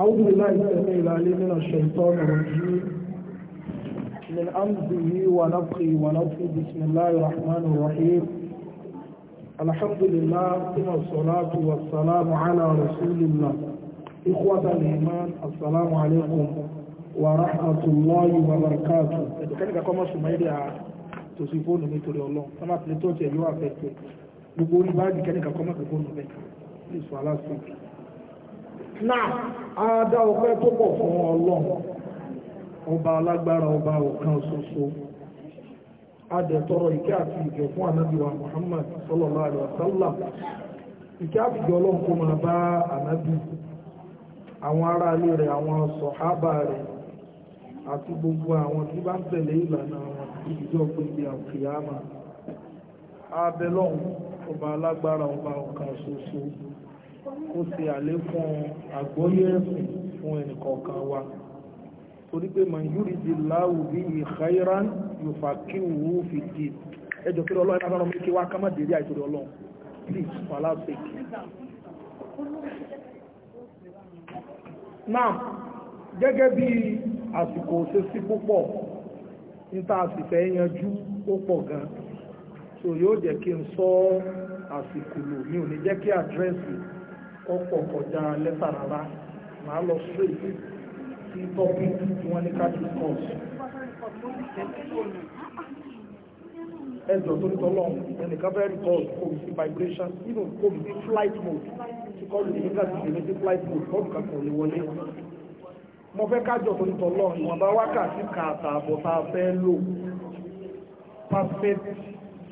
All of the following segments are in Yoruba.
أعوذ بالله السميع العليم من الشيطان الرجيم من أمزه ونفخه ونفخه بسم الله الرحمن الرحيم الحمد لله ثم الصلاة والسلام على رسول الله إخوة الإيمان السلام عليكم ورحمة الله وبركاته ẹ̀dùkẹ́nìkà kọ́ mọ́ sùnmọ́ ilé àá tó sí fóònù mi torí بعد tó máa pèlè tó tẹ̀ yóò àfẹ́ na àádá ọpẹ́ tó pọ̀ fún ọlọ́run ọba alágbára ọba ọ̀kan ṣoṣo adẹ̀tọ̀rọ̀ ìkẹ́ àti ìjọ fún ànábìwà Muhammad sallallahu alaihi wasallam ike àtijọ́ ọlọ́run kó máa bá ànábì àwọn ará ilé rẹ̀ àwọn sọ̀hábà rẹ̀ àti gbogbo àwọn tí bá ń tẹ̀lé ìlànà àwọn ìdíjọ́ gbogbo àkìyàmà abẹ́lọ́hùn ọba alágbára ọba ọ̀kan ṣoṣo kó ṣe àlékún àgbọ́yé ẹ̀sìn fún ẹnìkọ̀ọ̀kan wa torí pé man yuridi Allahu bihi khairan yufaqihuhu fid-din ẹjọ́ kí ọlọ́run ẹ̀ka ọmọ kí wá ká má dèrè àìsòrò ọlọ́run please for Allah's sake. now gẹ́gẹ́ bí àsìkò ṣe sí púpọ̀ níta àsìfẹ́ yanjú ó pọ̀ gan-an so yóò jẹ́ kí n sọ àsìkò lò mi ò ní jẹ́ kí àdírẹ́sì ọ̀pọ̀ kọjá lẹ́tà rárá màá lọ straight sí topic tí wọ́n ní ká discuss. ẹjọ́ tó ń tọ́lọ́ kò sí vibration kò sí flight mode tí kọ́ lè flight mode kọ́ kò lè wọlé. mo fẹ́ kájọ tó ń tọ́lọ́ ìwọ̀nba wákàtí fẹ́ lò perfect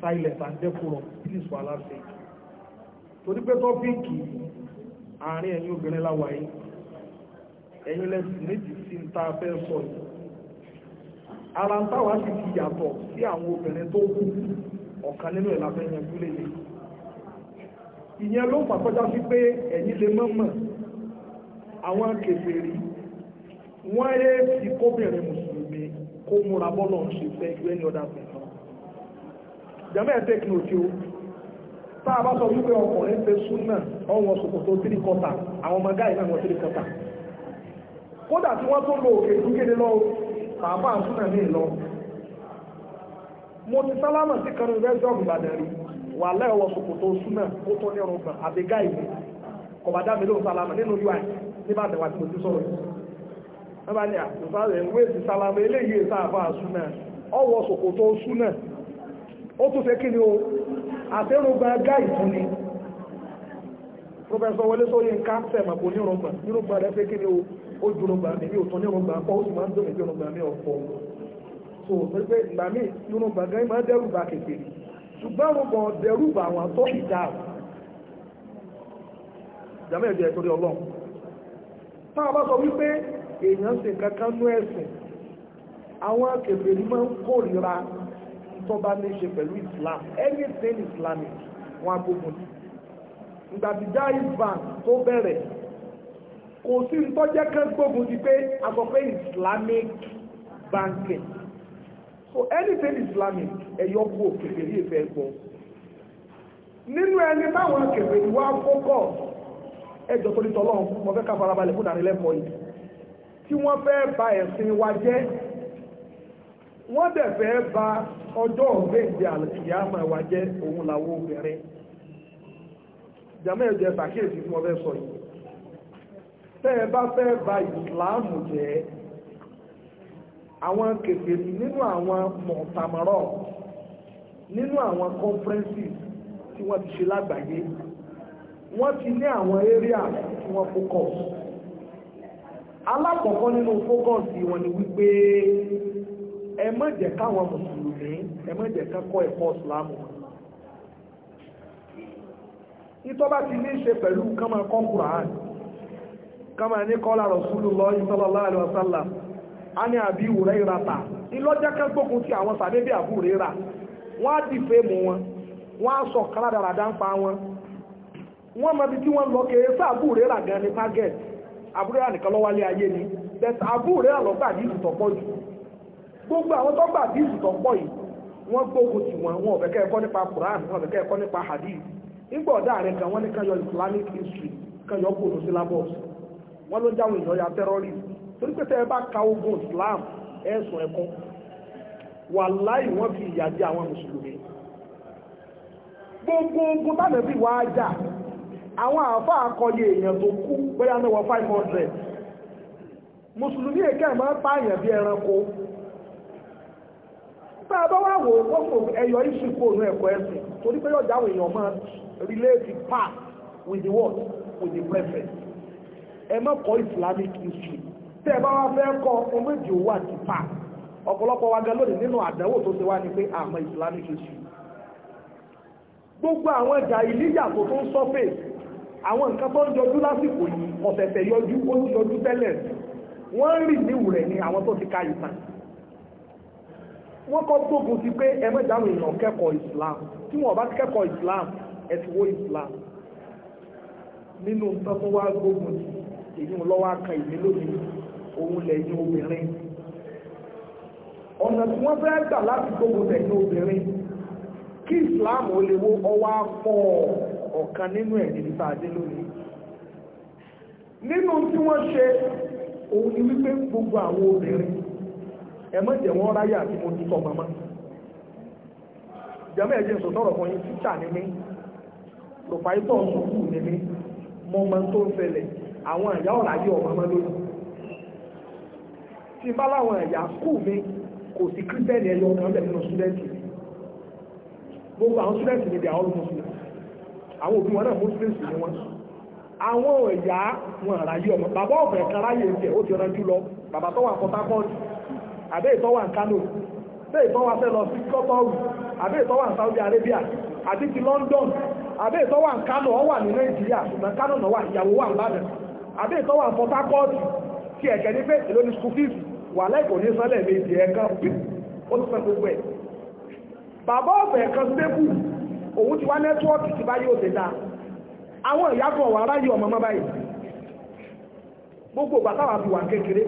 silence and decorum please torí pé àárín ẹ̀yin obìnrin láwà yìí ẹ̀yin lẹ́sìn méjì sí ń ta fẹ́ sọ yìí ara ń táwa sì ti yàtọ̀ sí àwọn obìnrin tó kú ọ̀kan nínú ẹ̀ lábẹ́ yẹn gúlé yìí ìyẹn ló pàkọjá sí pé ẹ̀yin lè mọ̀mọ̀ àwọn kèfèrí wọ́n yé ti kóbìnrin mùsùlùmí kó múra bọ́lọ̀ ń ṣe fẹ́ ju ẹni ọ̀dà fẹ̀ náà jẹ́mẹ́ẹ̀ tẹ́kínọ̀tì o tá bá sọ wípé ọkùnrin ṣe súnà ọwọ́ ṣòkòtò tírí kọta àwọn ọmọ gáì náà wọ́n tírí kọta kódà tí wọ́n tó lo òkè dúkéde lọ bàbá ní mo ti sálámà sí kanu rẹ́sọ̀ ìbàdàn rí wà lẹ́wọ̀ ṣòkòtò súnà ó tó ní ọrùn àbí gáì mi kọ̀bàdá mi ló sálámà nínú UI tí mo ti sọ̀rọ̀ yìí àtẹ́rùgbà gáì fún ni professor wọlé sórí nǹkan sẹ̀mà kò nírùngbà nírùngbà rẹ̀ pé kí ni ó jùrùngbà mi ní òtún nírùngbà pọ̀ ó sì máa ń dùn ìjọ rùngbà mi ọ̀pọ̀ so pé ìgbà míì nírùngbà gáì máa dẹ́rù bà kèké ṣùgbọ́n rùngbà dẹ́rù bà wọn tó ìjà jàmẹ́ ẹ̀jẹ̀ ìtorí ọlọ́run tá a bá sọ wípé èèyàn sì kankan nú ẹ̀sìn tó bá ní ṣe pẹ̀lú Islam anything Islamic wọn agbógun ti ìgbàtí Jaiz Bank tó bẹ̀rẹ̀ kò sí ìtọ́jẹ́ kan gbógun ti pé a Islamic banking so anything Islamic ẹ̀yọ́ kú òkèèrè yìí fẹ́ gbọ́ nínú ẹni táwọn akẹ̀wé ìwà fọ́kọ̀ ẹjọ́ tó ní tọ́lọ́run mo fẹ́ ká farabalẹ̀ fún ìdánilẹ́kọ̀ọ́ yìí tí wọ́n fẹ́ ba ẹ̀sìn wa jẹ́ wọ́n dẹ̀ fẹ́ ba ọjọ́ ògbéǹde àlùkìyà máa wá jẹ́ òun làwọn obìnrin jàmọ́ ẹ̀jẹ̀ pàkíyèsí tí wọ́n fẹ́ sọ yìí tẹ́ ẹ bá fẹ́ ba ìsìláàmù jẹ́ àwọn kèfèrí nínú àwọn mọ̀tàmọ́rọ̀ nínú àwọn conferences tí wọ́n ti ṣe lágbàáyé wọ́n ti ní àwọn area tí wọ́n focus alákọ̀ọ́kọ́ nínú focus wọn ni wípé ẹ má káwọn mùsùlùmí ẹ má jẹ́ kẹ́kọ́ ìsìlámù ìtọ́ba ti ní ṣe pẹ̀lú kama kọ́kùrà án kama ní kọ́lá Rasulullah a ní àbí ìwòrẹ́ ìrata ìlọ́jẹ́ kẹ́gbógun ti àwọn sàdébí àbúrẹ́ rà wọ́n á dì wọn wọ́n á sọ wọn wọ́n mọ̀ bí wọ́n lọ kéré sí àbúrẹ́ rà gan ní target àbúrẹ́ rà nìkan lọ́wọ́lé ni but àbúrẹ́ rà lọ́gbà gbogbo àwọn tó gbà bíìsì tó pọ̀ yìí wọ́n gbógun tì wọ́n wọn ò ẹ̀kọ́ nípa Quran hadith nígbà ọ̀dá rẹ̀ kan Islamic history kan yọ syllabus wọ́n ló jáwọn èèyàn ya terrorist torí pé ka ogun Islam ẹ̀sùn ẹ̀kọ́ wàláì wọ́n fi ìyà jẹ àwọn mùsùlùmí gbogbo ogun wá jà àwọn èèyàn tó kú bóyá 500 mùsùlùmí èké máa ń pààyàn bí ẹranko tá a bá wá wò ó kó ẹyọ iṣu kó òun ẹ̀kọ́ ẹ̀sìn torí pé yọ̀dá àwọn èèyàn máa relate the past with the what with the present ẹ má kọ́ Islamic history tẹ́ ẹ bá wá fẹ́ kọ́ ọmọ èjì owó àti past ọ̀pọ̀lọpọ̀ wa gan lónìí nínú àdánwò tó ṣe wá ni pé àmọ́ Islamic history gbogbo àwọn ẹja ìlíyà tó tó ń surface àwọn nǹkan tó ń jọjú lásìkò yìí ọ̀sẹ̀sẹ̀ yọjú ó ń yọjú tẹ́lẹ̀ wọ́n rì níwù rẹ̀ ni àwọn tó ti ka ìtàn wọ́n kọ́ gbógun sí pé ẹ mẹ́ta àwọn kẹ́kọ̀ọ́ Islam tí wọ́n bá kẹ́kọ̀ọ́ Islam ẹ ti wó Islam nínú nǹkan tó wá gbógun sí èyí ń lọ́wọ́ aka ìlú lónìí òun lẹ́yìn obìnrin ọ̀nà tí wọ́n fẹ́ gbà láti gbógun lẹ́yìn obìnrin kí Islam ó lè wo ọwọ́ afọ́ ọ̀kan nínú ẹ̀ níbi tá a dé lónìí nínú tí wọ́n ṣe òun ni wípé gbogbo àwọn obìnrin ẹ má jẹ́ wọ́n ráyà àti mo tún sọmọ mọ́ jẹ́mọ́ ẹ̀jẹ̀ sọ sọ̀rọ̀ fún yín tíṣà ni mí lòpáìtọ̀ sùkú ni mí mo mọ tó ń ṣẹlẹ̀ àwọn ẹ̀yà ọ̀rọ̀ ayé ọ̀mọ́ mọ́ lónìí tí n bá láwọn ẹ̀yà kù mi kò sí kírísítẹ́nì ẹyọ kan bẹ̀ nínú súdẹ́ǹtì gbogbo àwọn súdẹ́ǹtì ni bíi àwọn olùmọ̀sùn àwọn òbí wọn náà muslims ni wọn àwọn ẹ̀yà wọn àráyé ọmọ bàbá ọ̀bẹ̀ kan ráyè ń tẹ̀ ó ti rán jù lọ bàbá tó wà pọtakọ́ọ̀tì àbẹ́ ìtọ́wà Kano àbẹ́ ìtọ́wà fẹ́ lọ sí kọ́tọ́rù àbẹ́ ìtọ́wà Saudi Arabia àti ti London àbẹ́ ìtọ́wà Kano ọwà ní Nàìjíríà ṣùgbọ́n Kano náà wà ìyàwó wà ládẹ̀ àbẹ́ ìtọ́wà Port Harcourt ẹ̀kẹ́ ní pé èlò ní wà lẹ́kọ̀ọ́ gbogbo táwà fi wà kékeré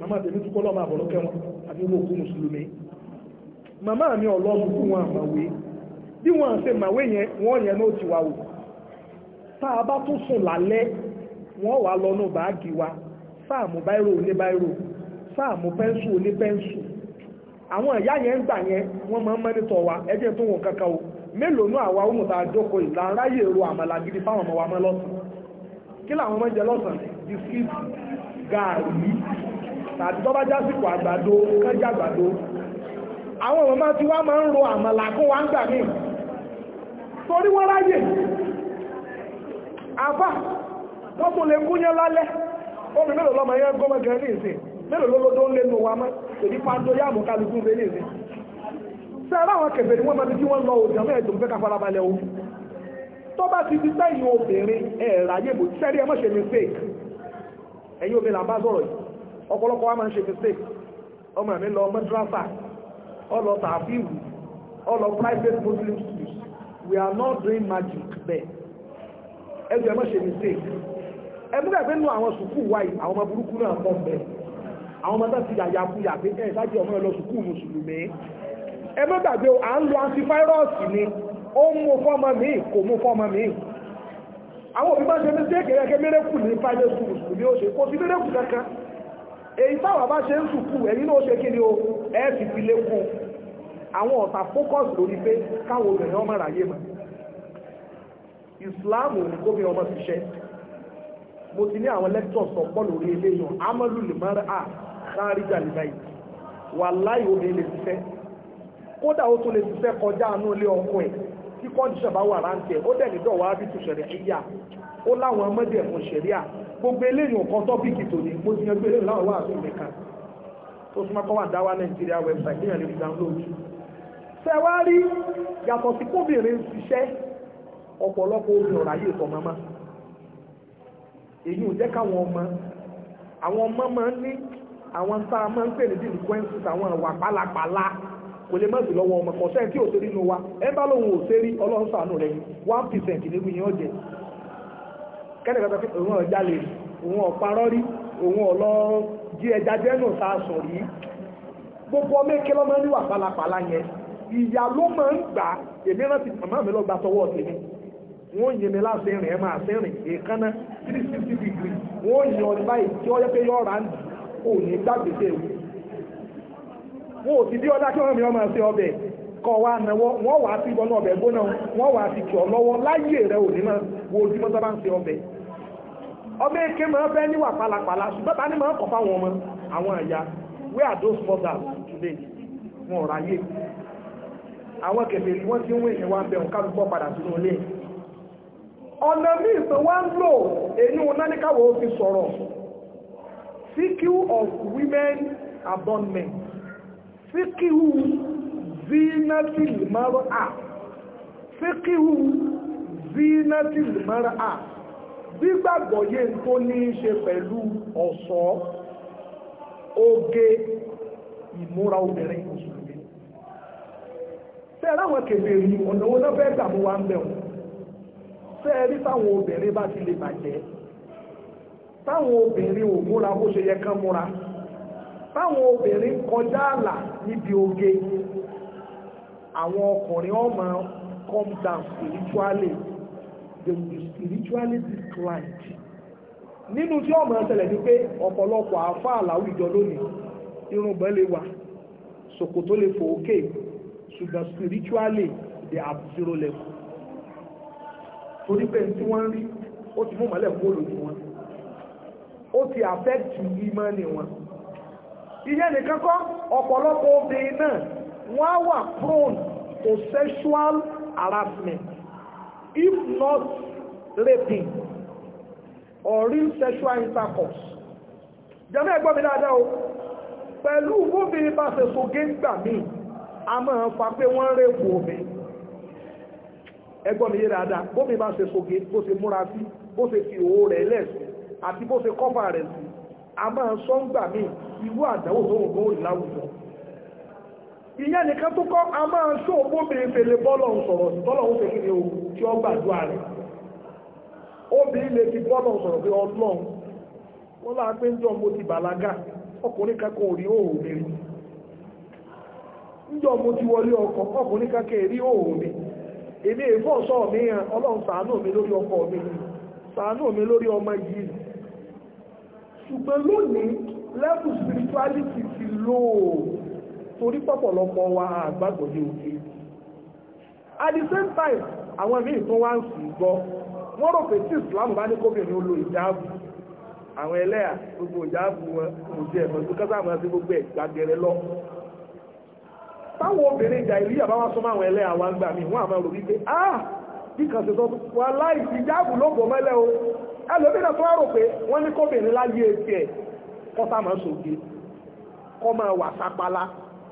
màmá tèmi àbọ̀lọ́kẹ́ wọn irú òkú mùsùlùmí màmá mi ọlọ́run fún wọn àmàwé bí wọ́n ṣe màwé yẹn wọ́n yẹn náà ti wà wò tá a bá tún sùn lálẹ́ wọ́n wà lọ́nà báàgì wa sáàmù báírò oní báírò sáàmù pẹ́ńsù pẹ́ńsù àwọn ìyá yẹn ń gbà yẹn wọ́n máa ń wa ẹjẹ́ tó wọn kankan o mélòó àwa gidi fáwọn ọmọ wa mọ́ lọ́sàn kí làwọn ọmọ jẹ lọ́sàn bisikíìtì tàbí tó bá jásìkò àgbàdo kánjá àgbàdo àwọn ọmọ tí wọ́n máa ń ro àmàlà kún wa ń gbà míì torí wọ́n ráyè àbá wọ́n tó lè gúnyán lálẹ́ omi mélòó lọ́mọ yẹn gọ́mọ gẹ̀ẹ́ ní ìsìn mélòó lólódó ń lé nù wa mọ́ èdè pàtó yá mọ̀ kálukú ń lé ní ìsìn sẹ́rẹ́ àwọn kẹfẹ́ ni wọ́n máa ti kí wọ́n lọ òjà mẹ́rin tó ń o tó bá ti fi sẹ́yìn obìnrin ẹ̀ ráyè bò sẹ́rí ẹ má ṣe mistake obìnrin àbá yìí ọ̀pọ̀lọpọ̀ wa máa ń ṣe mistake ọmọ mi lọ mẹ́tíráṣà ọlọ tààfíìwù ọlọ private muslim schools we are not doing magic there ẹjọ́ ẹ má ṣe mistake ẹ mú kàgbé nù àwọn sùkúù wáyé àwọn ọmọ burúkú náà pọ̀ bẹ́ẹ̀ àwọn ọmọ tó ti yàyà kú yàgbé ẹ̀ sáàjì ọmọ ẹ̀ lọ sùkúù mùsùlùmí ẹ má gbàgbé à ń lo antivirọ́ọ̀sì ni ó mú fọ́mọ mi kò mú fọ́mọ mi àwọn òbí máa ń ṣe mistake ẹ̀rẹ́gẹ́ mẹ́rẹ́kù ní private schools mùsùlùmí ó ṣe kò sí mẹ́rẹ́kù kankan èyí táwà bá ṣe ń sùkú ẹ̀yìn náà ṣe kí ni o ẹ ti fi lékún àwọn ọ̀tà fókọ̀sì lórí pé káwọn obìnrin ọmọ ráyè mọ́ ìsìláàmù ní gómìn ọmọ ṣiṣẹ́ mo ti ní àwọn lectures ọ̀pọ̀ lórí eléyàn amadu limara a kárìjà lìbáyì wà láì obìnrin lè ṣiṣẹ́ kódà ó tún lè ṣiṣẹ́ kọjá àánú ilé ọkọ ẹ̀ tí kọ́ndíṣàn bá wà ráńtì ẹ̀ ó dẹ̀ nídọ̀ wá bí tùṣẹ̀rẹ̀ ẹ̀yà ó láwọn ọmọdé ẹ̀fọn ṣẹ̀ríà gbogbo eléyìn ọ̀kan tọpiki tó ní mo ti yan gbé eléyìn láwọn wà àti ìmẹ̀ka tó súnmọ́ kọ́ wà dáwà nàìjíríà website níyàn lè fi download sẹwárí yàtọ̀ sí kóbìnrin ṣiṣẹ́ ọ̀pọ̀lọpọ̀ ọ̀rọ̀ ayé ìtọ̀ mọ́mọ́ èyí ò jẹ́ káwọn ọmọ àwọn ọmọ máa ń ní àwọn tá a máa ń pè àwọn àwà pálapàla kò lè sí lọ́wọ́ ọmọ kẹ́nìkan sọ pé òun ọ̀jalè òun ọ̀parọ́ rí òun ọ̀lọ́ jí ẹja jẹ́nu ta sọ rí gbogbo ọmọ èké lọ́mọ níwà pálapàla yẹn ìyá ló máa ń gbà èmi rántí màmá mi lọ gba tọwọ́ tèmi wọ́n yin mi láti rìn ẹ̀ máa sí rìn èékánná three sixty degree wọ́n yin ọdún báyìí tí ó yẹ pé yọ̀ọ́ ráńdì ò ní gbàgbèsè ewu wọn ò ti dí ọdá kí wọ́n mi ọmọ sí ọbẹ̀ kọ́ wa náwọ́ wọ́n wàá sí ìbọn ọbẹ̀ gbóná wọ́n wàá sí kì ọ lọ́wọ́ láyé rẹ òní náà wo ojúmọ́ sábà ń sí ọbẹ̀ ọmọ èké máa bẹ́ níwà pálapàla ṣùgbọ́n ta ni máa kọ̀ fáwọn ọmọ àwọn àyà where are those mothers today wọn ọ̀rọ̀ ayé àwọn kẹfẹ́ tí wọ́n ti ń wé ìyẹn wá bẹ̀rùn kálùkọ́ padà sínú ilé ọ̀nà míì tó wá ń lò èyí wọn náà níkàwọ̀ ó fi sọ̀rọ̀ fíkíù of women abandonment fíkíù zinatil mara fíkíù zinatil mara gbígbàgbọ́ yé tó ní í ṣe pẹ̀lú ọ̀ṣọ́ oge ìmúra obìnrin mùsùlùmí tẹ́ẹ̀rẹ́ àwọn kèbèrè ọ̀nà owó náà fẹ́ẹ́ dàmú wa ń bẹ̀ wọ́n tẹ́ẹ̀rí táwọn obìnrin bá ti lè bàjẹ́ táwọn obìnrin ò múra bó ṣe yẹ kán múra táwọn obìnrin kọjá àlà níbi oge àwọn ọkùnrin ọmọ come down spiritually they will be spiritually declined nínú tí ọmọ ẹsẹ̀lẹ̀ ni pé ọ̀pọ̀lọpọ̀ àáfà àláwùjọ lónìí irùngbọ̀n lè wà ṣòkòtò lè fò òkè ṣùgbọ́n spiritually they are zero level torí pé tí wọ́n rí ó ti mú mọ́lẹ̀ kó lòdì wọn ó ti affect ìmánì wọn ìyẹn nìkan kọ́ ọ̀pọ̀lọpọ̀ obìnrin náà wọ́n á wà prone to sexual harassment if not raping or real sexual intercourse jẹ́mọ́ ẹgbọ́n mi dáadáa o pẹ̀lú bóbìnrin bá ṣe so géńgbà míì a máa fa pé wọ́n rèpù omi ẹgbọ́n mi yé dáadáa bóbìnrin bá ṣe so gé bó ṣe múra sí bó ṣe fi òwò rẹ̀ lẹ́sìn àti bó ṣe kọ́fà rẹ̀ sí a máa sọ ń gbà míì irú àdáwò tó wọ́n gbọ́ òrìláwùjọ ìyẹn nìkan tó kọ́ a máa ṣó obìnrin bọ́lọ̀ ń sọ̀rọ̀ tọ́lọ̀hún fèkì ni o tí ó gbàdúrà rẹ̀ obìnrin lè fi bọ́lọ̀ ń sọ̀rọ̀ pé ọlọ́run wọ́n láà pé ti bàlágà ọkùnrin kankan ò rí òòrùn mi ń jọ mo ti wọlé ọkọ ọkùnrin kankan rí òòrùn mi èmi èfọ́ sọ mi hàn ọlọ́run lórí ọkọ mi mi lórí ọmọ yìí ṣùgbọ́n lónìí spirituality ti lóòó torí pọ̀pọ̀lọpọ̀ wa àgbàgbọ́ ní òkè at the same time àwọn míì tó wá ń sùn gbọ́ wọ́n rò pé tí Islam bá ní kóbìnrin ó lo ìjáàbù àwọn ẹlẹ́yà gbogbo ìjáàbù wọn kò jẹ́ ẹ̀mọ́ tó kásá àmọ́ sí gbogbo ẹ̀ gbàgẹ̀rẹ̀ lọ táwọn obìnrin ìjà ìlú yàbá wá súnmọ́ àwọn ẹlẹ́yà wa ń gbà mí ah bí kan ṣe sọ wà láì ìjáàbù ló bọ̀ mẹ́lẹ́ o ẹlòmínà tó wá rò pé wọ́n ní kóbìnrin láyé etí ẹ̀ kọ́sá máa ń sòkè kọ́ máa wà sápálá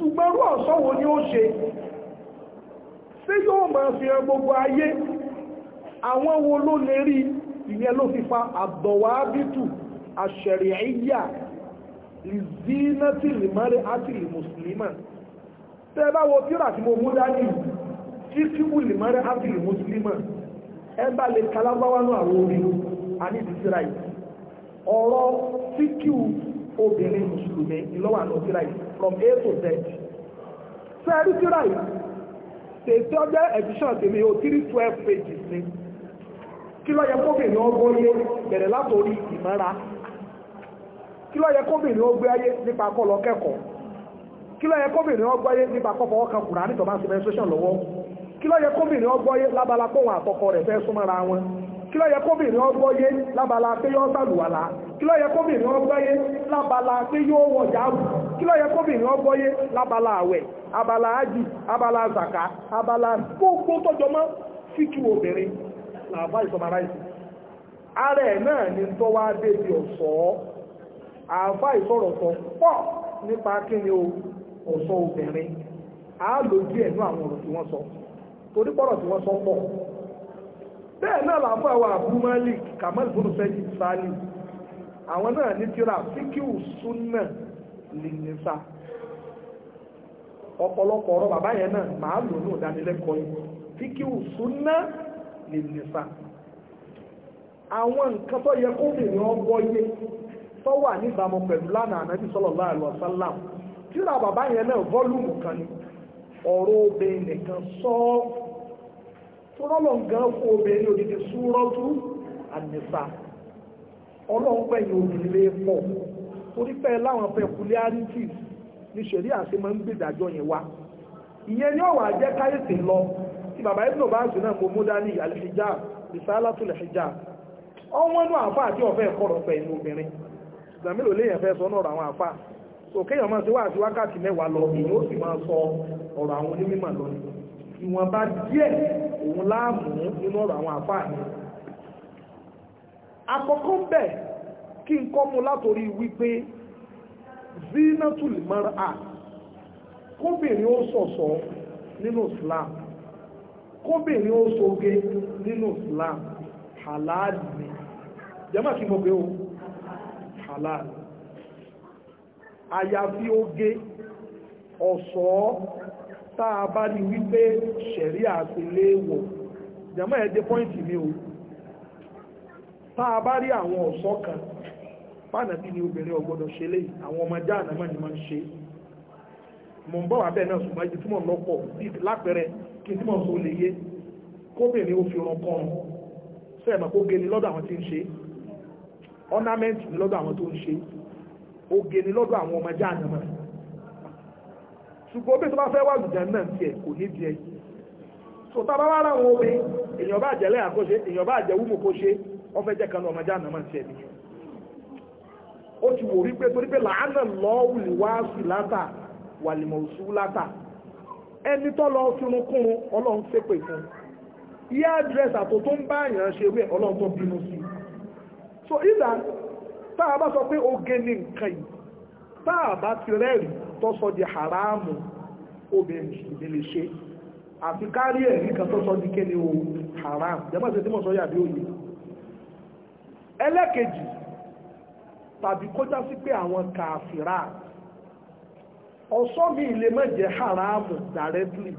ṣùgbọ́n rú ọ̀sọ́wò ni ó ṣe ṣé yóò máa fi hàn gbogbo ayé àwọn wo ló lè rí ìyẹn ló fi fa àbọ̀wá bítù àṣẹ̀rìíyà lìzínátì lìmọ́rẹ́ àti lìmùsùlùmá tẹ́ bá wo tíra tí mo mú dání tí kíwù lìmọ́rẹ́ àti lìmùsùlùmá ẹ bá lè kalábáwánú àwọn orin àní ìdísíra yìí ọ̀rọ̀ fíkíù obìnrin mùsùlùmí ìlọ́wà lọ́tíra yìí from A to Z sẹ́ẹ̀rí tíra yìí tètè ọjọ́ edition tèmi o three twelve pages ni kí ló yẹ kóbìnrin ọgbọ́n yé bẹ̀rẹ̀ látòrí ìmọ̀ra kí ló yẹ kóbìnrin ó gbé ayé nípa akọ́lọ kẹ́kọ̀ọ́ kí ló yẹ kóbìnrin ó gbé ayé nípa akọ́fọ́ ọkàn kùrà nítorí menstruation lọ́wọ́ kí ló yẹ kóbìnrin ó ayé lábala pọ̀wọ̀n àtọkọ rẹ̀ fẹ́ súnmọ́ra wọn kí ló yẹ kóbìnrin yé lábala pé yóò sàlùwàlá kí ló yẹ kóbìnrin yé lábala pé yóò wọ̀já kí ló yẹ kóbìnrin yé lábala àwẹ̀ abala ájì abala zaka abala gbogbo fíkì obìnrin làbá ìsọmara ara náà ni tó wá débi ọ̀ṣọ́ àbá pọ̀ nípa kí ni obìnrin àá lójú àwọn bẹ́ẹ̀ náà làbọ àwọn Abu Malik Kamal bonu sẹyìn awọn àwọn náà ní tíra fíkìú súnà lìnìṣà ọ̀pọ̀lọpọ̀ ọ̀rọ̀ bàbá yẹn náà màá lò ní ìdánilẹ́kọ̀ọ́ yìí fíkìú súnà lìnìṣà àwọn nǹkan tó yẹ kó bèèrè ọgbọ́ yé tó wà pẹ̀lú lánàá tọ́lọ́lọ́ gan kó obìnrin òdìdí súrọ́tú ànìsà ọlọ́run pẹ̀yìn obìnrin pọ̀ torí pé láwọn peculiarities ní ṣẹ̀rí àti máa ń gbèdàjọ́ yẹn wá ìyẹn ni ọ̀wà jẹ́ káyèsè lọ tí bàbá ibùdó bá jù náà mo dání al-hijab risalatu al àfá àti ọ̀fẹ́ kọ̀rọ̀ pẹ̀ obìnrin ìgbàmílò léyìn fẹ́ sọ ọ̀rọ̀ àwọn àfá so kéèyàn máa wákàtí mẹ́wàá lọ èyí ó sì máa sọ ọ̀rọ̀ àwọn onímọ̀ lọ nìyẹn ìwọ̀nba díẹ̀ òun láàmú nínú ọ̀rọ̀ àwọn àfáà yẹn bẹ̀ kí n kọ́ wípé zinatul mara kóbìnrin ó ṣọ̀ṣọ́ nínú Islam kóbìnrin ó ṣoge nínú Islam halal ni kí mo o halal àyàfi oge oso. tá a bá rí wípé ṣẹ̀rí àtìléwọ̀ jàmọ́ ẹ̀dẹ́ pọ́ìntì mi o tá a bá rí àwọn ọ̀ṣọ́ kan pàànàbí ni obìnrin ọgbọ́dọ̀ ṣe lé àwọn ọmọ ajá ànàmọ́ ni máa ń ṣe mọ̀ ń bọ̀ wà bẹ́ẹ̀ náà ṣùgbọ́n ibi tí mò lọ́pọ̀ bí lápẹẹrẹ kí tí mò ń lè yé kóbìnrin ó fi ran kọrùn sẹ́ẹ̀mọ̀ kó geni lọ́dọ̀ àwọn tí ń ṣe ọ́námẹ́ǹtì ni lọ́dọ̀ àwọn tó ń ṣe ó geni lọ́dọ̀ àwọn ọmọ ànàmọ́ ṣùgbọ́n bí tó bá fẹ́ wà lùjá náà bí ẹ̀ kò ní bí ẹ̀ so tá a bá wá ra àwọn obìnrin èèyàn bá jẹ́ lẹ́yà kó ṣe èèyàn bá jẹ́ wúmù kó ṣe wọ́n fẹ́ jẹ́ kan ọmọ jáà náà máa ń ṣe ẹ̀mí ó ti wò rí pé torí pé làánà lọ́wùlì wá sí látà wàlìmọ̀ òṣù látà ẹni tó lọ fírunkúrun ọlọ́run ṣépè fún yíyá dírẹ́sà tó tó ń bá èèyàn ṣe wé ọlọ́run tó bínú sí so ìdá tá a bá sọ pé oge ní nǹkan yìí tá a bá ti rẹ́rìí tó sọ di haramu obìnrin mùsùlùmí lè ṣe àfi kárí ẹ̀rí kan tó sọ di kéde o haram jẹ́mọ́ ìṣẹ́ tí mo sọ yàbí òye ẹlẹ́kejì tàbí kọjá sí pé àwọn kàfìrà ọ̀sọ́ mi lè má jẹ́ haramu directly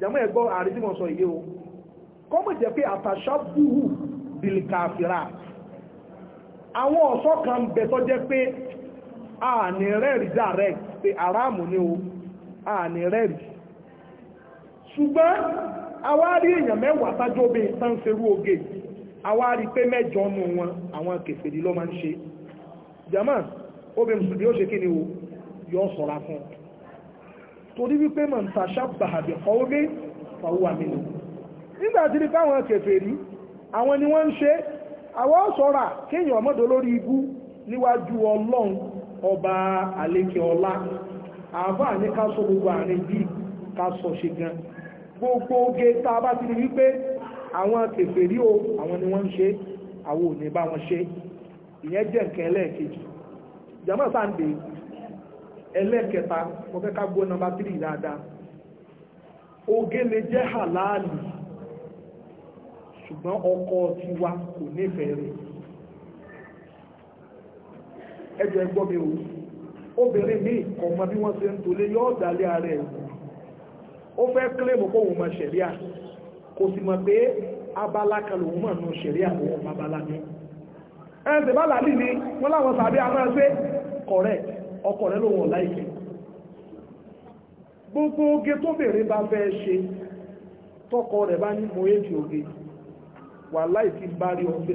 jẹ́mọ́ ẹ̀gbọ́ àrí tí mo sọ yìí o kọ́mọ̀ jẹ́ pé àtàṣà búhù bìlì kàfìrà àwọn ọ̀sọ́ kan bẹ̀ tó jẹ́ pé àní rẹ́rìí direct pé aráàmù ni o àní rẹ́rìí ṣùgbọ́n àwárí èèyàn mẹ́wàá tájóbe tánṣerú oge àwárí pé mẹ́jọ nù wọn àwọn kèfèrí ló máa ń ṣe jama obìnrin mùsùlùmí ó ṣe kí ni o yọ sọ̀ra fún torí wípé mọ̀ ń tàṣà bàbí ọwọ́lé fàwọ́ àmìnà nígbàtí ní káwọn kèfèrí àwọn ni wọ́n ń ṣe àwọn sọ̀ra kéèyàn ọmọdé lórí ibú níwájú ọlọ́run ọba àlékè ọlá àbá ní ká sọ gbogbo àárín bíi ká sọ ṣe gan gbogbo oge tá a bá ti rí wípé àwọn kèfèrí o àwọn ni wọ́n ń ṣe àwọn ò ní bá wọn ṣe ìyẹn jẹ́ nǹkan ẹlẹ́ẹ̀kejì jama sande ẹlẹ́ẹ̀kẹta mo fẹ́ ká gbọ́ nọmba tírì dáadáa oge lè jẹ́ hàláàlì ṣùgbọ́n ọkọ tiwa kò nífẹ̀ẹ́ rẹ̀ ẹjọ́ ẹgbọ́ mi ò obìnrin ní ọmọ bí wọ́n ṣe ń tolé yọ́ ọ̀dàlẹ́ ara ẹ̀ ó fẹ́ kílèmù kó òun mọ ṣẹ̀ríà kò sì mọ̀ pé abala kan lòun mọ̀ nù ṣẹ̀ríà òun mọ abala mi ẹ̀sẹ̀ bá làálì ni wọ́n láwọn sàbí amáṣe kọ̀rẹ́ ọkọ̀ rẹ̀ lòun ọ̀la ìfẹ́ gbogbo oge tóbìnrin bá fẹ́ ṣe tọkọ rẹ̀ bá ní mo èjì oge wà láì ti bá rí ọ̀sẹ̀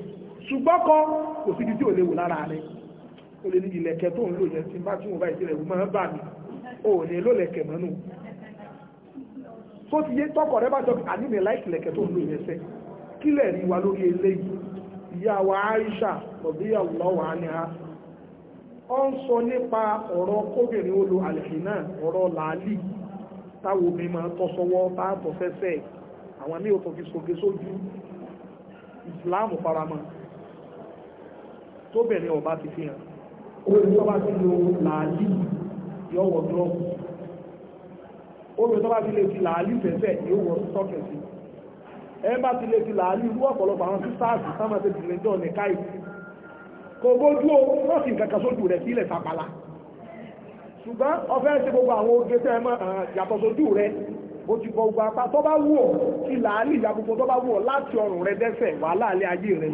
ṣùgbọ́n kan kò sí ibi tí ò léwu lára rẹ̀ ó lè ní ìlẹ̀kẹ̀ tó ń lò yẹn tí bá tí wọ́n bá ìdílé ìwú máa ń bà mí ò ní lólẹ̀kẹ̀ mọ́nú tó ti yé tọkọ rẹ bá jọ àní mi láì ìlẹ̀kẹ̀ tó ń lò yẹn sẹ́ kílẹ̀ rí wa lórí eléyìí ìyá wa Aisha ọ̀bíyàwó lọ́wọ́ á ní ha ó ń sọ nípa ọ̀rọ̀ kóbìnrin olo àlẹ́hìnà ọ̀rọ̀ làálì táwo mi máa tọ́ sọ́wọ́ bá tọ́ fẹ́fẹ́ àwọn ní ìsìláàmù faramọ́ tóbìnrin ọba ti fi hàn obìnrin tó bá ti lo làálì yóò wọ glove obìnrin tó bá ti lè fi làálì fẹ́fẹ́ yóò wọ sọ́kẹ̀sì ẹ bá ti lè fi làálì irú ọ̀pọ̀lọpọ̀ àwọn sísáàsì sáwọn ti ti lè jọ ní káì kò bójú o wọ́n sì nǹkan kan sójú rẹ̀ sílẹ̀ sàpàlà ṣùgbọ́n ọfẹ́ ṣe gbogbo àwọn oge tẹ́ mọ́ yàtọ̀ sójú rẹ̀ ó ti bọ gbogbo apá tó bá wù ọ́ ti làálì ìyàgbogbo tó bá wù ọ́ láti ọrùn rẹ̀ dẹ́sẹ̀ wàhálà alẹ́ ayé rẹ̀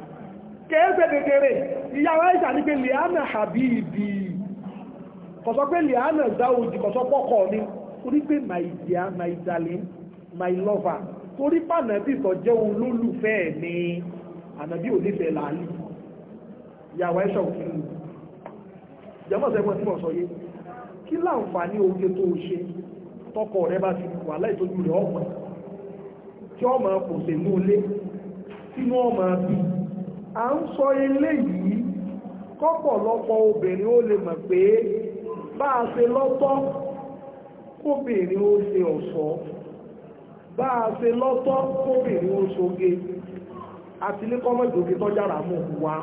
kẹ́ẹ́sẹ̀ kékeré ìyàwó ẹ̀ṣà ní pé liana habibi kọ̀sọ́ pé liana zawuji kọ̀sọ́ pọ́kọ̀ ni orí pé my dear my darling my lover torí pànàbí tó jẹ́ olólùfẹ́ ni ànàbí onífẹ́ làálì ìyàwó ẹ̀ṣà òkìlù jẹ́mọ̀sẹ̀ mọ́ tí mo sọ yé kí láǹfààní oge tó ṣe tọkọ rẹ bá ti wà tí ọmọ kò sè à ń sọ ilé yìí kọ́pọ̀lọpọ̀ obìnrin ó lè mọ̀ pé bá a ṣe lọ́tọ̀ kóbìnrin ó ṣe ọ̀ṣọ́ bá a ṣe lọ́tọ̀ kóbìnrin ó ṣoge àti ní kọ́mọ̀jòkè tọ́jára mọ̀ wá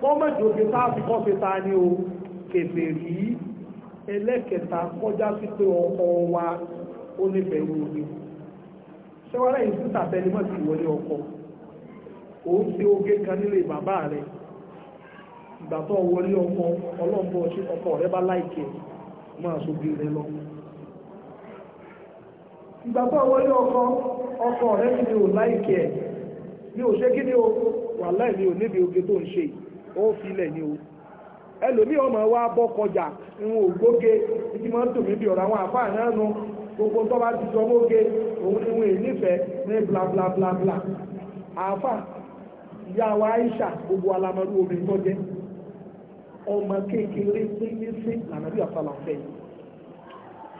kọ́mọ̀jòkè táàfi kọ́ ta ni o kèfè rí ẹlẹ́kẹta kọjá sí pé ọkọ wa ó nífẹ̀ẹ́ wọlé ṣẹ́wọ́n lẹ́yìn sí tàtẹ́lẹ́mọ̀ sí ìwọlé ọkọ o tí oge kan nílé bàbá rẹ̀ ìgbà wọlé ọmọ ọkọ rẹ̀ bá láìkẹ̀ máa lọ ìgbà ọkọ ọkọ rẹ̀ sì ni o láìkẹ̀ ní ni o wà láì ní o níbi oge tó ń ṣe o fi ilẹ̀ ni o ẹlòmí ọmọ wa bọ́ kọjà ìwọ̀n ògbóge ìdí máa ń tò mí gbogbo tó bá ti mọ́ge òun ni ya wa Aisha gbogbo alamọdún obìnrin tó jẹ ọmọ kékeré pínpín lànàbí àfàlà fẹ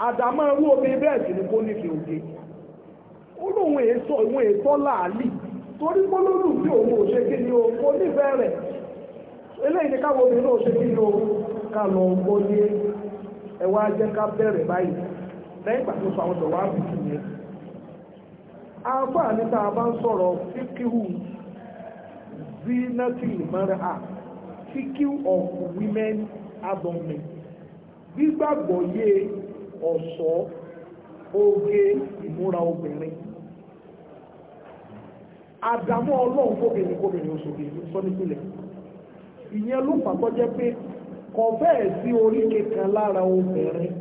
àdàmọ irú obìnrin bẹ́ẹ̀ sì ni kó nífẹ̀ẹ́ òde ó lóun èso ìwọn èso làálì torí òun ò ṣe kí o kò nífẹ̀ẹ́ rẹ̀ eléyìí ni káwọn o ká lọ gbọ́ ní ẹwà ká bẹ̀rẹ̀ báyìí lẹ́yìn ìgbà tó sọ àwọn ọ̀dọ̀ bùkún zinatul mar'a fíkíw of women adornment gbígbàgbọ́ yé ọ̀ṣọ́ oge ìmúra obìnrin àdàmọ́ ọlọ́run kóbìnrin kóbìnrin oṣòkè sọ́nípìlẹ̀ ìyẹn ló pàtó jẹ́ pé kò bẹ́ẹ̀ sí orí kankan lára obìnrin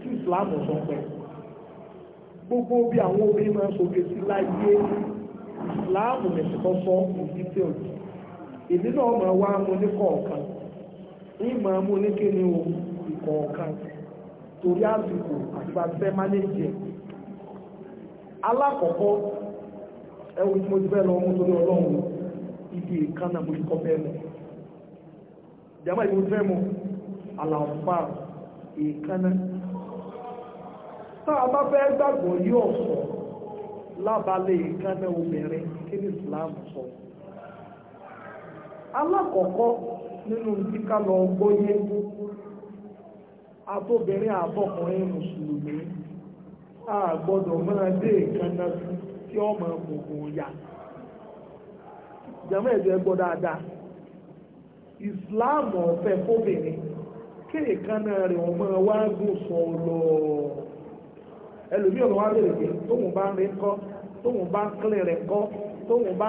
tí Islam sọ pé gbogbo bí àwọn obìnrin máa ń soge sí láyé Islam nìkan sọ ìdí tí ò èmi náà máa wá mu ní kọ̀ọ̀kan ní máa mu ní kíni o ìkọ̀ọ̀kan torí àsìkò àti bá fẹ́ mánéjì ẹ̀ alákọ̀ọ́kọ́ ẹwù tí mo ti fẹ́ torí ọlọ́run ibi ìkan náà mo ti kọ́ fẹ́ mu jàmbá ìlú fẹ́ mu bá fẹ́ gbàgbọ́ yóò sọ alákọ̀ọ́kọ́ nínú tí ká lọ gbóyé atóbìnrin ya mùsùlùmí a gbọ́dọ̀ máa dé ìkànnà tí ó máa gbogbo yà jàmọ́ ẹ̀jẹ̀ gbọ́ dáadáa ìsìláàmù ọ̀fẹ́ fóbìnrin kéèkánná rẹ̀ wọ́n máa wá gùn sọ lọ ẹlòmíì wá bèrè pé tóun bá ń kọ́ tóun bá kílẹ̀ rẹ̀ kọ́ tóun bá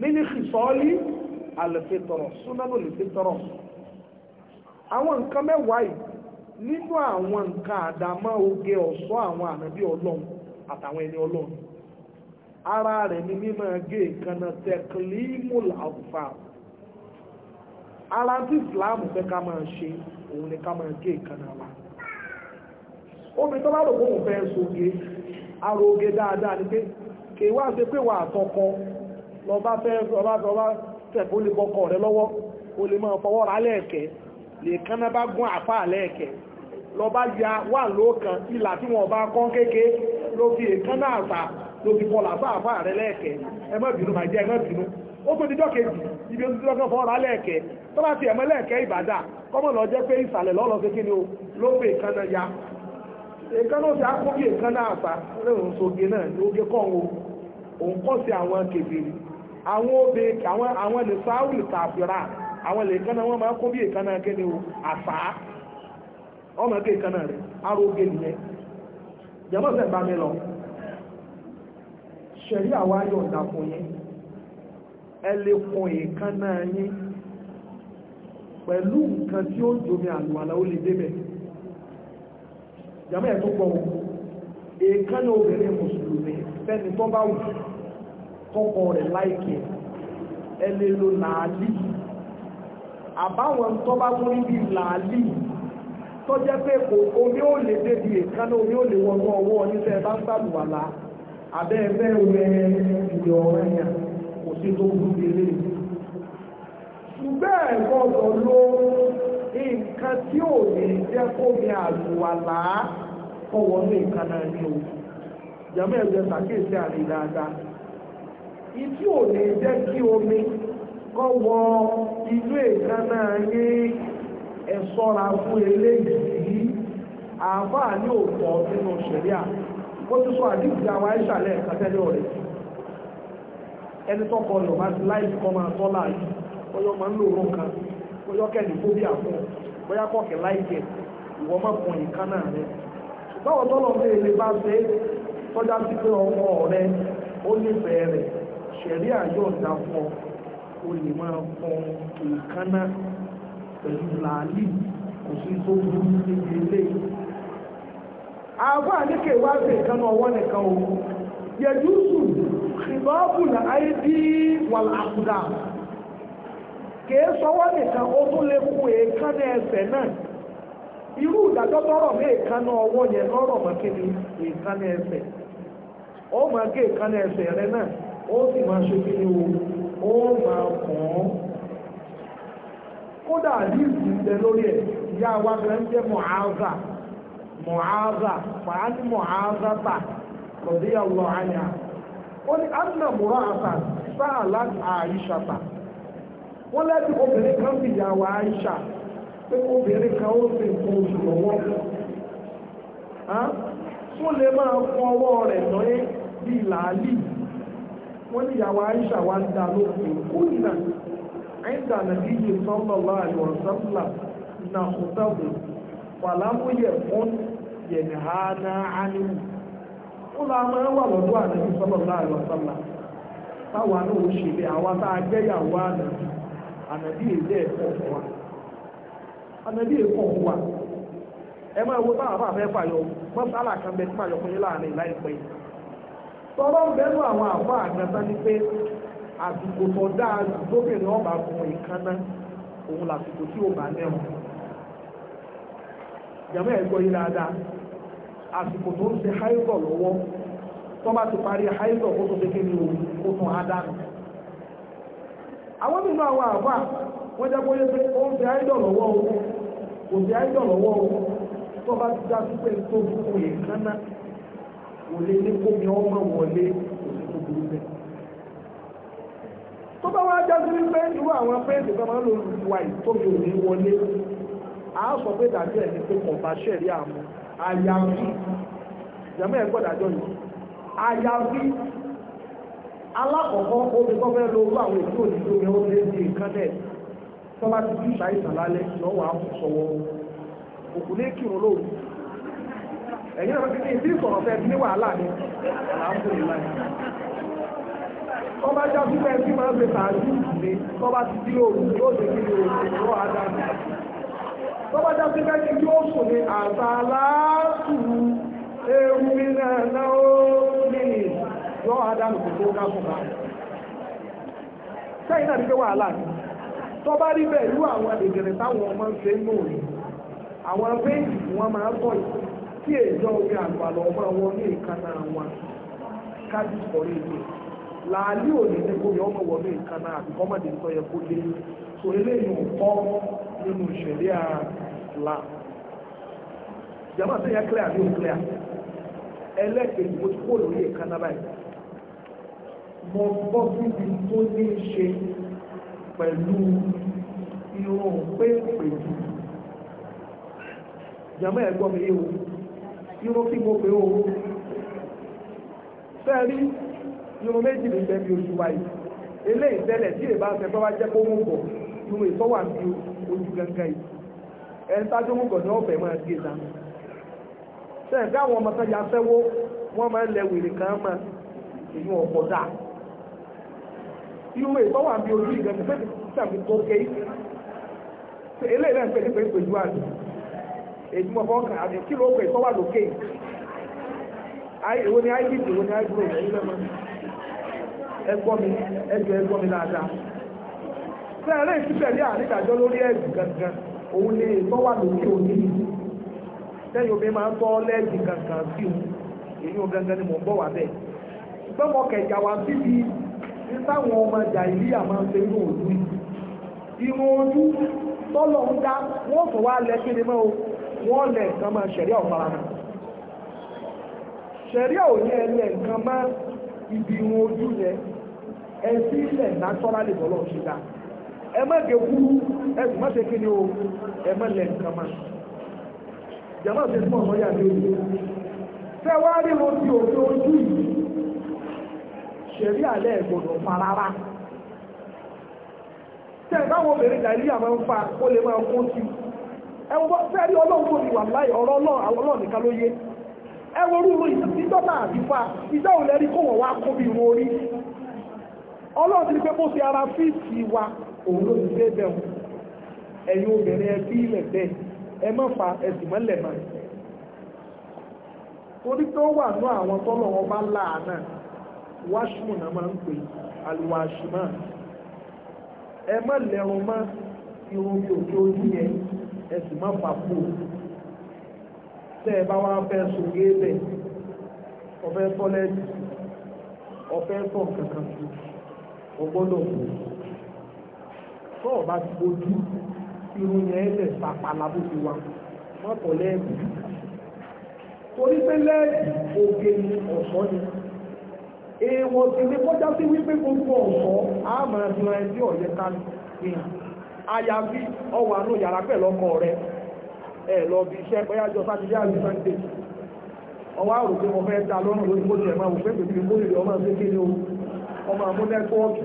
mini sọ́ọ́lì àlùfẹ́tọ̀rọ̀ súnábò lùfẹ́tọ̀rọ̀ àwọn nǹkan mẹ́wàá yìí nínú àwọn nǹkan àdámọ́ oge ọ̀ṣọ́ àwọn ànábí ọlọ́run àtàwọn ẹni ọlọ́run ara rẹ̀ ni mímọ́ gé ìkànnà tẹ̀kìlímùl àwùfà ara tí ìsìláàmù fẹ́ ká máa ṣe òun ni ká máa gé ìkànnà wa omi tó bá rò pé òun fẹ́ soge ara oge dáadáa ni pé kèwà ṣe pé wà àtọkọ lọ bá fẹ́ ọba tẹ̀kọ́ lè bọ́kọ̀ rẹ lọ́wọ́ o lè máa fọwọ́ ra lẹ́ẹ̀kẹ́ lè kánná bá gún àfá lẹ́ẹ̀kẹ́ lọ bá ya wà lóòkan ìlà tí wọ́n bá kọ́ kéèké ló fi èkánná àfà ló fi bọ́lá fá àfá rẹ lẹ́ẹ̀kẹ́ ẹ má bínú di dọ́kejì ibi ojú lọ́kàn fọwọ́ ra lẹ́ẹ̀kẹ́ tó bá ti ẹ̀mọ́ lẹ́ẹ̀kẹ́ ìbàdà kọ́mọ̀ lọ jẹ́ pé ìsàlẹ̀ lọ́lọ́ pé kí ni o ló náà ló gé kọ́ òun kọ́ sí àwọn kèbèrè àwọn obe, àwọn àwọn lè sáwùlì tààfìrà àwọn lè kánná wọn máa kó bí èkánná kéde o àfà ọmọ ké èkánná rẹ arógé nìyẹn jẹmọ sẹ bá mi lọ ṣẹlí àwa yọ̀ǹda fún yín ẹ lè kun èkánná yín nǹkan tí ó jomi àlùwàlà ó lè jẹmọ ẹ tó o èkánná obìnrin mùsùlùmí tó bá wù. tọ́kọ rẹ̀ láìkẹ̀ ẹ lè lo làálì àbáwọn tó bá k'o omi ó lè débi èkánná omi ó lè wọnú ọwọ́ ebe bá ń sàlùwàlà osi ẹgbẹ́ rẹ ìyọ̀ kò sí tó burú délé tí o jàmọ́ ẹ̀jẹ̀ sàkíyèsí àrí ìtí ò ní jẹ́ kí omi kọ́ wọ ịkana nye yín fụ ṣọ́ra fún eléyìí àáfàá ní òpó nínú ṣẹ̀ríà ó ti sọ àdìsí àwọn ọrịa ẹ̀ka tẹ́lẹ̀ ẹni tọ́kọ lọ bá ti láì kọ́ máa tọ́ máa ń lò rún kan kẹ́ni tó bí ṣẹ̀rí àyọ̀dá fọ o lè máa fọn èékánná pẹ̀lú làálì kò sí tó burú níbi ilé àbá àdékè wá sí nìkan o yẹjúsù ìbáàbù là na wà láàbùdà kìí sọwọ́ nìkan ó tún lè kú èékánná ẹsẹ̀ náà irú ìdájọ́ tọrọ ọwọ́ yẹn lọ́rọ̀ èékánná ẹsẹ̀ ó èékánná ẹsẹ̀ rẹ náà ó sì máa ṣe kí ni ó máa kàn án kódà àdìsí lórí ìyá wa kan jẹ́ mọ̀áza mọ̀áza fàánì mọ̀áza tà lọ́dí ọlọ́ àyà ó ní anna mùrọ̀ àtà sáà láti àyíṣà tà wọ́n lẹ́bi obìnrin kan fi ìyá wa àyíṣà pé obìnrin kan ó sì kó oṣù lọ́wọ́ fún lè máa fún ọwọ́ rẹ̀ wọ́n yawa ìyàwó Aisha wa ń dá na kúnnà ẹ̀ńdà na ọ̀tọ́bù pàlámúyẹ̀ fún ha náà ánìwò ó la máa wà lọ́dọ̀ ànàbí sọ́lọ́lá àlùwọ̀sọ́lá táwa náà ó ṣe lé àwa tá a na ànàbí ànàbí èdè ẹ̀kọ́ fún wa ànàbí ẹ̀kọ́ fún wa ẹ wo bá tọ́lọ́ bẹ́nu àwọn àfọ́ àgbàtà ni pé àsìkò tó dáa lóbìnrin ọba fún ìkànnà òun làsìkò tí ò bá lẹ́wọ̀n ìjàmọ́ ẹ̀gbọ́ yìí dáadáa àsìkò tó ń ṣe háìbọ̀ lọ́wọ́ tó bá ti parí háìbọ̀ ó tó kékeré òun ó tún á dànù àwọn nínú àwọn àfà wọ́n jẹ́ bóyá pé ó ń fi háìbọ̀ lọ́wọ́ o kò fi háìbọ̀ lọ́wọ́ o tó bá ti dá sí pé tó fún ìkànnà kò lè ní kómi ọmọ wọlé òsì tó burú bẹ́ẹ̀. tó bá wá jáde wípé irú àwọn pẹ́ǹtì kan máa ń lò lù wáyé tó mi ò ní wọlé a sọ pé dàbí ẹni pé kò bá ṣẹ̀rí àmú àyàfi ìjàmọ́ ẹ̀ gbọ́dájọ́ yìí àyàfi alákọ̀ọ́kọ́ omi tó fẹ́ lo owó àwọn èdè òní tó yẹ ó lé ní nǹkan náà tó bá ti bí ìṣàìsàn lálẹ́ lọ́wọ́ àwọn sọ̀wọ́ òkú ní kírun lóòrùn ẹ̀yìn ọ̀rọ̀ títí ìdí ìsọ̀rọ̀ fẹ́ ní wàhálà ni àlàáfíà tọ́ba já sílẹ̀ tí máa ń ṣe tààjú ìdílé tọ́ba ti dí òru yóò ṣe kí ni òru ìwọ́ adájú tọ́ba já sílẹ̀ tí yóò sùn ní àtàlásù ewu náà náà ó ní ìwọ́ adájú kò tó ká fún wa sẹ́yìn náà ní pé wàhálà ni tọ́ba rí bẹ́ẹ̀ irú àwọn èdèrè táwọn ọmọ ń ṣe ń nù àwọn péjì wọn máa ń bọ̀ yìí kí èjọ omi àgbàlọ ọmọ wọn ní ìkànnà wọn kájú sọrí ìwé làálí òní ní kò yọ ọmọ wọn ní ìkànnà àbíkọ́ mọ̀dé ń tọ́yẹ kó dé so eléyìí ò kọ́ nínú ìṣẹ̀lẹ̀ àlá jama sẹ́yà clear àbí ò clear ẹlẹ́kẹ̀ẹ́ mo ti kó lórí ìkànnà báyìí mo bọ́ síbi tó ní í ṣe pẹ̀lú irun pépè jama ẹ̀gbọ́n mi yé o irun tí mo pè ó sẹ́rí irun méjì ní bẹ́ẹ̀ bí oṣù wáyé eléyìí tẹ́lẹ̀ tí èèbá ń sẹ́kọ́ wá jẹ́ kó mú bọ̀ irun ìtọ́ wà ní ojú gangan yìí ẹni tájú mú bọ̀ ní ọ̀fẹ́ máa gé ta sẹ́yìn káwọn ọmọ kan ya fẹ́wó wọ́n máa ń lẹ wèrè kan máa èyí ọ̀pọ̀ dáa irun ìtọ́ wà ní ojú gangan fẹ́ẹ́ sàmì tó ké eléyìí náà pẹ̀lú pẹ̀lú pẹ̀lú àdúgbò èyí mọ̀ fọ́ kàn àti kí ló pè tó wà lókè ìwọ ni ibd ìwọ ni ibro ẹ̀yìn lẹ́mọ̀ ẹgbọ́ mi ẹjọ́ ẹgbọ́ mi dáadáa sẹ́ẹ̀rẹ́ ìtútẹ̀lé àrídájọ́ lórí ẹ̀jù gangan òun ni tó wà lókè òní sẹ́yìn omi máa ń tọ́ lẹ́ẹ̀jì gangan sí òun èyí ò gangan ni mò ń bọ̀ wá bẹ́ẹ̀ gbọ́mọ kẹjà wa bíbí ní táwọn ọmọ ìjà ìlíyà máa ń ṣe inú òdu irun ojú tọ́lọ̀ ń dá wọ́n fọ̀ wá lẹ́kẹ́ni mọ́ wọ́n lẹ̀ nǹkan máa ṣẹ̀ríà ọ̀fara mi ṣẹ̀ríà ò ní ibi wọn ojú yẹn ẹsí ilẹ̀ nàtọ́rálì bọ́lọ̀ ṣe dá ẹ má gé kúrú o ẹ má lẹ̀ nǹkan máa jàmá ṣe fún yà ní ojú rí wọn òfin farara tẹ̀ obìnrin àmọ́ ń fa lè máa sí i. ẹwọ́ fẹ́rí ọlọ́run tó ní ọ̀rọ̀ ọlọ́run nìkan ló yé ẹwọ́ rúru ìjọ náà ti fa ìjọ ò lẹ́rí kó wọ́n wá kó bí wọn orí ti pé ara fíìsì wa òun ló ti dé ẹ̀yin obìnrin ẹ bí ilẹ̀ bẹ́ẹ̀ ẹ fa ẹ̀sìn mọ́lẹ̀ torí tó wà ní àwọn tọ́lọ̀ láàánà wáṣùmù náà máa ń pè ẹ má lẹ́rùn irun ẹ̀sùn má fà kú tẹ́ ẹ bá wá fẹ́ sùn yé bẹ̀ ọ̀fẹ́ tọ́lẹ́tì ọ̀fẹ́ tọ̀ kankan sí ọgbọ́dọ̀ kù tọ́ ọ bá ti bójú irun yẹn lẹ̀ pàpà lábùkù wa mọ́tò lẹ́ẹ̀kù torí pé lẹ́ẹ̀kù oge ni ọ̀ṣọ́ ni èèwọ̀ sì ni kọjá sí wípé gbogbo ọ̀ṣọ́ á máa ra ẹbí ọ̀yẹ́ká ní ìhàn àyàfi ọwà nù yàrá pẹ̀lú ọkọ rẹ̀ ẹ̀ lọ bí iṣẹ́ pẹ́yàjọ sátidé àbí sànńdé ọwọ́ àrùn pé fẹ́ ta lọ́rùn lórí kó tiẹ̀ máa wò ọmọ ṣe ọmọ àmú nẹ́tíwọ́ọ̀kì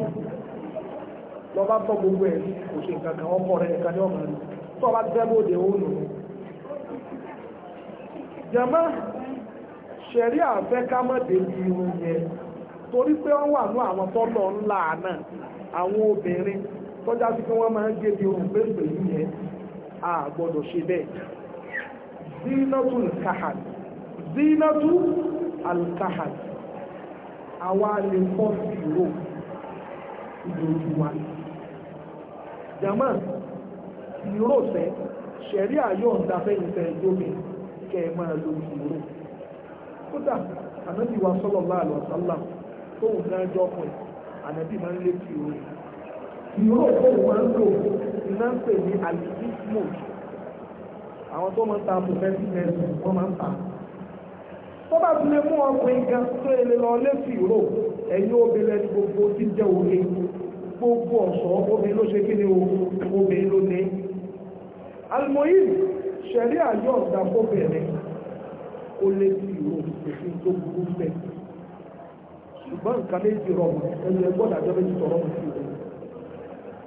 tọ́ gbogbo ẹ̀ ṣe nǹkan kan ọkọ rẹ̀ tọ́já sí pé wọ́n máa ń gé bí ohun pé pẹ̀lú yẹn a gbọ́dọ̀ ṣe bẹ́ẹ̀ zinatu alkahal zinatu alkahal àwa lè fọ́ ìró ìdòwú wa jama ìró fẹ́ ṣẹ̀rí àyọ̀ ń dafẹ́ ìfẹ́ lómi kẹ́ ẹ máa lo ìró kódà ànábì wa sallallahu alaihi wasallam tóun náà jọ ọkùnrin ànábì máa ń lé ti ìró yìí ìró òkú wọn lò iná ń pè ní alikimu àwọn tó máa ń ta professor medicine wọ́n máa ń ta tó bá ti lè mú ọkùnrin kan tó lè lọ lẹ́sìn ìró ẹ̀yìn obìnrin gbogbo ti jẹ́ òye gbogbo ọ̀ṣọ́ obìnrin ló ṣe kí ni obìnrin ló ní almohim ṣẹ̀rí àjọ ọ̀dà fóbìnrin ó lé sí ìró òfin tó burú bẹ́ẹ̀ ṣùgbọ́n nǹkan méjì rọrùn ẹni ẹgbọ́n àjọ méjì tọrọ sí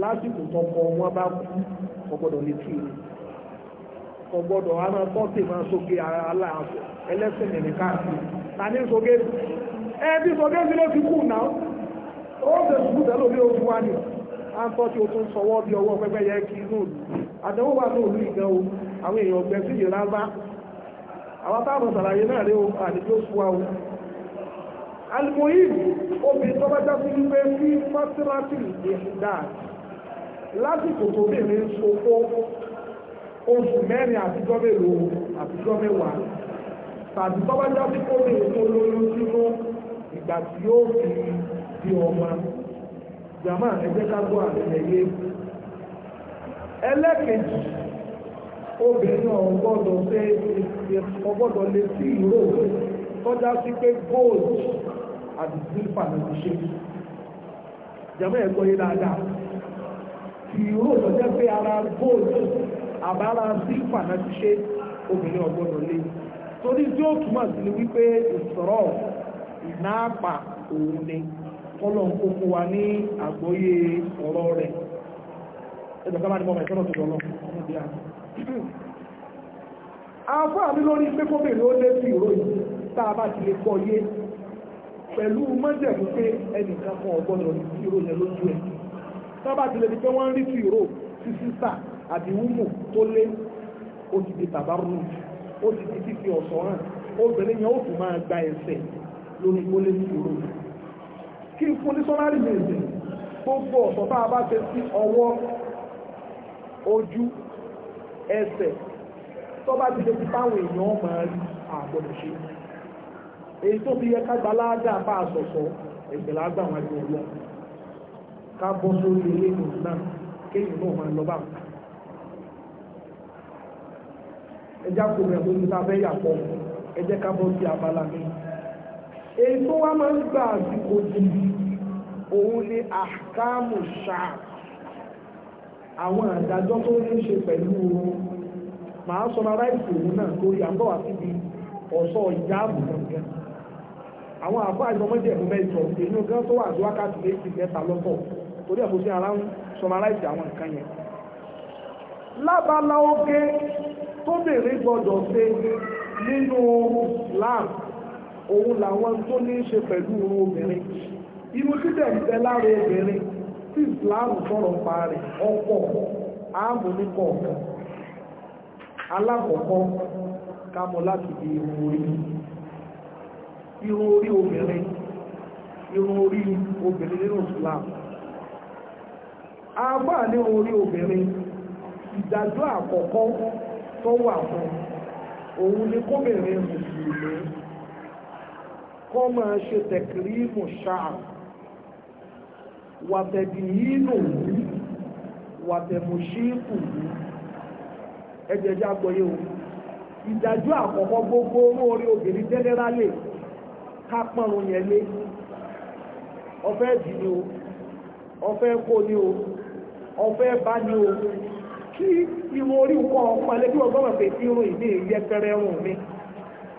lásìkò tọkọ wọn bá kú ọgbọ́dọ̀ lè tú ilé ọgbọ́dọ̀ a máa tọ́ sí máa sókè aláàfọ ẹlẹ́sìn ta ní sókè ẹ sókè sí ló fi kú a ń tọ́ sí sọwọ́ bí ọwọ́ pẹ́pẹ́ yẹ kí inú òlù o àwọn èèyàn ọ̀gbẹ́ sí yìí lábá àwọn táwọn sàlàyé náà o o obìnrin wípé lásìkò tó bèèrè ń sopó oṣù mẹ́rin àtijọ́ mélòó àtijọ́ mẹ́wàá tàbí tọ́bájá tí kò lè tó lóyún sínú ìgbà tí yóò fi di ọmọ jàmá ẹgbẹ́ kágbó àtẹ̀yẹ ẹlẹ́kẹ̀jì obìnrin ọgbọ́dọ̀ fẹ́ ọgbọ́dọ̀ lè sí ìró tọ́já sí pé gold àti silver ló ti ṣe jàmá ẹ̀gbọ́ yé dáadáa ìró ìtọ́jẹ́ pé ara góòlù àbára sí ìpànà ti ṣe obìnrin ọgbọ́dọ̀ lé torí tí ó túmọ̀ sí ni wípé ìsọ̀rọ̀ ìnáàpà òun ni kọ́lọ̀ ń kókó wa ní àgbọ́yé ọ̀rọ̀ rẹ̀ ẹgbẹ̀ ká bá ní mọ́mọ̀ ìtọ́nà tó lọ́lọ́ ọmọdé àná afọ́ àmì lórí a bá ti lè kọ́ yé pẹ̀lú mọ́jẹ̀mú pé ẹnìkan sábà tilẹ̀ ní pé wọ́n ń rí tu ìró sí sísà àti wúmù tó lé ó ti di tàbárù ó ti di fífi ọ̀sọ̀ hàn obìnrin yẹn ó tún máa gba ẹsẹ̀ lórí ó lé tu ìró kí n fún ní sọ́nárì mẹ́sẹ̀ gbogbo ọ̀sọ̀ tá a bá ṣe sí ọwọ́ ojú ẹsẹ̀ tó bá ti lè ti táwọn èèyàn máa rí àgbọ̀dọ̀ ṣe èyí tó fi yẹ ká gbaláàdà bá a sọ̀sọ̀ ẹ̀sẹ̀ lágbà wọn ẹgbẹ̀ ọlọ́run ká bọ́ sórí ilé ìlú náà kéèyàn náà máa lọ bá wọn. ẹjá kò rẹ̀ lórí ta fẹ́ yàpọ̀ ẹjẹ́ ká bọ́ sí abala mi. èyí tó wá máa ń gbà àsìkò jù òun ni àkáàmù ṣáà àwọn àdájọ́ tó ní ṣe pẹ̀lú màá sọra ráìsì òun náà tó yàtọ̀ wá síbi ọ̀ṣọ́ ìjáàbù kankan àwọn àbá ìjọmọdé ẹ̀mú mẹ́jọ èyí ó gán tó wà ní wákàtí méjì mẹ́ta lọ́tọ̀ torí ẹ̀kọ́ sí ara ń sọmaráìsì àwọn nǹkan yẹn lábala oge tó bèèrè gbọdọ̀ ṣe nínú lam òun làwọn tó ní ṣe pẹ̀lú irun obìnrin irun títẹ̀ ń bẹ lára obìnrin tí islam sọ̀rọ̀ pa rẹ̀ ọ̀pọ̀ ààbò ní kọ̀ọ̀kan alákọ̀ọ́kọ́ kámọ́ láti di irun orí irun orí obìnrin irun orí obìnrin nínú islam àbá ní orí obìnrin ìdájọ́ àkọ́kọ́ tó wà fún òun ni kóbìnrin mùsùlùmí kọ́ máa ṣe tẹ̀kìrìmù ṣáà wàtẹ̀bì yìí nù wàtẹ̀mù ṣíkù ẹjẹjẹ agbọ̀yé o ìdájọ́ àkọ́kọ́ gbogbo owó orí obìnrin jẹ́nẹ́rálì ká pọ́nrún yẹn lé ọfẹ́ dì ní o ọfẹ́ kó ní o ọ̀fẹ́ bá ní o kí ìwọ orí nǹkan ọ̀pá lẹ́bí ọgbọ́n mọ̀ pé irun ìdí ìyẹpẹrẹ rùn mi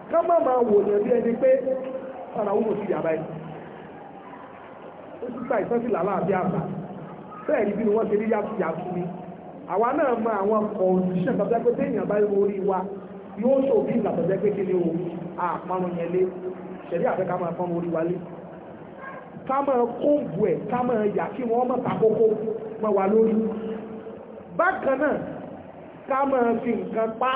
ká má máa wò ní ẹbí ẹni pé sára owó sí ìyàbá ẹni ó sì ta ìfẹ́ sí làlàáfíà àbá bẹ́ẹ̀ ni bí wọ́n ṣe rí yàtú yàtú ni àwa náà mọ àwọn ọkọ̀ òṣìṣẹ́ tọ́jọ́ pé téèyàn bá irun orí wa yóò ṣòfin ìgbà tọ́jọ́ pé kí ni o àpamọ́ yẹn lé ṣẹ̀rí àfẹ́ ká máa pamọ́ orí wa lé ká máa kóòbù ẹ̀ ká máa yà kí wọ́n mọ̀ takókó mọ̀ wà lórí bákan náà ká máa fi nǹkan pa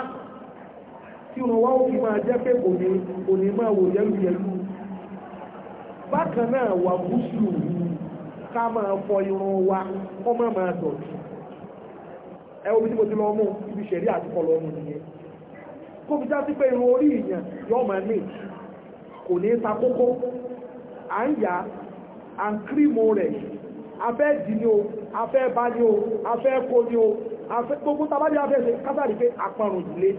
tí wọ́n wá ó fi máa jẹ́ pé òní òní máa wò yẹ́lúyẹ́lú bákan náà wà gúúsù ká máa fọ irun wa kó má máa dọ̀tí ẹ wo bí mo ti lọ mú ibi ṣẹ̀rí àtúkọ̀ lọ mú nìyẹn kó fi já sí pé irun orí ìyàn yọ́ máa ní kò ní ta à ń yà àǹkírímù rẹ̀ afẹ́ dì ní o afẹ́ bá ní o afẹ́ kó ní o afẹ́ gbogbo tàbájú afẹ́ ṣe kásàrí pé àparùn ìdílé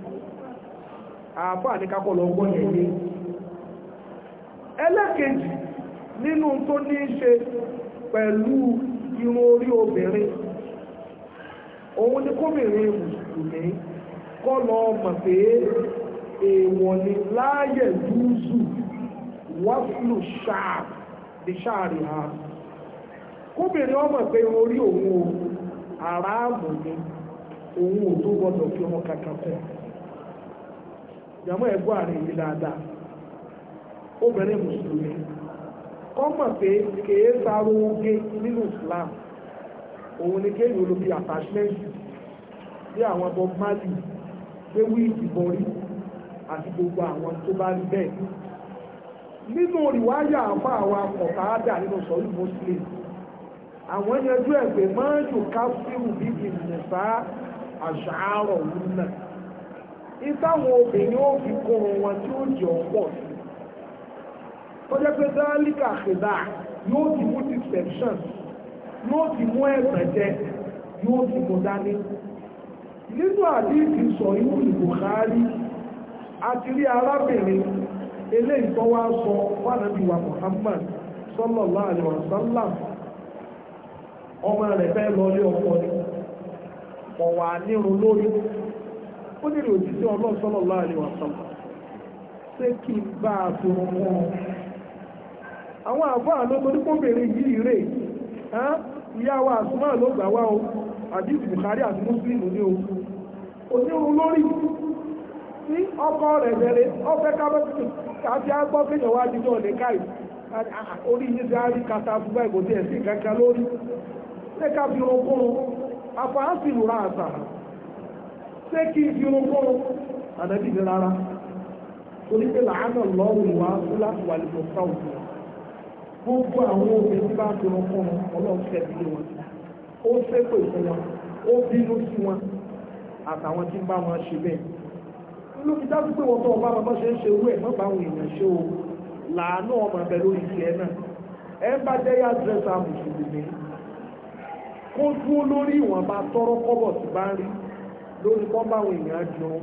àbá ní kápọ̀lọ̀ ọgbọ́n yẹn ní ẹlẹ́kejì nínú tó ní í ṣe pẹ̀lú irun orí obìnrin òun ni kóbìnrin mùsùlùmí kọ́ lọ mọ̀ pé èèwọ̀ ni láàyè dúúsù wọ́flù ṣáàpù bí ṣáàrì ha kóbìnrin ọmọ pé orí òun o àràámù ni òun ò tó gbọdọ̀ fi ọmọ kankan kù ìjàmọ́ ẹ̀gbọ́n àárín yìí dáadáa obìnrin mùsùlùmí kọ́mọ̀ pé kèé sáró oge nínú Islam òun ni kéèyàn ló fi attachment sí àwọn Bob Marley pé wíìgì bọ́rí àti gbogbo àwọn tó bá rí bẹ́ẹ̀ nínú ìwáyà àfa àwọn akọ̀kàádà nínú sọ̀rọ̀ muslim àwọn yanjú ẹ̀ pé máa ń yù ká fíìmù bí ìrìnàṣá àṣàárọ̀ lúnà ìtàwọn obìnrin ó fi kó wọn tí ó jẹ ọ̀pọ̀ sí tó jẹ́ pé dálíkà àṣẹdá yóò ti mú deception yóò ti mú ẹ̀sẹ̀ jẹ yóò ti mú dání nínú àdéhìí sọ ìwúlì Bukhari àti rí arábìnrin eléyìí tó wa sọ fánàbí wa Muhammad sallallahu alaihi wasallam ọmọ rẹ̀ fẹ́ lọ lé ni nírun lórí ó nílò ṣé kí n bá a tó mọ́ ọ àwọn àbọ̀ àlọ́gbọ́n ní kóbìnrin yìí rè ìyá wa àsùnmọ́ ló gbà wá o àdìsí Bukhari àti Muslim ní onírun lórí ní àti agbọ́ kéèyàn wá jíjọ́ lè káì ah, orí yìí ti rí kata fúgbà ìgò tí ẹ̀sìn kankan lórí lẹ́ka fi okun afáàsì lura àṣà ṣé kí n fi okun ànábì ní rárá torí pé làánà lọ́wọ́ ìwà láti wà lè fọ́nká òkú gbogbo àwọn obìnrin bá fi okun ọlọ́run kẹ́ẹ̀dé wọn ó ṣépè fún wọn ó bínú sí wọn ló fi dájú pé wọ́n tó ọba bàbá ṣe ń ṣe owó ẹ̀ mọ́gbà àwọn èèyàn ṣe o làánú ọmọ ẹbẹ lórí tiẹ̀ náà ẹ bá jẹ́ yá dírẹ́sà mùsùlùmí kó dúró lórí ìwọ̀nba tọrọ kọ́bọ̀ tí bá ń rí lórí kọ́ bá àwọn èèyàn jẹun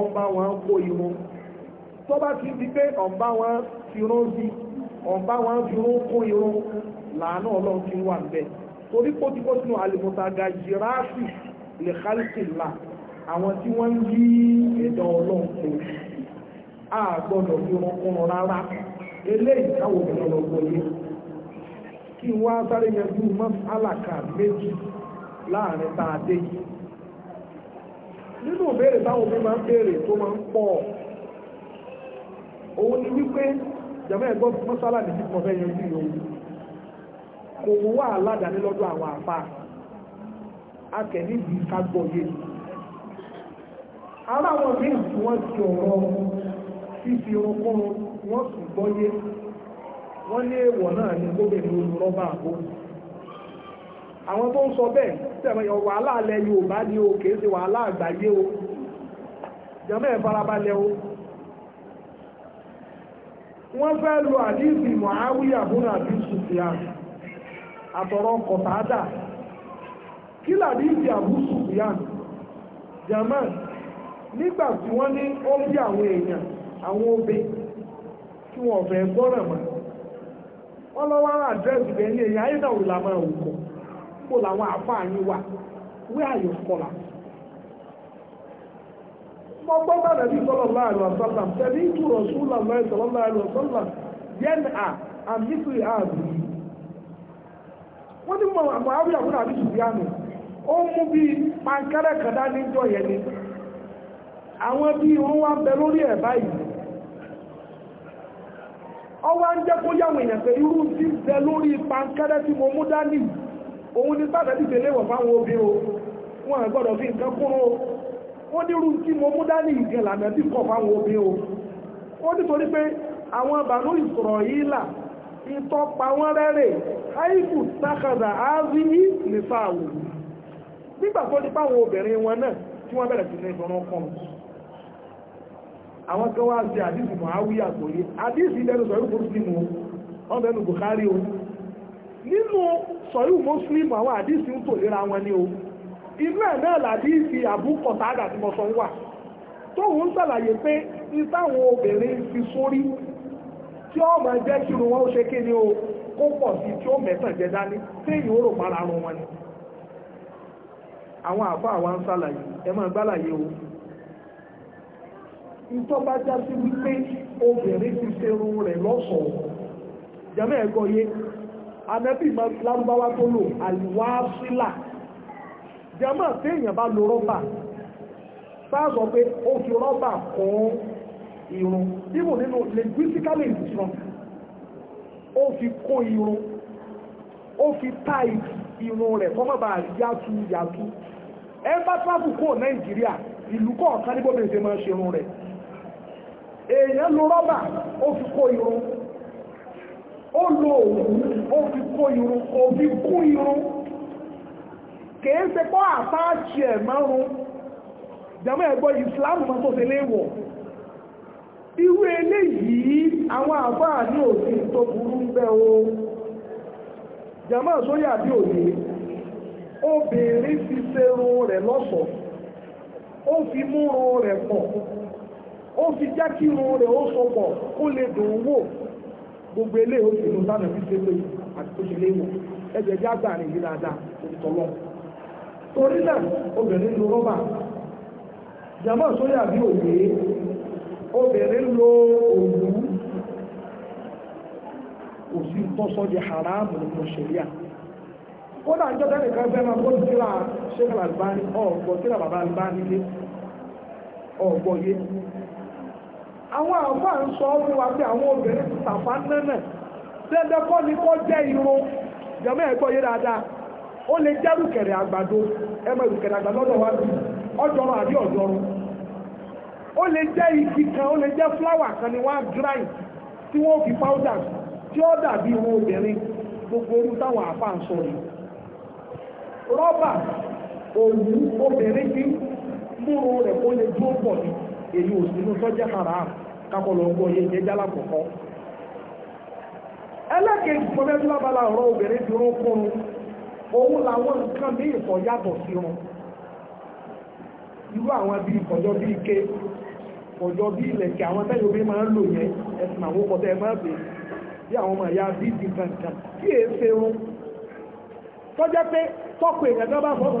ọba wọn kó irun tó bá ti di pé ọba wọn fi irun sí ọba wọn fi irun kó irun làánú ọlọ́run ti wà bẹ́ẹ̀ torí kó ti kó jìráàfì lè kálíkì láà àwọn tí wọ́n ń yí ẹ̀dọ̀ ọlọ́run kò á gbọ́dọ̀ bí wọn kún rárá eléyìí káwọn obìnrin lọ gbọ́yé kí wọ́n á sáré yanjú mọ́sálàkà méjì láàrin tá a dé yìí nínú ìbéèrè táwọn obìnrin máa ń béèrè tó máa ń pọ̀ òun ni wípé jàmọ́ ẹ̀gbọ́n mọ́sálà ní kíkọ́ fẹ́ yanjú ìyóhùn kò wọ́n wà aládàáni lọ́dọ̀ àwọn àpá akẹ́ni yìí ká gbọ́yé yìí ara àwọn míì tí wọ́n ti ọ̀rọ̀ fífi orúnkún wọ́n sì gbọ́yé wọ́n ní èèwọ̀ náà ní gómìnà olùrọ́bà àbó àwọn tó ń sọ bẹ́ẹ̀ tẹ̀mọ̀ wàhálà alẹ́ Yorùbá ní o kìí ṣe wàhálà àgbáyé o jẹ́mọ́ ẹ̀ farabalẹ̀ o wọ́n fẹ́ lo àdíìsì Muawiya bun Abi Sufyan àtọ̀rọ̀ kọ̀tàádà kí làdíìsì Abu Sufyan jẹ́mọ́ nígbà tí wọ́n ní ó bí àwọn èèyàn àwọn obe tí wọ́n fẹ́ gbọ́ràn mọ́ wọ́n lọ́wọ́ àdírẹ́sì bẹ́ẹ̀ ní èèyàn ayé náà làmọ́ òkò kó làwọn àfáà yín wà where are your mo gbọ́ bá nàbí sallallahu alaihi wasallam tẹ̀lé ìtú rọ̀ṣúlà lọ́yẹ̀ sallallahu alaihi wasallam yẹn à àmìtú ààbò yìí wọ́n ní àwọn àwọn bí wọ́n wá bẹ lórí ẹ̀ báyìí ọ wá ń jẹ́ kó yàwó èèyàn pé irú tí bẹ lórí pankẹ́rẹ́ tí mo mú dání òun ni sábẹ̀ ti tẹ̀lé wọ̀ fáwọn obìnrin o wọ́n gbọ́dọ̀ fi nǹkan kúrò ó ní irú tí mo mú dání ìgbẹ̀ lànà tí kọ̀ fáwọn obìnrin o ó nítorí pé àwọn bàánú ìsọ̀rọ̀ yìí là ìtọ́pa wọn rẹ́rẹ̀ áìfù sákàdà áàrí nìfà àwòrán nígbà tó ní fáwọn obìnrin wọn náà tí wọ́n bẹ̀rẹ̀ sí ní ìsọ̀rọ̀ kan àwọn kan wá sí àdísì mọ̀háwí àgbòyé àdísì lẹ́nu sọ̀rọ̀ muslim o wọ́n lẹ́nu bukhari o nínú sọ̀rọ̀ muslim àwọn àdísì ń tò lera wọn ni o inú ẹ̀ náà làdísì àbúkọ̀tàdà tí mo sọ wà tóun ń sàlàyé pé ìtàwọn obìnrin fi sórí tí ó máa jẹ́ kí irun ṣe kí ni o kó pọ̀ sí tí ó mẹ́tàn jẹ dání téèyàn ó rò para run wọn ni àwọn àfáà wa ń sàlàyé ẹ máa gbálàyé o ìtọ́ba já sí wípé obìnrin ti ṣerun rẹ̀ lọ́sọ̀ọ́ jẹ́mẹ́ ẹ̀kọ́ yé anẹ́bí lárúbáwá tó lò àlùwásílà jẹ́mọ́ téèyàn bá lo rọ́bà sáàsọ pé ó fi rọ́bà kún irun ibò nínú linguistically ìtìsàn ó fi kún irun ó fi táìtì irun rẹ̀ kọ́mọ̀bà yàtú yàtú ẹ bá tráfù kó Nàìjíríà ìlú kọ̀ọ̀kan níbo bèèrè ṣe máa ṣerun rẹ̀ èèyàn lu rọ́bà ó fi kó irun ó lo òun ó fi kó irun kò fi kún irun kìí ṣe pọ́ ẹ̀ márùn jẹ́mọ́ ẹ̀gbọ́ ìsìláàmù máa tó ṣe léèwọ̀ irú eléyìí àwọn àbáà ní òsì tó burú ń o fi ṣerun rẹ̀ lọ́sọ̀ọ́ ó ó fi jẹ́ kí irun rẹ̀ ó sọpọ̀ ó lè dùn wò gbogbo ilé ó sì lóun dáná fífi lé àti tó ṣe léwọ̀ ẹgbẹ̀ jẹ́ àgbà rìn yìí dáadáa òtítọ́ lọ. torí náà obìnrin lo rọ́bà jàmbá sóyà bí òwe obìnrin lo òwú òsì tọ́sọ́ di haramu nínú ṣẹ̀ríà kódà ń jọ́tẹ́ nìkan fẹ́ máa bóyí tíra ṣẹ́kàlà àlùbáni ọ̀gbọ̀ tíra bàbá àlùbáni lé ọ̀gbọ̀ yé àwọn àbá ń sọ ọdún wa pé àwọn obìnrin ti tàfà nánà dẹ́dẹ́ kọ́ ni kọ́ jẹ́ irun jẹ́mọ́ ẹ̀gbọ́ yé dáadáa ó lè jẹ́ rukere àgbàdo ẹmọ rùkẹ̀rẹ̀ àgbàdo lọ́dọ̀ wa bí ọjọ́rọ̀ àbí ọ̀dọ́rọ̀ ó lè jẹ́ igi kan ó lè jẹ́ fúláwà kan ni wọ́n á tí wọ́n fi powder tí ó dàbí irun obìnrin gbogbo orú táwọn ń sọ yìí rọ́bà òwú obìnrin bí rẹ̀ lè dúró pọ̀ èyí haram kápọ̀lọ̀ ọgbọ́ yẹ jẹ́ jálá kọ̀kọ́ ẹlẹ́kẹ̀ẹ́jì pọ̀mẹ́tí lábala ọ̀rọ̀ obìnrin dúró kúrú òun làwọn nǹkan bí ìfọ̀ yàtọ̀ sí wọn irú àwọn bí ìfọ̀jọ́ bí ike ìfọ̀jọ́ bí ilẹ̀kẹ̀ àwọn tẹ́yọ̀ bí máa ń lò yẹn ẹ̀sìn àwọn ọkọ̀ tẹ́ máa bè bí àwọn ọmọ ìyá bí ti kankan kí èé ṣe wọn tọ́jẹ́ pé tọ́kù èèyàn tó bá fọ́nà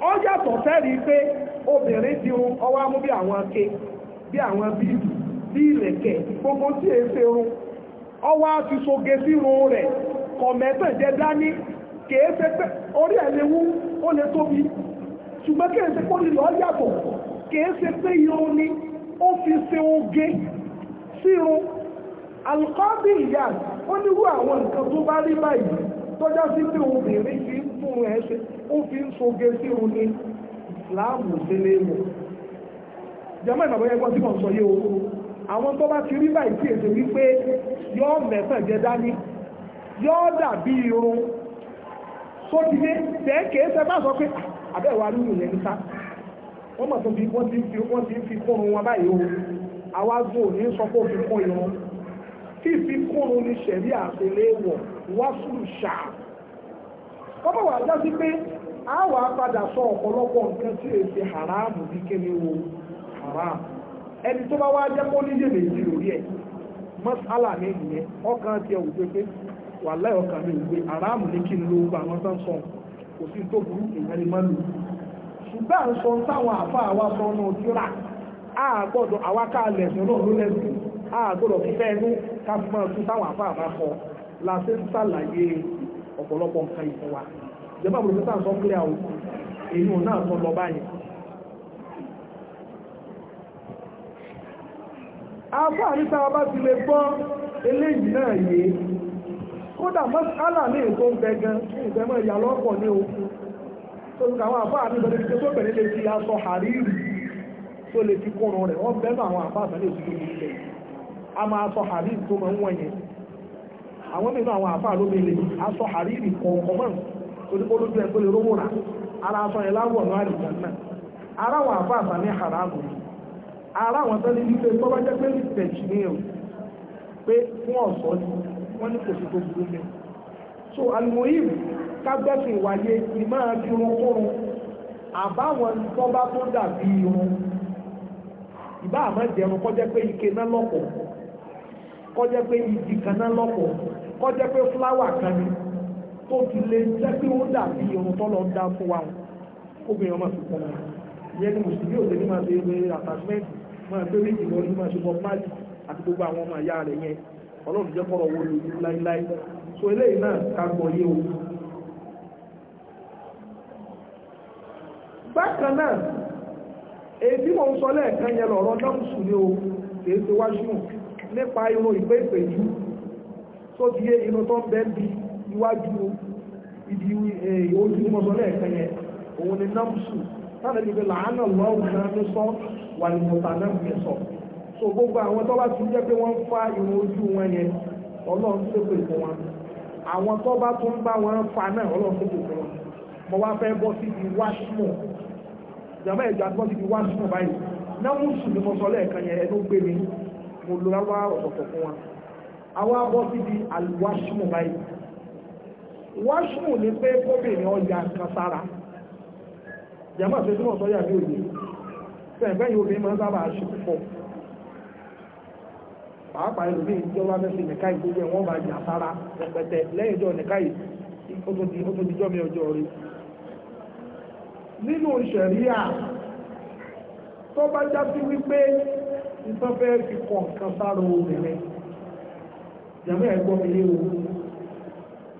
ó yàtọ̀ fẹ́rí pé obìnrin ti run ọwọ́ mú bí àwọn ake bí àwọn bíìlù bí ìlẹ̀kẹ̀ gbogbo tí è ṣe run ọwọ́ ti soge sí run rẹ̀ kọ̀mẹ́tẹ̀ jẹ dání kèé ṣe pé orí ẹ̀ léwu ó lè tóbi ṣùgbọ́n kèé ṣe pé lílọ yàtọ̀ kèé ṣe pé irun ni ó fi ṣe oge sí run alùkọ́bì ìyá ó nírú àwọn nǹkan tó bá rí báyìí tọ́já sí pé obìnrin fi ń fún ẹ ṣe ó fi ń soge sí òun ní ìsìláàmù sílé mọ̀ jẹ́mọ́ ìbàbọ̀ yẹn gbọ́ sí kàn sọ yé o àwọn tó bá ti rí báyìí tí èsè wípé yọ́ mẹ́fẹ̀ jẹ dání yọ́ dàbí irun tó ti dé tẹ́ẹ̀kẹ́ ṣe bá sọ pé àbẹ́wà ah, rírù yẹn níta wọ́n mọ̀ tó fi wọ́n ti fi wọ́n ti fi kúrun wọn báyìí o àwágbó ní sọ pé ó fi kún irun fífi kúrun ní ṣẹ̀rí àtẹlẹ́wọ̀ wá sùn ṣáà wọ́n bọ̀ wà dá pé á wà á padà sọ ọ̀pọ̀lọpọ̀ nǹkan tí èyí ṣe haramu bí kéde wo haramu ẹni tó bá wá jẹ́ kó níyè méjì lórí ẹ̀ mọ́sálà mi nìyẹn ọkàn tiẹ̀ wò pépé wàláì ọkàn mi wò pé haramu ní kí n lo gbogbo àwọn tó ń sọ kò sí tó burú ìyẹn ni má lò ṣùgbọ́n à ń sọ táwọn àfa àwa sọ náà tíra á gbọ́dọ̀ àwa ká lẹ̀sùn náà ló lẹ́sùn á gbọ́dọ̀ fífẹ́ inú ká fi máa tún táwọn àfa àbá kọ la ṣe ń ṣàlàyé ọ̀pọ̀lọpọ̀ nǹkan ìfọwà ìjọba pòròfẹ́sà sọ pé àwọn èyí ò náà sọ lọ báyìí afọ́ àríta bá ti lè gbọ́ eléyìí náà yé kódà mọ́sálà ní ètò gbẹ̀gàn ní ìfẹ́mọ̀ ìyà lọ́pọ̀ ní oku tó ń kàwọn afọ́ àríta lè tó bẹ̀rẹ̀ lè fi aṣọ àríìrì tó lè fi kọrùn rẹ̀ wọ́n bẹ́ẹ̀ àwọn afọ́ àtàlẹ̀ òsì lórí ilẹ̀ a máa sọ àríìrì tó máa ń wọ̀nyẹn àwọn mìíràn àwọn afọ́ àlómi lè aṣọ àríìrì kọ̀ọ̀kan mọ́rùn oníkólójú ẹ̀kọ́ lè ara aṣọ yẹn láwọ̀ náà ara wọn àbá àbá haramu ara wọn tán ní wípé tó pé rìpẹ̀jì ní o pé fún ọ̀sọ́ ni wọ́n ní kò sí tó burú mi so alimoyim kábẹ́sìn wáyé ìmọ̀ àti irunkurun àbáwọn tó bá tó dàbí irun ìbá àmọ́ ìdẹ̀rùn pé ike náà lọ́pọ̀ pé kan tó fi lè jẹ́ pé ó dàbí ohun tó lọ dá fún wa obìnrin ọmọ fi pọ̀ ìyẹn ni mùsùlùmí òde ní máa ṣe ìwé attachment máa gbé méjì lọ ní máa ṣe bọ páàlì àti gbogbo àwọn ọmọ ìyá rẹ̀ yẹn ọlọ́run jẹ́ kọ́rọ̀ wo lójú láíláí so eléyìí náà ká gbọ́ yé o bákan náà èyí mo ń sọ lẹ́ẹ̀kan yẹn lọ̀rọ̀ lọ́mùsùn ní o kìí ṣe wáṣíwọ̀n nípa irun ìpé ìpèjú tó ti yé irun tó ń bẹ́ẹ̀ bíi iwájú ibi eh, ojú mọ́sọ́lẹ̀ ẹ̀kan yẹn òun ni námsù táwọn ẹni làánà lọ́wọ́ náà ló sọ wà ní mọ̀tà náà fi sọ so gbogbo àwọn tó bá ti jẹ́ pé wọ́n ń fa irun ojú wọn yẹn ọlọ́run tó pè fún wọn àwọn tó bá tún bá wọn fa náà ọlọ́run tó pè fún wọn mo wá fẹ́ bọ́ síbi wáṣmọ̀ ìjàmbá ìjà bọ́ síbi wáṣmọ̀ báyìí námùsù ni mo sọ yẹn ẹnu àwọn abọ́ síbi àlùwáṣmọ̀ báyìí wáṣùmù ní pé kóbìnrin ọjà nǹkan sára jẹ́mọ̀ tó túnmọ̀ sọ́yà ní òye sẹ́ẹ̀fẹ́ yóò fi máa ṣe pàápàá ìlú bíi ìjọba mẹ́sì nìka ìgbógbé wọn bá jà sára rẹpẹtẹ lẹ́yìn ìjọ nìka ó tó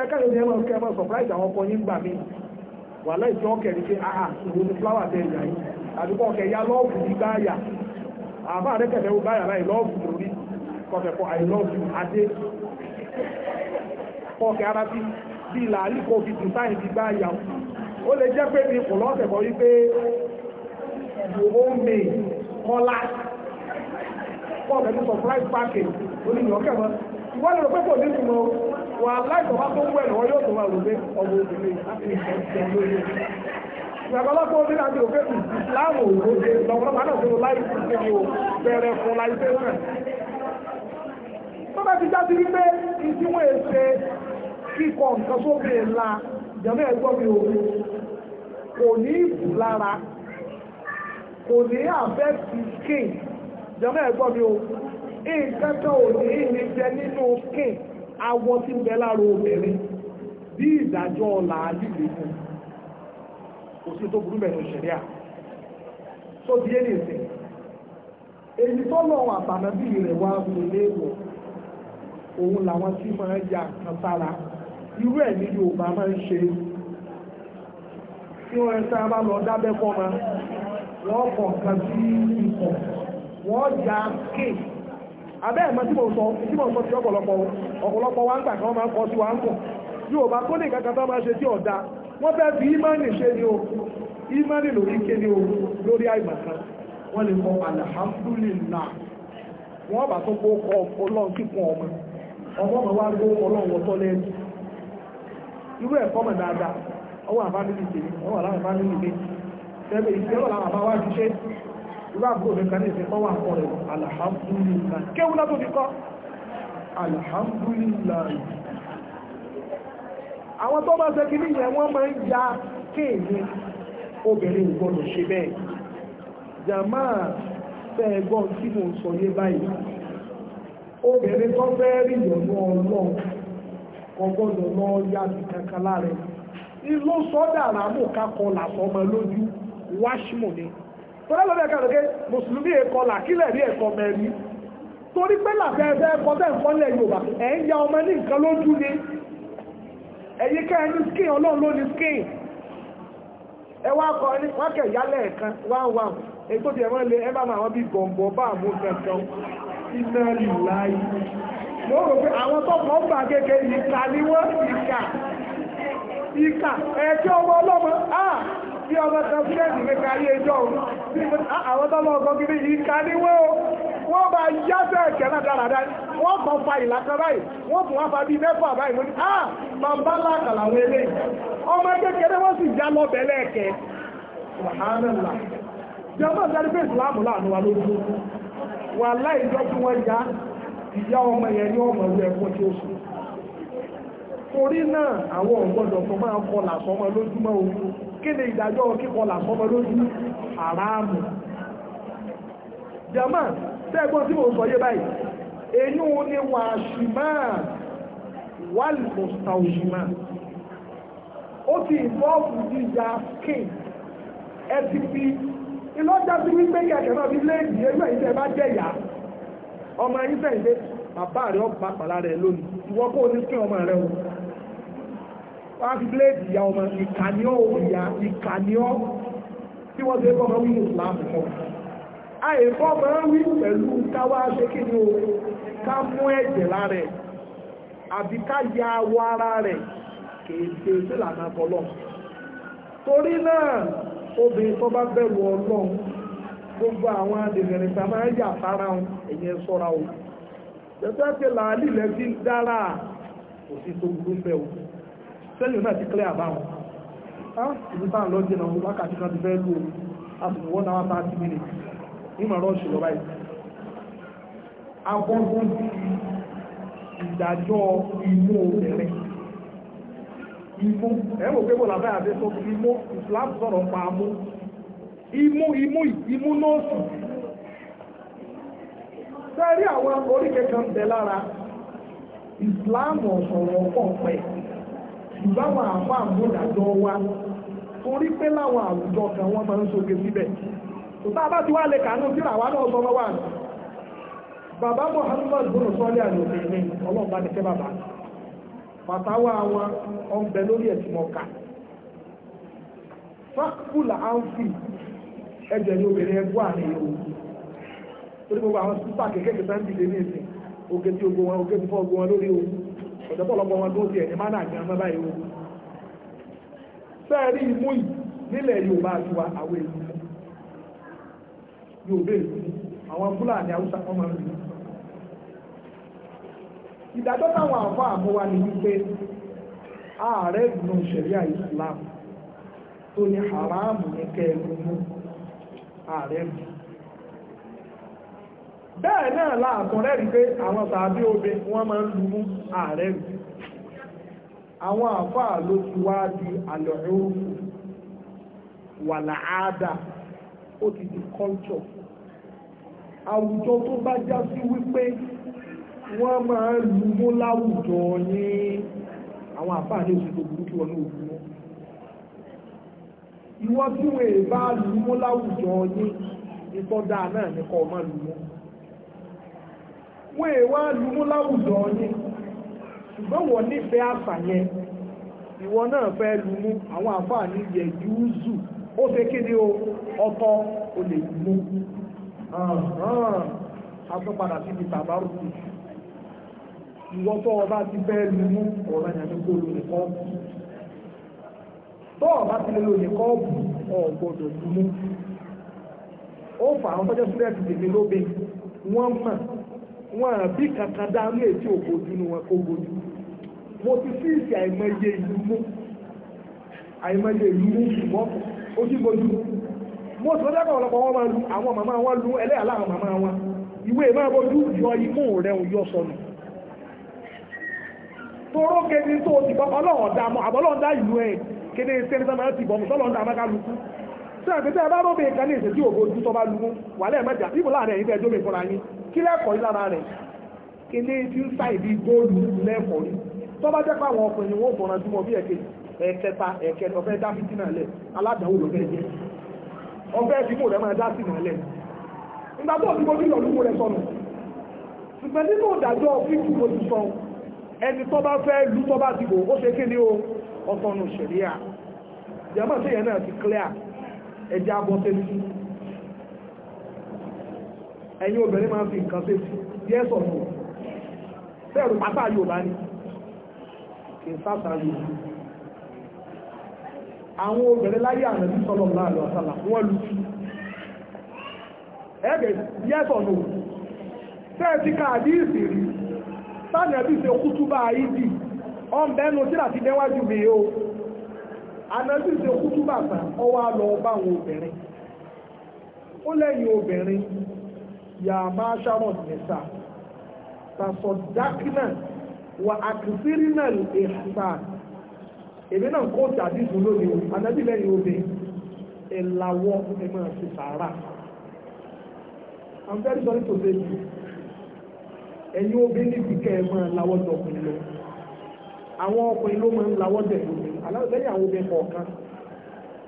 ẹ káyọ̀ ní ẹmọ kẹ́ ẹmọ surprise àwọn ọkọ yín gbà mí wà láì tí ọkẹ́ ní pé àà ìwò ní flower tẹ ìyá yìí àti kọ́ ọkẹ́ ya lọ́ọ̀bù ní báyà àbá àdẹ́kẹ̀ẹ́ wo báyà láì lọ́ọ̀bù lórí kọfẹ́ I love you adé kọkẹ́ ara bí bí làálì kò fi dùn sáyìn bí báyà ó lè jẹ́ pé mi kò lọ́ọ̀tẹ̀ kọ́ wípé òhónmè kọ́lá kọ́ ọ̀gẹ́ ní surprise package oníyàn kẹ́wọ́n ìwọ́n lè rò pé kò ní ìtumọ̀ wà láìsọ̀bá tó wẹ̀ lọ́wọ́ yóò tó wà lóde ọmọ obìnrin láti ìfẹ́ lórí ìgbàgbọ́lọ́pọ̀ orí láti òkè tù láàmù òwúrọ̀ lọ́wọ́lọ́pàá náà tó láì sí ní o bẹ̀rẹ̀ fún láìsẹ́sẹ̀ tó bá ti já sí wípé ìdíwọ̀n èsè kíkọ nǹkan sókè ńlá ìjọba ẹ̀gbọ́n mi ò kò ní ìbù lára kò ní àfẹ́ ti kín ìjọba ẹ̀gbọ́n mi ò nǹkan kan ò ní ìrìnjẹ nínú kín awọ tí ń bẹ láàrọ obìnrin bí ìdájọ́ ọ̀la líle fún kò sí tó burú mẹ́rin òṣèré à tó bí ẹni ìsìn èyí tó lọ àbànà bí rẹ̀ wá fún léèwọ̀ òun làwọn tí máa ń ya kan sára irú ẹ̀ ní Yorùbá máa ń ṣe tí wọ́n ń sábà lọ dábẹ́ fọ́mọ wọ́n kọ̀ọ̀kan sí ikọ̀ wọ́n ya kéèkì abẹ́ ẹ̀mọ́ tí mo sọ tí mo sọ ti ọ̀pọ̀lọpọ̀ ọ̀pọ̀lọpọ̀ wa ń gbà kí wọ́n máa ń kọ́ sí wa ń pọ̀ wọn bá kó ní kankan tó máa ṣe tí ọ̀dá wọ́n fẹ́ fi ìmánì ṣe ni o ìmánì lórí kéde o lórí àìmọ̀kan wọ́n lè kọ alhamdulillah wọ́n bá tó kọ ọlọ́run ọmọ ọmọ ọmọ wa gbó ọlọ́run lẹ́nu irú ẹ̀kọ́ mọ̀ dáadáa ọwọ́ tèmi ọwọ́ tèmi tẹ́lẹ̀ ìṣẹ́ ọ̀làwà bá wá irú àbúrò mi kan ní ìsìn tọ́wà alhamdulillah kéwú látó fi alhamdulillah àwọn tó bá ṣe kìíní yẹn wọ́n máa ń ya kéèyẹ obìnrin ìgbọ́nà ṣe bẹ́ẹ̀ jàmá fẹ́ gbọ́n tí mo sọ yé báyìí obìnrin tó fẹ́ rí ìyọ̀nù ọlọ́run kò gbọ́dọ̀ lọ yá sí kankan lára ìlú ràmù kakọ làfọ́mọ lójú wáṣímù ni tọ́lá lọ́dẹ̀ kan lókè mùsùlùmí ẹ̀kọ́ làkílẹ̀ rí ẹ̀kọ́ mẹ́rin torí pé làfẹ́ ẹ̀kọ́ bẹ́ẹ̀ Yorùbá ẹ̀ ń ya ọmọ ní nǹkan lójú ni ẹni skin ọlọ́run ló ní skin ẹ wá kọ ẹni wá yálẹ̀ ẹ̀kan wán wán èyí tó ẹ̀mọ́ ilé ẹ bá máa bí bá àmú iná tí ọmọ tọ́sílẹ̀sì mẹ́ka ayé ẹjọ́ àwọn tọ́mọ ọkọ̀ gidi yìí ká níwé o wọ́n bá yáṣẹ́ ẹ̀kẹ́ náà dáradára wọ́n kàn fa ìlàkan báyìí wọ́n fún wá fa bí mẹ́fà báyìí mo ní ah, à ọmọ náà àwọn ọ̀gbọ́dọ̀ máa kí ni ìdájọ́ kíkọlà sọmọ lójú àràmù jama tẹ́gbọ́n tí mo sọ yé báyìí èyí o ní wàṣìmá wàlùmọ̀sàwùṣìmá ó ti ìfọ́ọ̀fù jíjà king fdp ìlọ́jà sí wípé kẹ̀kẹ́ náà fi léèdì ẹgbẹ́ ìṣẹ́ bá jẹ́ ìyá ọmọ ẹ̀yìn fẹ̀yìndé bàbá rẹ̀ ọ̀pá pàlà rẹ̀ lónìí ìwọ́kọ́ oníṣẹ́ ọmọ rẹ̀ o wọ́n fi bíléèdì ìyá ọmọ ìkànnì ọ̀ ìyá ìkànnì ọ̀ tí wọ́n ṣe fọ́ ọmọ wí ìsìláàmù kọ́ àìfọ́ máa ń wí pẹ̀lú káwá ṣe kí ni o ká mú ẹ̀jẹ̀ lára ẹ̀ àbí ká ya awọ ara rẹ̀ kìí ṣe sílànà bọ́lọ̀ torí náà obìnrin tó bá bẹ̀rù ọlọ́run gbogbo àwọn adìrẹ̀rẹ̀ tá máa ń yà sára wọn ẹ̀yẹn sọ́ra o tẹ̀sán ti làálì lẹ́sìn dára kò sí tó gbúgbẹ́ o sẹ́yìn náà ti clear àbáwọn ìlú sáà lọ jẹ́ náà wákàtí kan ti fẹ́ lò àsìkò wọ́n náà bá ti mílẹ̀ nímọ̀ rọ́ọ̀ṣì lọ báyìí akọ́kọ́ ti ìdájọ́ imú obìnrin imú ẹ̀rọ pé bò lábẹ́ àti sọ imú Islam sọ̀rọ̀ pa amú imú imú imú nọ́ọ̀sì sẹ́rí àwọn oríkẹ́kẹ́ ń bẹ lára Islam ọ̀sọ̀rọ̀ ọ̀pọ̀ pẹ̀lú ìbáwọn àwọn àmúdàjọ wa torí pé láwọn àwùjọ kan wọ́n máa ń soge síbẹ̀ tòtá bá ti wá lè kàánú sí àwa náà sọ lọ́wọ́ àná bàbá Muhammad bùnú sọ́lé àlòfin ní ọlọ́ọ̀bá ní kẹ́ bàbá pàtàwà àwọn ọ̀bẹ lórí ẹ̀tìmọ̀ká fákùlà áńfì ẹ̀jẹ̀ ní obìnrin ẹgbọ́ torí gbogbo àwọn sáńdì lé ní ìsìn òkè tí ogun wọn òkè tí fọ́ ogun wọn lórí ogun ọ̀dọ́pọ̀lọpọ̀ wọn tó ti ẹ̀ ní má náà gan mọ́bá ìwò fẹ́ẹ̀rí imú yìí nílẹ̀ Yorùbá àti wa àwọn èlú Yorùbá èlú àwọn Fúlàní Haúsá wọn máa ń lò ìdájọ́ táwọn àfọ́ àmúwa ni wípé ààrẹ ìgbìmọ̀ ìṣẹ̀ríà Islam tó ní haramu ní kẹ́ẹ̀kọ́ ààrẹ ìgbìmọ̀ bẹ́ẹ̀ náà láàtọ̀ rẹ́rìí pé àwọn sàábí obe wọ́n máa ń lu mú ààrẹ rí àwọn àfáà ló ti wá di àlọ́rùn wà láàádà ó ti di culture àwùjọ tó bá já sí wípé wọ́n máa ń lu láwùjọ ní àwọn àfáà ní òṣèlú burúkú wọn ní òkú ìwọ́n tí wọ́n èèbá lu mú láwùjọ ní ìtọ́jà náà ní kọ́ ọ máa lu wọ́n èèwà lumú láwùjọ ní ṣùgbọ́n wọ́n nífẹ̀ẹ́ àṣà yẹn ìwọ náà fẹ́ lumú àwọn àfáà ní yẹ yúúzù ó fẹ́ kéde o ọkọ o lè lumú àtúnpadà sí ti tàbárù sí ìwọ tó ọba ti fẹ́ lumú ọ̀rọ̀ ìyàní kó lò ní kọ́ọ̀bù tó ọba ti lè lò ní kọ́ọ̀bù ọ̀gbọ̀dọ̀ lumú ó fà àwọn tọ́jọ́ sílẹ̀ ti tèmi lóbe wọ́n mọ̀ wọn à bí kankan dánú ètí ògbójú ni wọn kó gbójú mo ti sí ìsì àìmọye ìlú mú àìmọye ìlú mú ṣùgbọ́n ojú gbójú mo sì lọ́jọ́ kan ọ̀pọ̀lọpọ̀ wọn máa lu àwọn màmá wọn lu ẹlẹ́yà láwọn màmá wọn ìwé máa bójú yọ imú rẹ̀ ń yọ sọnù toró kéde tó ti bọ́ ọlọ́run dá mọ́ àbọ́lọ́run dá ìlú ẹ̀ kéde sẹ́ni sábà ti bọ́ ọlọ́run dá mọ́kálukú tí kí lẹ́kọ̀ọ́ yìí lára rẹ̀ kíní tí ń sá góòlù lẹ́kọ̀ọ́ yìí tó bá jẹ́ pàwọn ọkùnrin wọn kò rántí bí ẹ̀kẹ́ ẹ̀kẹta ẹ̀kẹta ọ̀fẹ́ dá sí náà aládàáwò ló jẹ́ ọ̀fẹ́ tí kò sọnù ṣùgbọ́n nínú ìdájọ́ mo ti sọ ẹni tó bá fẹ́ lú tó ẹ̀yin obìnrin máa ń fi nǹkan ṣe sí díẹ̀ sọ̀tọ̀ bẹ́ẹ̀rù pátá Yorùbá ni kì í sáta Yorùbá àwọn obìnrin láyé ànàbí sọ́lọ̀ láàrín ọ̀sálà wọ́n lù sí ẹgbẹ̀ díẹ̀ sọ̀tọ̀ fẹ́ẹ̀ ti ka àdíìsì rí sánàbí ṣe kútúbà ìdì ọ̀nbẹ́nu tí láti dẹ́wájú mi o ànàbí ṣe kútúbà tán ọwọ́ àlọ́ ọba àwọn obìnrin ó lẹ́yìn obìnrin yàá máa ṣàrọ̀ nìsa tàṣọ̀dákínà wà àkìsírínà ìhàtà èmi náà kó tàbí ìdúró ni o anábì lẹ́yìn omi ìlàwọ́ ẹ máa fi sàárà I'm very sorry to say you ẹ̀yin omi níbi kẹ́ ẹ máa lawọ́ dọ̀kùnrin lọ àwọn ọkùnrin ló máa ń lawọ́ dẹ̀kùn mi lẹ́yìn àwọn obìnrin kọ̀ọ̀kan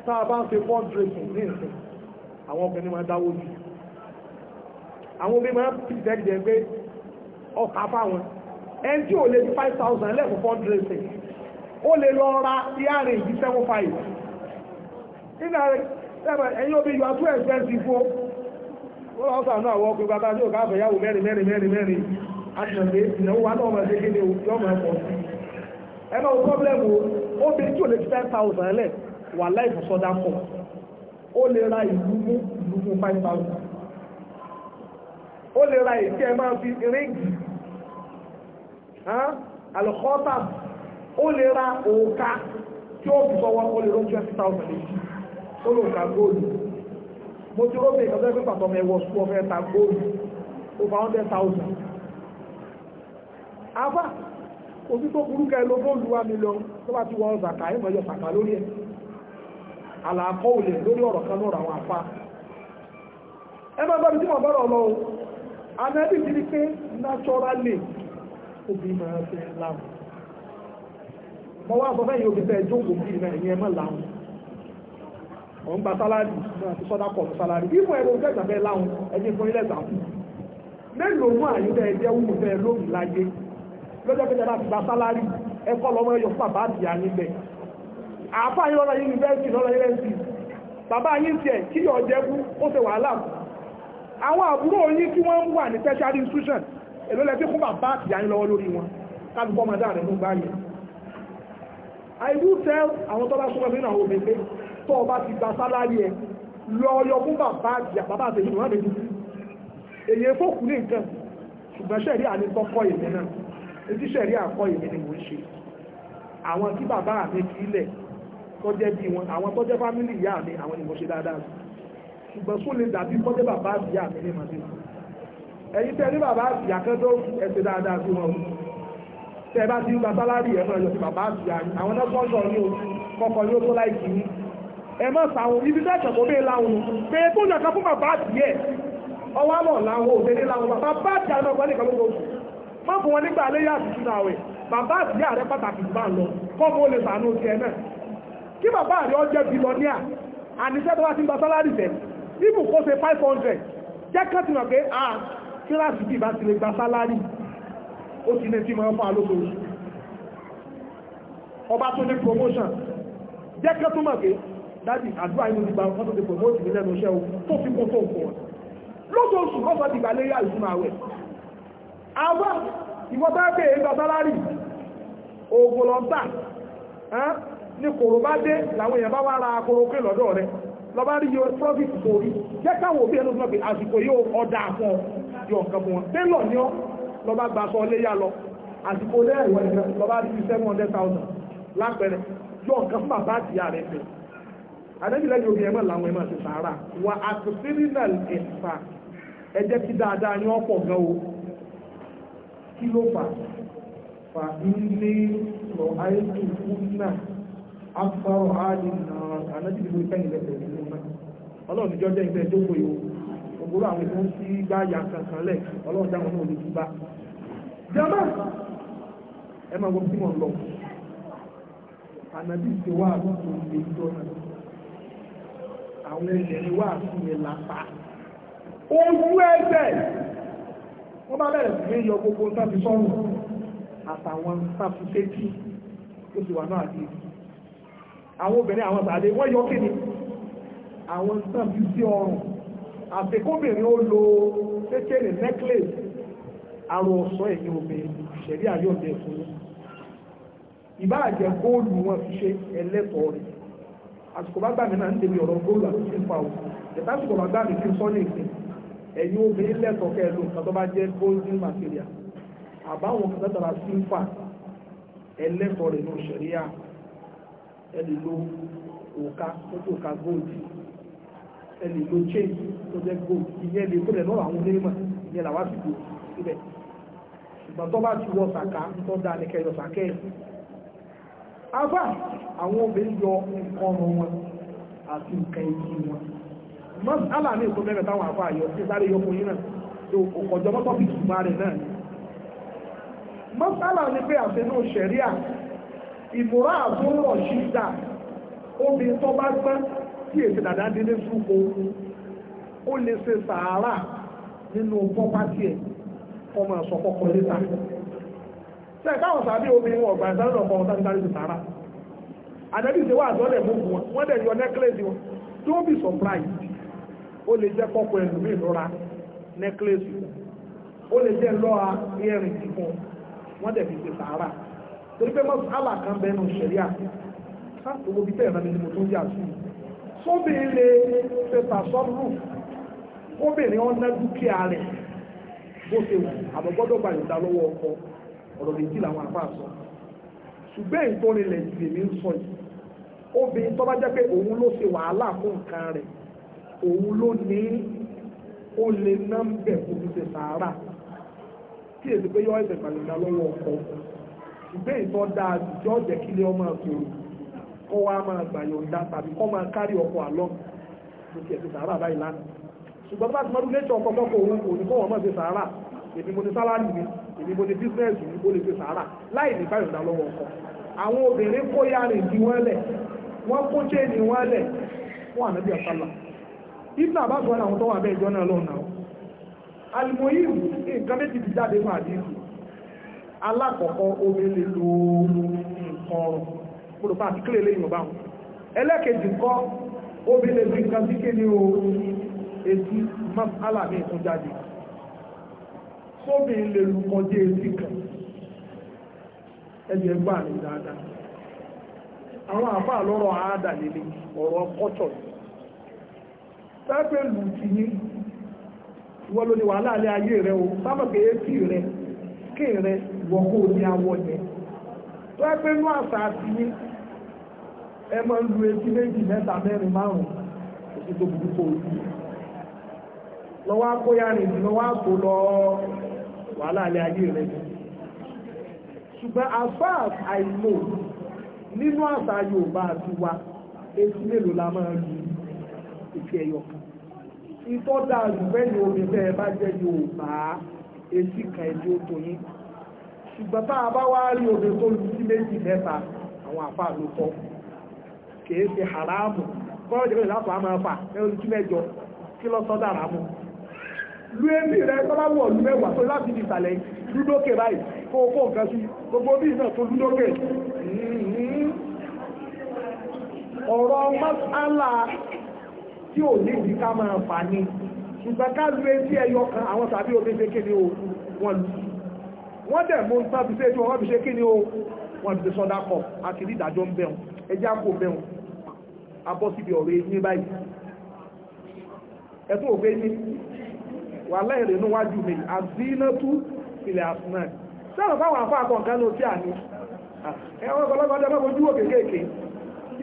tá a bá ń fi fọ́ọ̀dù rẹ̀ sùn ní ìsìn àwọn ọkùnrin máa dáwọ́ jù àwọn obìnrin máa ń pìtẹ́ jẹ pé ọkà fáwọn ẹni tí ò lè di five thousand lẹ́kọ̀ọ́ four dressing ó lè lọ ra earring di seven five nígbà ẹ̀yin obìnrin yóò tún expensive fún ó lọ́wọ́ sàánú àwọn ọkùnrin bàbá tí ò káàfẹ́ yàwó mẹ́rin mẹ́rin mẹ́rin mẹ́rin àtìlẹ̀ ìnáwó wa náà máa ṣe kéde yọmọ ẹ̀kọ́ sí ẹ máa problem o obìnrin tí ò lè di ten thousand lẹ̀ wà láìfọ̀sọ́dá kọ̀ ó lè ra ìlú mú ìlú mú five thousand ó lè ra èyí ẹ máa fi ríǹgì alùkọ́tà ó lè ra òòka tí ó fi fọwọ́ ó lè rán twenty thousand eight ó lè òòka góòlù mo ti róbìn ìkàtọ́ pé pàtó ọmọ ẹwọ sùn ọfẹ ta góòlù over hundred thousand òbí tó burú ká ẹ lọ góòlù wa mílíọ̀nù tó bá ti wọ ọ̀zàkà ẹ̀ mọ̀ ẹ̀yọ sàkà lórí ẹ̀ anabi ti di pé naturally obì máa fẹ́ láwọn mo wá sọ fẹ́yìn obì fẹ́ jókòó bí náà ìyẹn mọ̀ láwọn òun gba sálárì náà ti sọ́dá kọ̀ sálárì bí fún ẹ̀rọ ojú ẹ̀gbà fẹ́ láwọn ẹni fún ilẹ̀ ìgbàkú mélòó mú àyíká ẹ̀jẹ̀ wù fẹ́ lómi láyé lọ́jọ́ pé jẹ́lá ti gba sálárì ẹ̀kọ́ lọ́mọ ẹ̀yọ fún bàbá àti àyín bẹ̀ àáfàá yín lọ́la yunifásitì lọ́la yunifásitì bàbá yín tiẹ̀ kí yọ̀ jẹ́kú ó ṣe wàhálà àwọn àbúrò yín tí wọ́n ń wà ní tertiary institution èló lẹ́tí fún bàbá àtìyá yín lọ́wọ́ lórí wọn káàkiri ọmọ dáa rẹ̀ ló gbá yẹn I do tell àwọn tó bá súnmọ́ nínú àwọn òbí pé tó ọba ti gba sálárì ẹ lọ́ọ̀yọ̀ fún bàbá àtìyá bàbá àtìyá ìlú wọn lè dúdú èyí fòkù ní nǹkan ṣùgbọ́n sẹ́ẹ̀rí àní kọ́kọ́ ìmì náà etí sẹ́ẹ̀rí àkọ́ ìmì ni mò ń ṣe àwọn tí bàbá mi kí ilẹ̀ tó jẹ́ bí wọn àwọn tó jẹ́ fámìlì ìyá mi àwọn ni mo ṣe dáadáa sí ṣùgbọ́n kó lè dàbí kọ́jẹ́ bàbá àbíyá mi ní màdé ẹ̀yin tẹ́ ní bàbá àbíyá kan tó ẹ̀sẹ̀ dáadáa sí wọn tẹ́ ẹ bá ti ń gba sálárì ẹ̀ máa yọ sí bàbá àbíyá yìí àwọn náà kọ́ńtọ̀ ní o kọ́kọ́ ní o tó láì kì í ẹ má sàwọn ibi tẹ́ ẹ̀sẹ̀ kó bẹ́ẹ̀ láwọn pé kó yàn kan fún bàbá àbíyẹ ọwọ́ àmọ̀ làwọn òṣèré làwọn bàbá àbíyá náà gbọ́ nìkan lóko má fún wọn nígbà alẹ́ yà tuntun àwẹ̀ bàbá àbíyá rẹ pàtàkì jù bá ń lọ kọ́mọ olè sànú ti ẹ̀ náà kí bàbá rẹ ọjọ́ bí lọ ní à àníṣẹ́ tó wá ti ń gba sálárì tẹ̀lé Even cost a 500 jẹ́ kán ti mọ̀ pé a ah, kíláàsì bíi bá ti lè gba sálárì ó ti lè ti máa fà lóṣooṣù ọba tó ní promotion jẹ́ kán tó mọ̀ pé dájú àdúrà inú ìgbà ọkọ̀ tó ti promote mi lẹ́nu iṣẹ́ o tó fi kún tó ń pọ̀ lóṣooṣù ọkọ̀ ti gbàlẹ́yà ìsúná àwẹ̀ àwa ìwọ́tẹ́ẹ̀kẹ́ ìgbà sálárì ogun lọ́ntà ní kòrò bá dé làwọn èèyàn bá wá ra akoro pé lọ́dọ̀ rẹ̀ lọ́bá rí yóò profit torí jẹ́ káwọn òbí ẹnu sọ pé àsìkò yóò ọ̀dà fún ọ yọ nǹkan fún wọn tẹ́lọ̀ ní ọ lọ́bá gba sọ léyà lọ àsìkò lẹ́ẹ̀wọ̀ nǹkan lọ́bá rí seven hundred thousand lápẹẹrẹ yọ nǹkan fún bàbá àti ìyá rẹ̀ fẹ́ adébílẹ̀ yóò fi ẹ̀mọ́ làwọn ẹ̀mọ́ ti sàárà wà àtúntínínàl ẹ̀fà ẹ jẹ́ kí dáadáa ní ọ̀pọ̀ gan o kí ló fà fà ilé lọ àìsùn fún náà afárò àdìnnà ànájìbìlẹ̀ ìkẹyìn lẹ́sẹ̀ ọlọ́run níjọ́ jẹ́ ìgbẹ́ tó pé o ògbóró àwọn èèyàn sí gbá ya kankan lẹ̀ ọlọ́run dáwọn náà lè túbá jẹ́mọ́ ẹ máa wọ sí mọ̀ lọ ànàbí ti wá àtúntò ilé ìjọ náà àwọn ẹlẹ́rìí wá àtúntò yẹn lápá ojú ẹgbẹ́ wọ́n bá bẹ̀rẹ̀ sí yọ gbogbo tàbí sọ́run àtàwọn tàbí sétí ó sì wà náà àti àwọn obìnrin àwọn tàbí wọ́n yọ kí ni àwọn nǹkan bíi sí ọrùn àtẹkọ́bìnrin ó lo kékeré necklace arọ ọ̀sán ẹ̀yìn obìnrin ṣẹ̀rí àyọ̀dẹ̀ fún ìbáàjẹ́ góòlù wọn fi ṣe ẹlẹ́tọ̀ọ́ rẹ̀ àsìkò bá gbàmí náà ń débi ọ̀rọ̀ góòlù àti fífa o ìta àsìkò bá gbàmí fi sọ́nà ìsìn ẹ̀yìn obìnrin lẹ́tọ̀ọ́ kẹ́ ló bá jẹ́ golden material àbáwọn kan tẹ́tara fífa ẹlẹ́tọ̀ọ́ rẹ̀ ẹni ló change tó jẹ́ gold ìyẹn lè kúrẹ̀ lọ́rọ̀ àwọn onímọ̀ ìyẹn làwọn àsìkò síbẹ̀ ṣùgbọ́n tó bá ti wọ sàkà tó da nìkẹ́ yọ sàkẹ́ ẹ̀ àwọn obìnrin yọ nǹkan ọrùn wọn àti nǹkan ẹ̀yìn wọn mọ́sálà ní ìkó mẹ́rin táwọn afá yọ sí sáré yọ fún yín náà tó ọkọ̀jọ́ mọ́tọ́ fi ṣùgbọ́n rẹ̀ náà ni ní pé àfẹnú ṣẹ̀ríà ìmúra àtúnrọ̀ ṣídà obìnrin tó bá gbọ́n tí èsì dàdá délé súnko ó lè ṣe sàárà nínú pọ́pátì ẹ̀ ọmọ ẹ̀sọ́ kọ́kọ́ létà ṣe káwọn sàbí obìnrin wọn ọ̀gbà ìsáré ọkọ̀ ọ̀tá nígbà lóṣù sàárà àdẹ́bí ṣe wá àtọ́lẹ̀ gbogbo wọn wọ́n dẹ̀ yọ necklace wọn don't be surprised ó lè jẹ́ kọ́kọ́ ẹlòmíì lọ́ra necklace ó lè jẹ́ lọ́ra earring fún wọ́n dẹ̀ fi ṣe sàárà torí pé mọ́sálà kan bẹ́ẹ̀ nù ṣẹ̀ríà ká owó bíbẹ̀ ìrànlẹ́ni mo tún sóbìnrin ṣe tàṣọ́rù kóbìnrin wọn dúkìá rẹ̀ bó ṣe wù àmọ́ gbọ́dọ̀ gbà yọ̀ǹda lọ́wọ́ ọkọ ọ̀rọ̀ méjì làwọn apá àṣọ ṣùgbọ́n ìtọ́nilẹ̀ ìdìbò ń sọ yìí obìnrin tó bá jẹ́ pé òun ló ṣe wàhálà fún nǹkan rẹ̀ òun ló ní ó lè ná ń bẹ̀ kó fi ṣe sàárà tí èdè pé yọ ẹ̀sẹ̀ gbàlejò lọ́wọ́ ọkọ ṣùgbọ́n dáa kọ́ wa máa gbàyọ̀ǹda tàbí kọ́ máa kárí ọkọ̀ àlọ́ mo ti ẹ̀sìn sàárà báyìí lánàá ṣùgbọ́n bá ti mọ́dún lẹ́tọ̀ ọkọ̀ mọ́kọ̀ òun kò ní kọ́ wọ́n máa ṣe sàárà èmi mo ní sálárì mi èmi mo ní bísínẹ́sì mi ó lè ṣe sàárà láì ní gbàyọ̀ǹda lọ́wọ́ ọkọ̀ àwọn obìnrin kó yára ìdí wọn lẹ̀ wọ́n kó chéènì wọn lẹ̀ fún ànábì àsálà ibùdó àbáṣọ àwọn tó wà bẹ́ẹ̀ jọ náà lọ́nà alimoyim nǹkan méjì ti jáde fún àdéhùn alákọ̀ọ́kọ́ omi lè lo nǹkan ọrùn pòròpá àti kílè lẹ́yìn ọba wọn ẹlẹ́kẹ̀ẹ́jì kọ́ obi lè fi nǹkan sí kéde o etí masala ní ìtún jáde sóbì lè lu kọjá etí kan ẹni ẹgbà ní dáadáa àwọn àfáà lọ́rọ̀ àádà lélẹ̀ ọ̀rọ̀ kọ́tọ̀ sábẹ́ lù tì ní wọ́n ló ní wàhálà alẹ́ ayé rẹ o sábà pé etí rẹ kí rẹ wọ́n kó o ní awọ yẹn tó ẹgbẹ́ inú àṣà àti ẹ máa ń lu etí méjì mẹ́ta mẹ́rin márùn-ún èsì tó burú kò rí lọ́wọ́ akóyá rìn lọ́wọ́ àpò lọ wàhálà alẹ́ ayé rẹ̀ ṣùgbọ́n as far as I know nínú àṣà Yorùbá àti wa etí mélòó la máa ń lu etí ẹyọ kan ìtọ́jà àlùfẹ́ni omi bẹ́ẹ̀ bá jẹ́ Yorùbá etí kan ẹni ó tó yín ṣùgbọ́n tá a bá wá rí omi tó lu sí méjì mẹ́ta àwọn àfáà ló tọ́ kìí ṣe haramu kọ́rọ̀ jẹ́ pé láti wá máa fà ẹ̀rọ tí mẹ́jọ kí lọ sọ́dọ̀ haramu lu èmi rẹ tọ́lá wọ̀ lu mẹ́wàá tó láti di ìsàlẹ̀ dúdókè báyìí kó o kó nǹkan sí gbogbo bí náà tó dúdókè ọ̀rọ̀ mọ́sálà tí ò ní ìdí ká máa fà ní ṣùgbọ́n ká lu etí ẹyọ kan àwọn tàbí omi ṣe kí ni o wọ́n lu wọ́n dẹ̀ mú sábìsẹ́ tí wọ́n fi ṣe kí ni o wọ́n fi sọ́dá kọ̀ àti ní ìdájọ́ ń bẹ̀rùn ẹjá kò bẹ̀rùn abọ́ síbi ọ̀rọ̀ eyín báyìí ẹ̀tún ògbé ní wà lẹ́ẹ̀rẹ̀ inú wájú mi àzínátú ilẹ̀ àsùnmáà sáàrùn fáwọn àfá àkọ̀ǹkan ló tí à ní ẹ̀wọ́n ọ̀pọ̀lọpọ̀ ọjọ́ mọ́gbójú òkè kéèké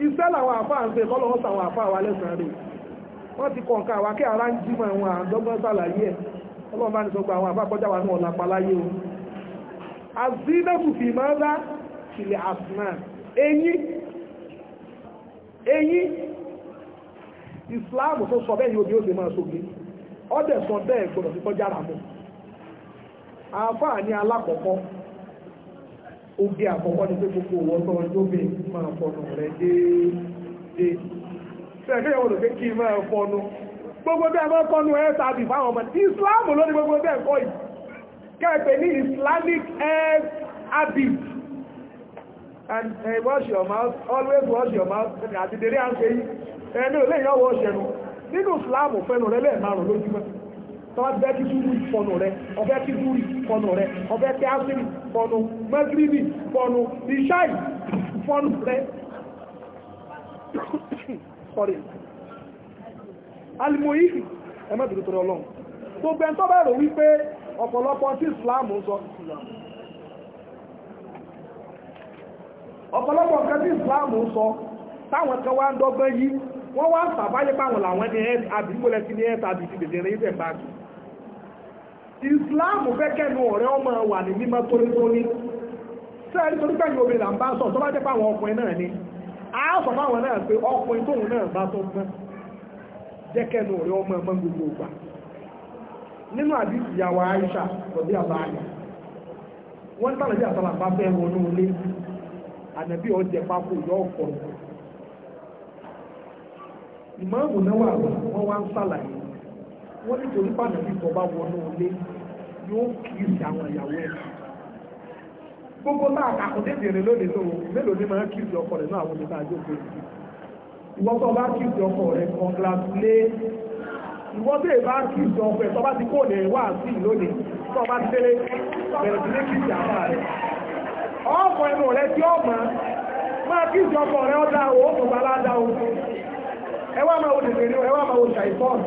iṣẹ́ làwọn àfá ń ṣe kọ́lọ́wọ́ sàwọn àfá wa lẹ́sàn-án rẹ̀ wọ́n ti kọ̀ǹkan àwa kí ara ń jí mọ́ àwọn àdọ́gbọ́n sàlàyé ẹ̀ ọlọ́run bá ní sọ pé àwọn àfá kọjá wa ní ọ̀la paláyé o àzínátù fi máa ń dá ilẹ̀ àsùnmáà eyín eyín ìsìláàmù tó sọ bẹ́ẹ̀ ni obì ó lè máa sóbi ọdẹ sọ bẹ́ẹ̀ gbọdọ̀ sí kọjá ara mọ́ àáfàá ní alákọ̀ọ́kọ́ obi àkọ́kọ́ ni pé gbogbo owó tó ń lóbi máa fọnù rẹ̀ déédé sẹ́kẹ́ yẹn wọ́n pé kí n máa fọnù gbogbo bẹ́ẹ̀ máa fọnù ẹ̀ tàbí fáwọn ọmọ ìsìláàmù ló ní gbogbo bẹ́ẹ̀ kọ́ yìí kẹ́ẹ̀pẹ̀ ní Islamic health habit and uh, wash your mouth always wash your mouth àti dèrè à ń ṣe yìí ẹni eh, ò lè yọ wọ ṣẹnu nínú Islam fẹnu rẹ lẹ́ẹ̀ márùn lójúmọ́ tọ́wọ́ bẹ́ kí túrú fọnù rẹ ọbẹ̀ kí túrú fọnù rẹ ọbẹ̀ kí ásírì fọnù mẹ́gírìbì fọnù ìṣáì fọnù rẹ sorry alimoyi ẹ̀mẹ́tòdó tó rẹ ọlọ́run gbogbo ẹ̀ tọ́ bá rò wípé ọ̀pọ̀lọpọ̀ tí Islam ń sọ ọ̀pọ̀lọpọ̀ nǹkan tí ìsìláàmù sọ táwọn kan wá ń dọ́gbọ́n yí wọ́n wá ń sàbáyé páwọn làwọn ní ẹ́ẹ̀tì àdìgbòlẹ̀ sí ní ẹ́ẹ̀tì àdìsí bèbèrè ibẹ̀ báàgì ìsìláàmù fẹ́kẹ̀ẹ́nu ọ̀rẹ́ ọmọ wà ní mímọ́ tónítóní sẹ́ẹ̀rí torí pẹ̀lú obìnrin là ń bá sọ tó bá jẹ́ páwọn ọkùnrin náà ni a sọ fáwọn náà pé ọkùnrin tóun náà bá tó gbọ́n jẹ́kẹ̀ẹ́nu ọ̀rẹ́ ọmọ ọmọ gbogbo ìgbà nínú àdìsí ìyàwó Aisha lọ́dí àbáyà wọ́n ń tàlẹ́ ànàbí ọ̀jẹ̀ pákó yóò kọ̀ ìmáàmù náà wà wọ́n wá ń sàlàyé wọ́n ní torí pànàbí tó bá wọnú ilé yóò kìí sí àwọn ìyàwó ẹ̀ gbogbo bá àkàkùndébìnrin lónìí tó mélòó ní máa kìí sí ọkọ rẹ̀ náà àwọn òmìnira àjọpọ̀ ìwọ́n tó bá kìí sí ọkọ rẹ̀ kọ́ńgláfilé ìwọ́n tó bá kìí sí ọkọ rẹ̀ tó bá ti kó lè wá sí ìlónìí tó bá ti tẹ́lẹ̀ bẹ̀rẹ̀ sí ní kìí sí àbá rẹ̀ ọmọ ẹnu rẹ tí ọmọ máa kí ìjọba rẹ ọdá owó ọmọba aládá ogun ẹwà máa wo dèdèrè ẹwà máa wo ṣàìfọ́n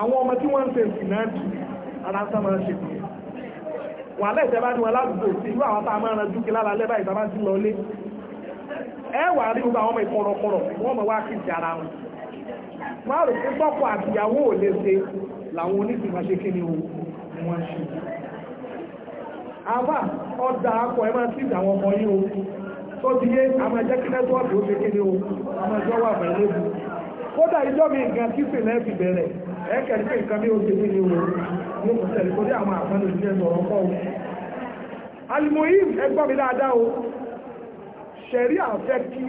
àwọn ọmọ tí wọ́n ń ṣe ìsìnáàtì aláṣà máa ṣe kù wà lẹ́sẹ̀ bá ní wọn sí àwọn máa lára lẹ́bàá ẹ wà rí gbogbo àwọn ọmọ ìkọrọkọrọ wọn mọ wá kí ìjà ara wọn wọn rò pé tọkọ àtìyàwó ò lè ṣe làwọn oníṣìí máa ṣe kí ni àbá ọ̀dà akọ ẹ̀ máa tíìdì ọmọ yìí o tó ti yé àmọ́ ẹ̀jẹ̀ kí nẹ́tíwọ́ọ̀kì ó ṣe kéde o àmọ́ ẹ̀jọ́ wà bẹ̀rẹ̀ lébu kódà ìjọ mi nǹkan tí sì lẹ́ẹ̀fì bẹ̀rẹ̀ ẹ̀ kẹ̀lí pé nǹkan mi ò ṣe kéde o mo kò tẹ̀lé torí àwọn àpẹẹrẹ ìṣẹ́ sọ̀rọ̀ kọ́ o alimoyim ẹgbọ́n mi dáadáa o ṣẹ̀rí àfẹ́ kí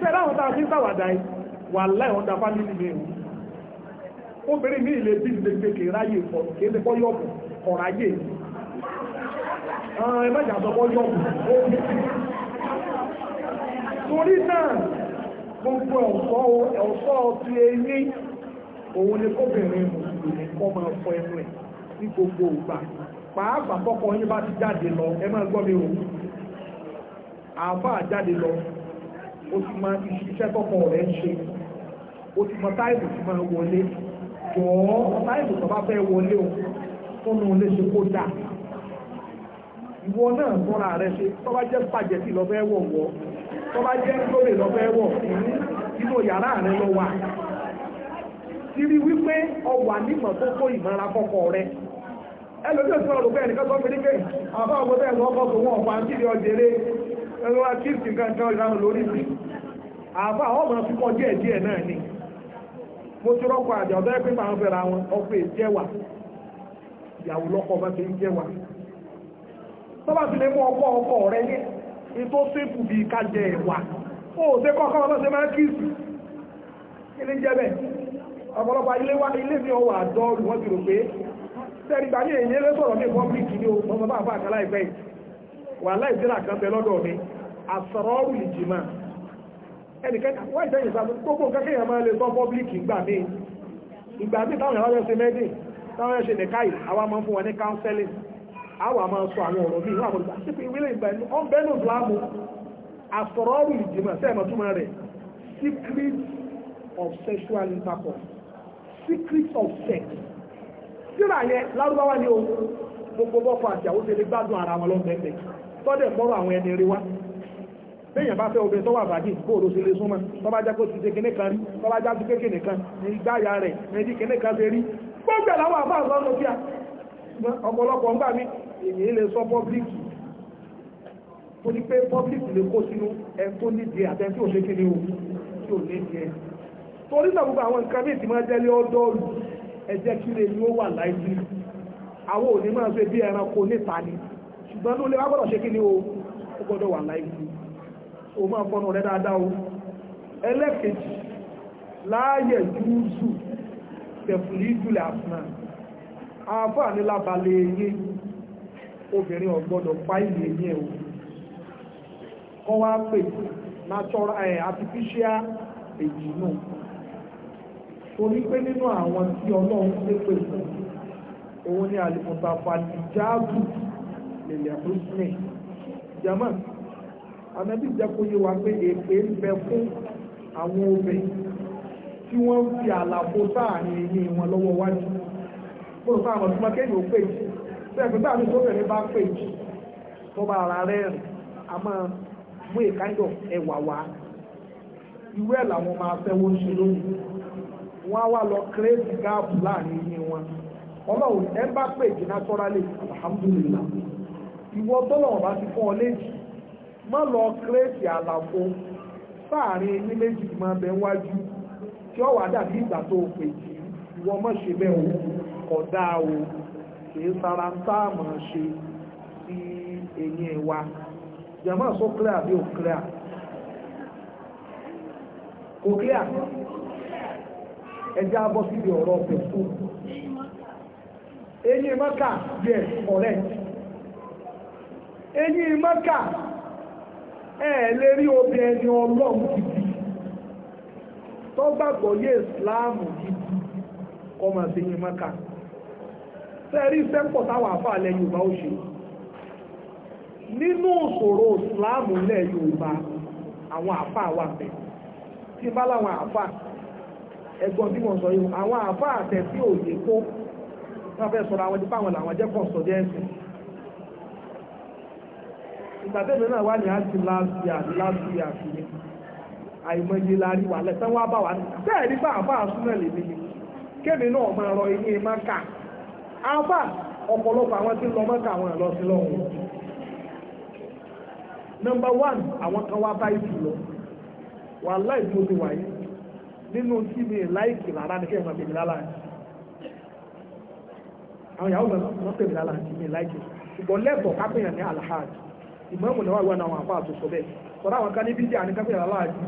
fẹ́rẹ́ àwọn tá a fi ń sàwàdà yìí o obìnrin mi ìlẹ̀ bí ìdèkè ráyè fọ̀ kéde kọ́ yọ̀ọ̀kọ̀ ọ̀ráyè yìí Ah, ẹ̀mẹ́jà sọpọ̀ yọ̀bù torí náà gbogbo ẹ̀ọ̀sọ́ ti ẹni òun ni kóbìnrin mùsùlùmí kọ́ máa fọ ẹnu ẹ̀ ní gbogbo ìgbà pàápàá tọ́kọ yín bá ti jáde lọ ẹ máa gbọ́ mi o àbá jáde lọ ó ti máa iṣẹ́ tọ́kọ rẹ̀ ń ṣe ó ti mọ táìmù ti máa wọlé jọ̀ọ́ táìmù tó bá fẹ́ wọlé o fún un lè ṣe kó ìwọ náà tọ́ra rẹ ṣe tó bá jẹ́ spaghetti lọ́fẹ́ wọ̀ wọ́ tó bá jẹ́ lórí lọ́fẹ́ wọ̀ inú yàrá rẹ lọ wà tìrí wípé ọwà nímọ̀ tó kó ìmọ̀ra kọ́kọ́ rẹ ẹlòmíọ̀ tí wọ́n rò bẹ́ẹ̀ nìkan tó fi nígbè àbá ọmọ bẹ́ẹ̀ wọ́n kọ́ tó wọ́n ọ̀pá ń kíri ọjẹ́rẹ́ ẹ̀rọ akíkì kankan ìlànà lórí mi àbá ọmọ fi kọ́ díẹ̀ díẹ̀ náà ni mo ti rọ́pò àjà ọ̀dọ́ ẹgbẹ́ máa ń fẹ́ra wọn ọkọ̀ èjẹ́wà ìyàwó lọ́kọ̀ ọmọ fi ń jẹ́wà tọ́bà ti lè mú ọkọ̀ ọkọ̀ rẹ̀ ní ètò sípù bí kájẹ ẹ̀wà ó ṣe kọ́kọ́ ọlọ́sẹ̀ máa kíìsì kí ní jẹ́bẹ̀ ọ̀pọ̀lọpọ̀ ilé wá ilé ní ọwọ́ àdọ́rù wọ́n ti rò pé sẹ́rígbà ní èyí eré sọ̀rọ̀ ní pọ́blìkì ní ọmọ bá àfáà kálá ìpẹ́ wà láìsíra kan bẹ lọ́dọ̀ mi àsọ̀rọ̀rù ìjìmá ẹnìkan wọ́n ìjẹ́ ìsàmù gbogbo kẹ́kẹ́yàn máa lè sọ pọ́blìkì ìgbà mi ìgbà mi táwọn ìyàwó ṣe mẹ́dìn táwọn ẹ̀ṣẹ̀ nìkáì àwọn máa fún wọn ní káńsẹ́lìn àwa máa sọ àwọn ọ̀rọ̀ bíi láwọn olùgbà sípò ìwé ìgbà ẹnu ọ̀n bẹ́ẹ̀ náà láàmú àsọ̀rọ̀rù ìjìmọ̀ sẹ́ẹ̀ mọ̀ túmọ̀ rẹ̀ secret of sexual intercourse secret of sex síra yẹn lárúbáwá ni o gbogbo bọ́kọ àti àwọn òṣèlú gbádùn ara wọn lọ́gbẹ̀ẹ́gbẹ̀ tọ́dẹ̀ mọ́rọ̀ àwọn ẹni rí wá bẹ́yàn bá fẹ́ obìnrin tó wà bàjì bóòdó sí lè súnmọ́ tó bá jẹ́ kó ti ṣe kìnní kan rí tó bá jáde kékèké kan ní ìgbáyà rẹ̀ ní kìnní kan ṣe rí gbọ́gbẹ̀ láwọn àbá àgbọ́nà bí i ọ̀pọ̀lọpọ̀ ń gbà mí èyí lè sọ pọ́blíkì tó ní pé pọ́blíkì lè kó sínú ẹ tó nídìí àtẹ tí ò ṣe kí ni o tí ò nídìí ẹ torí náà gbogbo àwọn nǹkan míì ti máa jẹ́ lé ọ́dọ́ọ̀lù ẹ jẹ́ kí lè ní ó wà láìsí àwọn òní máa ṣe bí ẹranko níta ni ṣùgbọ́n ló lè wá gbọ́dọ̀ ṣe kí ni o ó gbọ́dọ̀ wà láìsí o máa fọnù rẹ dáadáa o ẹlẹ́kejì láàyè júùsù tẹ̀fùlì ìjùlẹ̀ àfúnà àfọ́ ànílábalẹ̀ yìí obìnrin ọ̀gbọ́dọ̀ fáìlì ẹ̀yìn ẹ̀ o kọ́ wá pè natural ẹ̀ artificial èyí náà torí pé nínú àwọn tí ọlọ́run lè pè fún òun ni àlùmọ̀tà fàlìjáàbù lèlẹ̀ rúsmẹ̀ jama anabi jẹ́kóyé wa pé èpè ń bẹ fún àwọn obìnrin tí wọ́n ń fi àlàfo sáàrin ẹ̀yìn wọn lọ́wọ́ wájú bó ló fáwọn ọmọ tí wọ́n kéde pè jù sẹ́gbẹ̀gbà mi tó bẹ̀rẹ̀ bá pè jù tó bá ara rẹ̀ rìn a máa mú ìkáyọ̀ ẹ̀wà wá ìwé ẹ̀ làwọn máa fẹ́wọ́ ṣe lónìí wọ́n á wá lọ kírèsì gáàbù láàrin yín wọn ọlọ́run ẹ bá pè jù nátọ́rálì alhamdulillah ìwọ tọ́lọ́wọ̀n bá ti fún ọ léjì má lọ kírèsì àlàfo sáàrin ní méjì máa bẹ wájú tí kìí sára ń tá àmọ̀ ṣe sí eyín wa jẹ̀mọ́ sọ clear bí ò clear kò clear ẹjẹ́ abọ́ síbi ọ̀rọ̀ pẹ̀fú eyín mọ́kà yes correct eyín mọ́kà ẹ̀ lè rí obìnrin ẹni ọlọ́run gidi tó gbàgbọ́ yé ìsìláàmù gidi kọ́ máa ṣe mọ́kà. sẹ́rí sẹ́pọ̀ táwọn àfáà lẹ Yorùbá ó ṣe nínú òṣòro ìsìláàmù lẹ Yorùbá àwọn àfáà wà bẹ̀ tí bá láwọn àfáà ẹgbọ́n bí wọ́n sọ yìí àwọn àfáà tẹ̀ sí òye kó wọ́n sọ̀rọ̀ àwọn ìdípá làwọn jẹ́ sọ jẹ́ ẹ̀sìn náà wà ní àti láti àti láti àti lẹ́sẹ̀ wọ́n wà ní àfáà àfà ọ̀pọ̀lọpọ̀ àwọn tí ń lọ mọ́ta àwọn ẹ̀lọ́ sí lọ́wọ́ nọmba wán àwọn kan wá báyìí jù lọ wà láì tó ti wáyé nínú tí mi láìkì rárá ní kẹ́hìn mọ̀tẹ́mi lálá àwọn ìyàwó mọ̀tẹ́mi lálá ti mi láìkì ṣùgbọ́n lẹ́tọ̀ọ́ kápẹ́yàn ní alhaji ìmọ̀ọ́mù náà wà náwọn àpá àtúnṣọ bẹ́ẹ̀ sọ̀rọ̀ àwọn kan ní bídí àní kápẹ́yàn lálàájì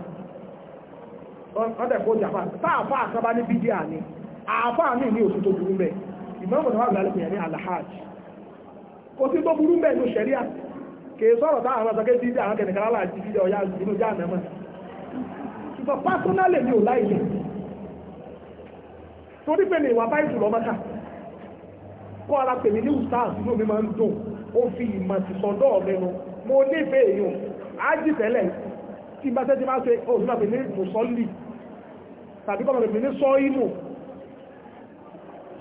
ọ̀dẹ̀ kó jàpá tá àfá àkábá ní bídí àní àfá mi ní òtútù burú bẹ́ẹ̀ ìmáàmù náà wà lálẹ́ pè ní alhaj kò sí tó burú bẹ́ẹ̀ ló ṣẹ̀ríà kì í sọ̀rọ̀ táwọn ọmọ sọ́kẹ́ dídí àwọn kẹ̀kẹ́ lálá àti dídí ọ̀yá inú já àmẹ́mọ́ ṣùgbọ́n pásọ́nálì mi ò láìlẹ̀ torí pé ní ìwà báyìí lọ́mọ́ta kọ́ ara pèmí ní ustaz inú mi máa ń dùn ó fi ìmọ̀ sí sọ́dọ̀ ọ̀mẹ́nu mo nífẹ̀ẹ́ èèyàn á jì tẹ́lẹ̀ tí bá tẹ́ ti máa ṣe òṣùnà pèmí mùsọ́lì tàbí kọ́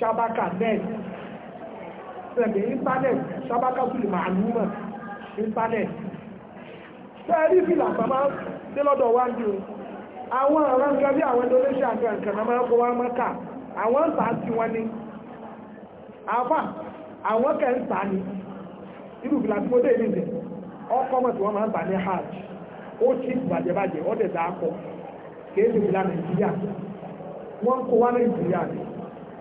ṣábákà net ṣẹ̀gbẹ̀ internet ṣábákà tó lè máa lúmọ̀ internet fẹ́ẹ̀rí fìlà bàbá dé lọ́dọ̀ wá ní o àwọn ọ̀rọ̀ nǹkan bí àwọn Indonesia kankan náà máa ń kó wá mọ́kà àwọn ń sàá tí wọ́n ní àfà àwọn kẹ́ ń sàá ni irú fìlà tí mo dé ìlú ìdẹ̀ ọkọ̀ mọ̀ tí wọ́n máa ń bà ní hajj ó ti bàjẹ́bàjẹ́ ó dẹ̀ dáa kọ kìí ṣe Nàìjíríà wọ́n kó wá Nàìjíríà ní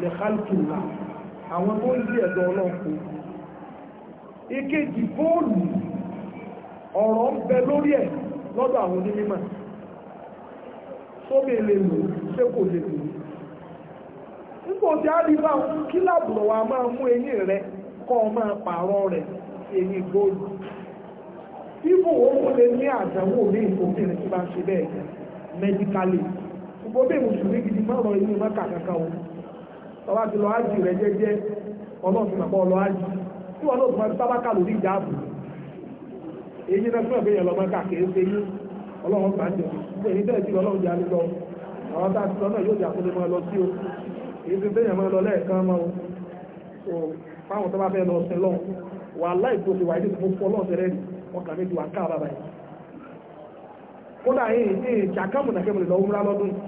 lè kálùkùlà àwọn tó ń lé ẹ̀dọ̀ ọlọ́pù ìkejì góòlù ọ̀rọ̀ ń bẹ lórí ẹ̀ lọ́dọ̀ àwọn onímọ̀ sóbì lè lò ṣé kò lè lò nígbò tí a rí bá kí láàbùrọ̀ wa máa mú eyín rẹ kọ́ ọ máa pààrọ̀ rẹ̀ eyín góòlù ibo owó lè ní àdánwò ní ìfòfin tí bá ń ṣe bẹ́ẹ̀ mẹ́díkálì gbogbo bí mùsùlùmí gidi máa rọ inú mọ́kà kankan wọn tọ́wá ti lọ ájì rẹ jẹ́jẹ́ ọlọ́run ti mọ̀ pọ̀ lọ ájì tí wọn náà tún máa sábà kà lórí ìjáàbù èyí náà fún ẹ̀fẹ́ yẹn lọ́mọ ká kéé ṣe yín ọlọ́run gbà jẹ fún èyí bẹ́ẹ̀ sí ọlọ́run jà lọ àwọn tá a ti lọ náà yóò jà fún mi máa lọ sí o èyí ti bẹ́ẹ̀ máa lọ lẹ́ẹ̀kan máa o fáwọn tó bá fẹ́ lọ sí lọ wà láìpò ti wà ní ìdìbò fún ọlọ́run tẹ́lẹ̀ wọn kà méjì wà ká bàbá yìí kódà yìí ìjàkámù nàkẹ́mù lè lọ wúra lọ́dún yìí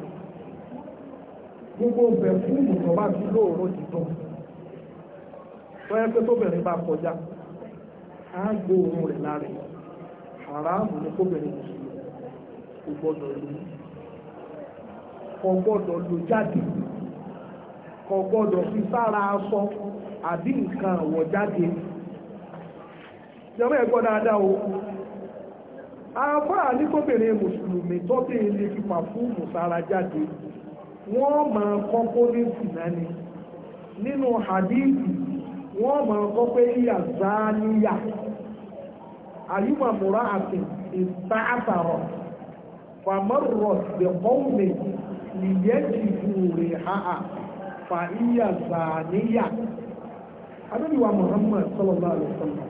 gbogbo ọbẹ̀ fún ìmùtọ̀ bá ti lóòrò ti dùn tó yẹ pé tóbìnrin bá kọjá á gbó ohun rẹ̀ lára àràmù ní kóbìnrin kò gbọdọ̀ lò kò gbọdọ̀ lò jáde kò gbọdọ̀ fi sára aṣọ àbí nǹkan àwọ̀ jáde ìjọba ẹ̀gbọ́n dáadáa o àfáà ní kóbìnrin mùsùlùmí tó bí ilé fipà fún mùsára jáde wọ́n máa kọ́kọ́ ní tìlánì nínú hadithi wọ́n máa kọ́ pé yíyà záníyà àyùmọ̀ múra àti ìtààtàrọ̀ fàmọ́rọ̀ bẹ̀kọ́wùmẹ̀ ìyẹ́jìfù rẹ̀ haà fà yíyà záníyà adébíwá Muhammad sallallahu alaihi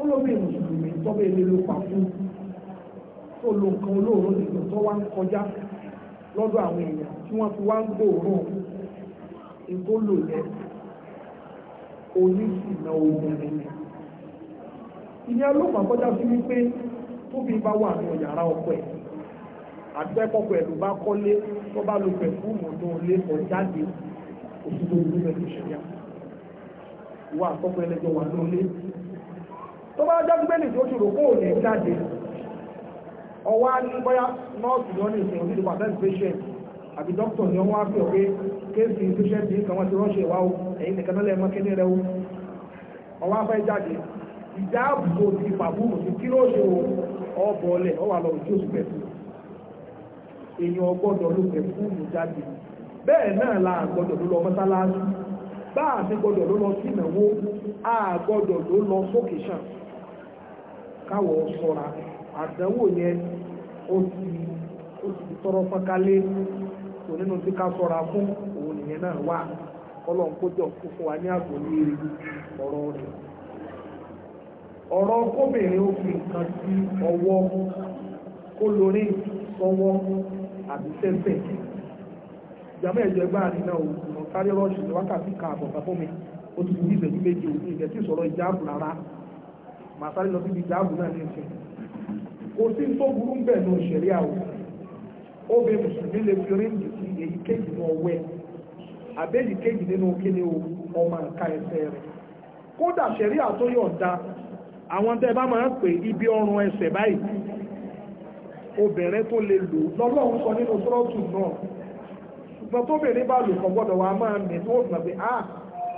olóbi mùsùlùmí tọ́bẹ̀ ilé ló olóòrò nìkan ń kọjá lọ́dọ̀ àwọn èèyàn tí wọ́n fi wá ń gbòòrùn ètò lò yẹ oníṣìnà obìnrin ni ìyẹn ló mà kọjá sí wípé tóbi bá wà ní yàrá ọkọ ẹ̀ àgbẹ̀kọ̀ pẹ̀lú bá kọ́lé tó bá lo pẹ̀fúmù tó lé kọ jáde oṣù tó gbé pẹ̀lú ìṣẹ̀yà ìwà àkọ́kọ́ ẹlẹ́jọ́ wà lólé tó bá jágbé nìjọ́ ṣòro kó ò ní jáde ọwọ́ á ní bóyá nọ́ọ̀sì ni wọ́n ní ìsìn àbí ni wọ́n fi kéèsì o nìkan o jáde ìdáàbò ti kí ló ṣe ọbọ̀ ọlẹ̀ lọ ojú oṣù pẹ̀lú èèyàn ọgbọ́dọ̀ ló pẹ̀ fún la àgbọ́dọ̀ ló lọ mọ́sálásí bá gbọ́dọ̀ ló lọ sí ìnáwó àgbọ́dọ̀ ló lọ sókè ṣàn ó ti ó tọrọ fọ́nkálé kò nínú tí ká sọra fún òun nìyẹn náà wà kọ́lọ̀ ń kójọ kó fún wa ní àgbò ní ọ̀rọ̀ rẹ̀ ọrọ kóbìnrin ó fi nǹkan sí ọwọ́ kó lórí sọwọ́ àbí sẹ́sẹ̀ ìjàmọ́ ẹ̀jẹ̀ gbáà ní náà òun sáré rọ́ọ̀ṣì ní wákàtí kan àbọ̀tà fún mi ó ti méje ìjáàbù rárá màá sáré lọ síbi ìjáàbù náà ní kò sí tó burú bẹ̀ ní òṣèré àwọn obìnrin mùsùlùmí lè fi orí ìdí sí èyí ní ọwọ́ ẹ̀ kéjì nínú kíni ọmọ nǹka ẹsẹ̀ rẹ̀ kódà ṣẹ̀rí àtúnyọ̀ǹda àwọn tẹ́ bá máa ń pè ibi ọrùn ẹsẹ̀ báyìí obìnrin tó lè lò lọ́lọ́run sọ nínú tọ́lọ́tù náà ṣùgbọ́n tóbìnrin bá lò kọ́ wa máa mẹ́ tó gbà pé a ah,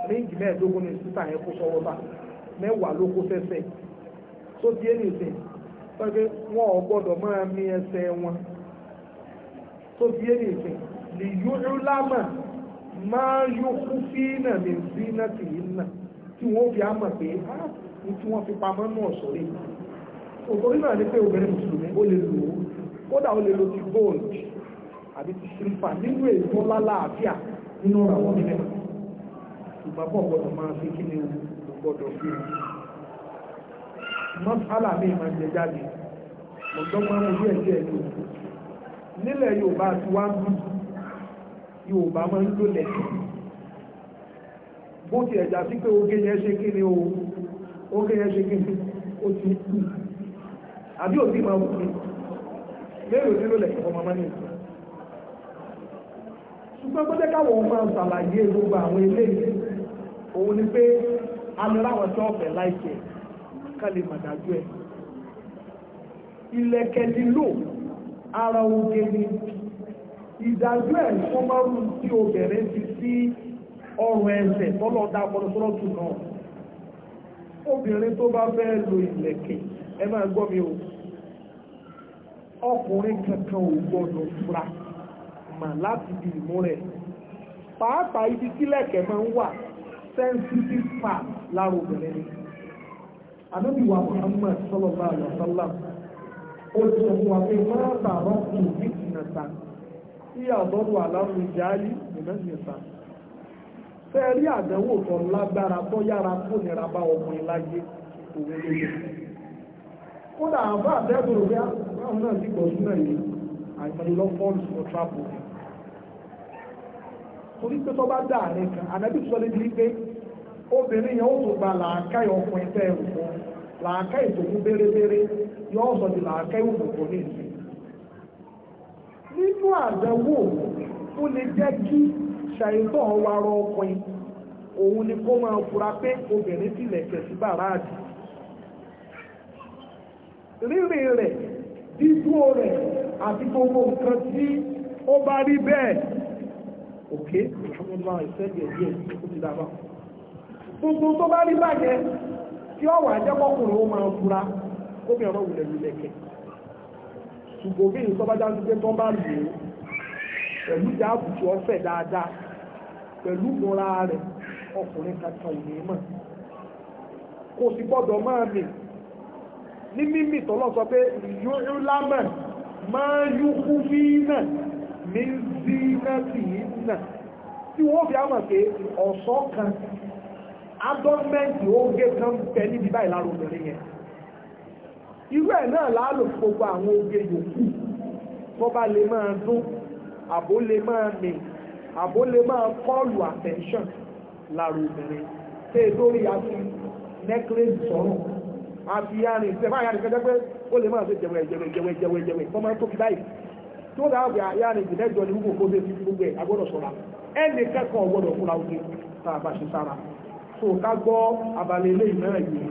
ríǹgì mẹ́ẹ̀ẹ́dógún ní sísà yẹn kó sọ́wọ́ bá mẹ́wàá ló kó pẹ́pẹ́ wọn ò gbọ́dọ̀ máa mi ẹsẹ̀ wọn tó bí èrè ìfẹ́ lè yóò lámà máa yóò kú sí náà lè sí náà tì í náà tí wọ́n fi á mọ̀ pé á ah, ní tí wọ́n fi pamọ́ náà sórí òkòrí náà ní pé obìnrin mùsùlùmí ó lè lò ó kódà ó lè lo ti gold àbí ti silver nínú ètò lálàáfíà nínú àwọn mímẹ́ ìgbàgbọ́ gbọ́dọ̀ máa fi kí ni gbọ́dọ̀ fi mọ́sálà mi máa jẹ jáde lọ́jọ́ máa ń rí ẹ̀jẹ̀ ẹ̀jẹ̀ òkú nílẹ̀ Yorùbá ti wá ń bí Yorùbá máa ń lò lẹ́sẹ̀ bó ti ẹ̀jà sí pé oge yẹn ṣe kí ni o oge yẹn ṣe kí ni o ti kú àbí òbí máa wù mí lérò tí ló lẹ̀kọ́ ọmọ mọ́ni ìsìn ṣùgbọ́n tó jẹ́ káwọn máa ń ṣàlàyé gbogbo àwọn eléyìí òun ni pé a lè ráwọn tí wọ́n fẹ́ láìpẹ́ ká lè mà dájú ẹ̀ ilẹ̀kẹ̀ lílò ara oge ni ìdájú ẹ̀ tó máa rú tí obìnrin ti sí ọrùn ẹsẹ̀ tọ́lọ́dá ọpọlọpọlọpù náà obìnrin tó bá fẹ́ lo ilẹ̀kẹ̀ ẹ máa gbọ́ mi o ọkùnrin kankan ò gbọdọ̀ fura mà láti di ìmú rẹ̀ pàápàá ibi tílẹ̀kẹ̀ máa ń wà sensitive part lára obìnrin ni anábìwà Muhammad sallallahu alaihi wasallam ó ti sọ fún wa pé máa tààrọ kù fìtìnàta sí àbọ̀rù aláwọ̀ ìjáàlì ìmẹ́sìnta fẹ́ rí àdánwò tó lágbára tó yára kó nira bá ọkùnrin láyé òun lóye kódà àbá àtẹ́bùrù bí àwọn náà ti gbọ̀dún náà yìí àìmọ̀lélọ́fọ́ọ̀lù sí ọ̀trápù torí pé tó bá dáa rẹ̀ kan ànábì sọ lé ní pé obìnrin yẹn ó tún gba làákà ọkùnrin tẹ́ ẹ̀rù fún làákà ìtòkú bérebére yóò sọ di làákà ìwòkòkò ní ìsìn nínú àdánwò ó lè jẹ́ kí ṣàìtọ́ wa rọ ọkùnrin òun ni kó máa fura pé obìnrin sí bàràdì rẹ̀ dídúró rẹ̀ àti gbogbo nǹkan tuntun tó bá rí bàjẹ́ tí ọ̀wà jẹ́kọ̀kùnrin ó máa fura ó bí ọ̀rọ̀ wulẹ̀ wulẹ̀ kẹ̀ ṣùgbọ́n bí nǹkan bá já sí pé tó bá lò ó pẹ̀lú ìjà àbùtù ọ̀fẹ́ dáadáa pẹ̀lú ìmúra rẹ̀ ọkùnrin kankan ò ní mọ̀ kò sì gbọ́dọ̀ máa mì ní mímì tọ́lọ́ sọ pé yóò lámẹ̀ máa yúkú bí náà ní zínà tì í náà tí wọ́n fi á pé ọ̀ṣọ́ kan adọ́mẹ́ntì oúnjẹ kan bẹ níbi báyìí lára obìnrin yẹn irú ẹ̀ náà láàlò gbogbo àwọn oge yòókù tó bá lè máa dún àbó lè máa mì àbó lè máa kọ́ọ̀lù attention lára obìnrin tẹ́ ẹ lórí àti necklace sọ̀rọ̀ àti yarin tẹ́ máa yarin kẹ́kẹ́ pé ó lè máa ṣe jẹ̀wẹ̀ jẹ̀wẹ̀ jẹ̀wẹ̀ jẹ̀wẹ̀ jẹ̀wẹ̀ tó máa tó fi báyìí tí ó dáhùn pé yarin jù lẹ́jọ́ ni wúwo kó dé gbogbo ẹ̀ agbọ́dọ̀ sọ̀ra ẹnì kẹ́kọ̀ọ́ gbọ́dọ̀ fúnra oge tá a bá ṣe sára so ká gbọ́ abalẹ̀ ilé náà yìí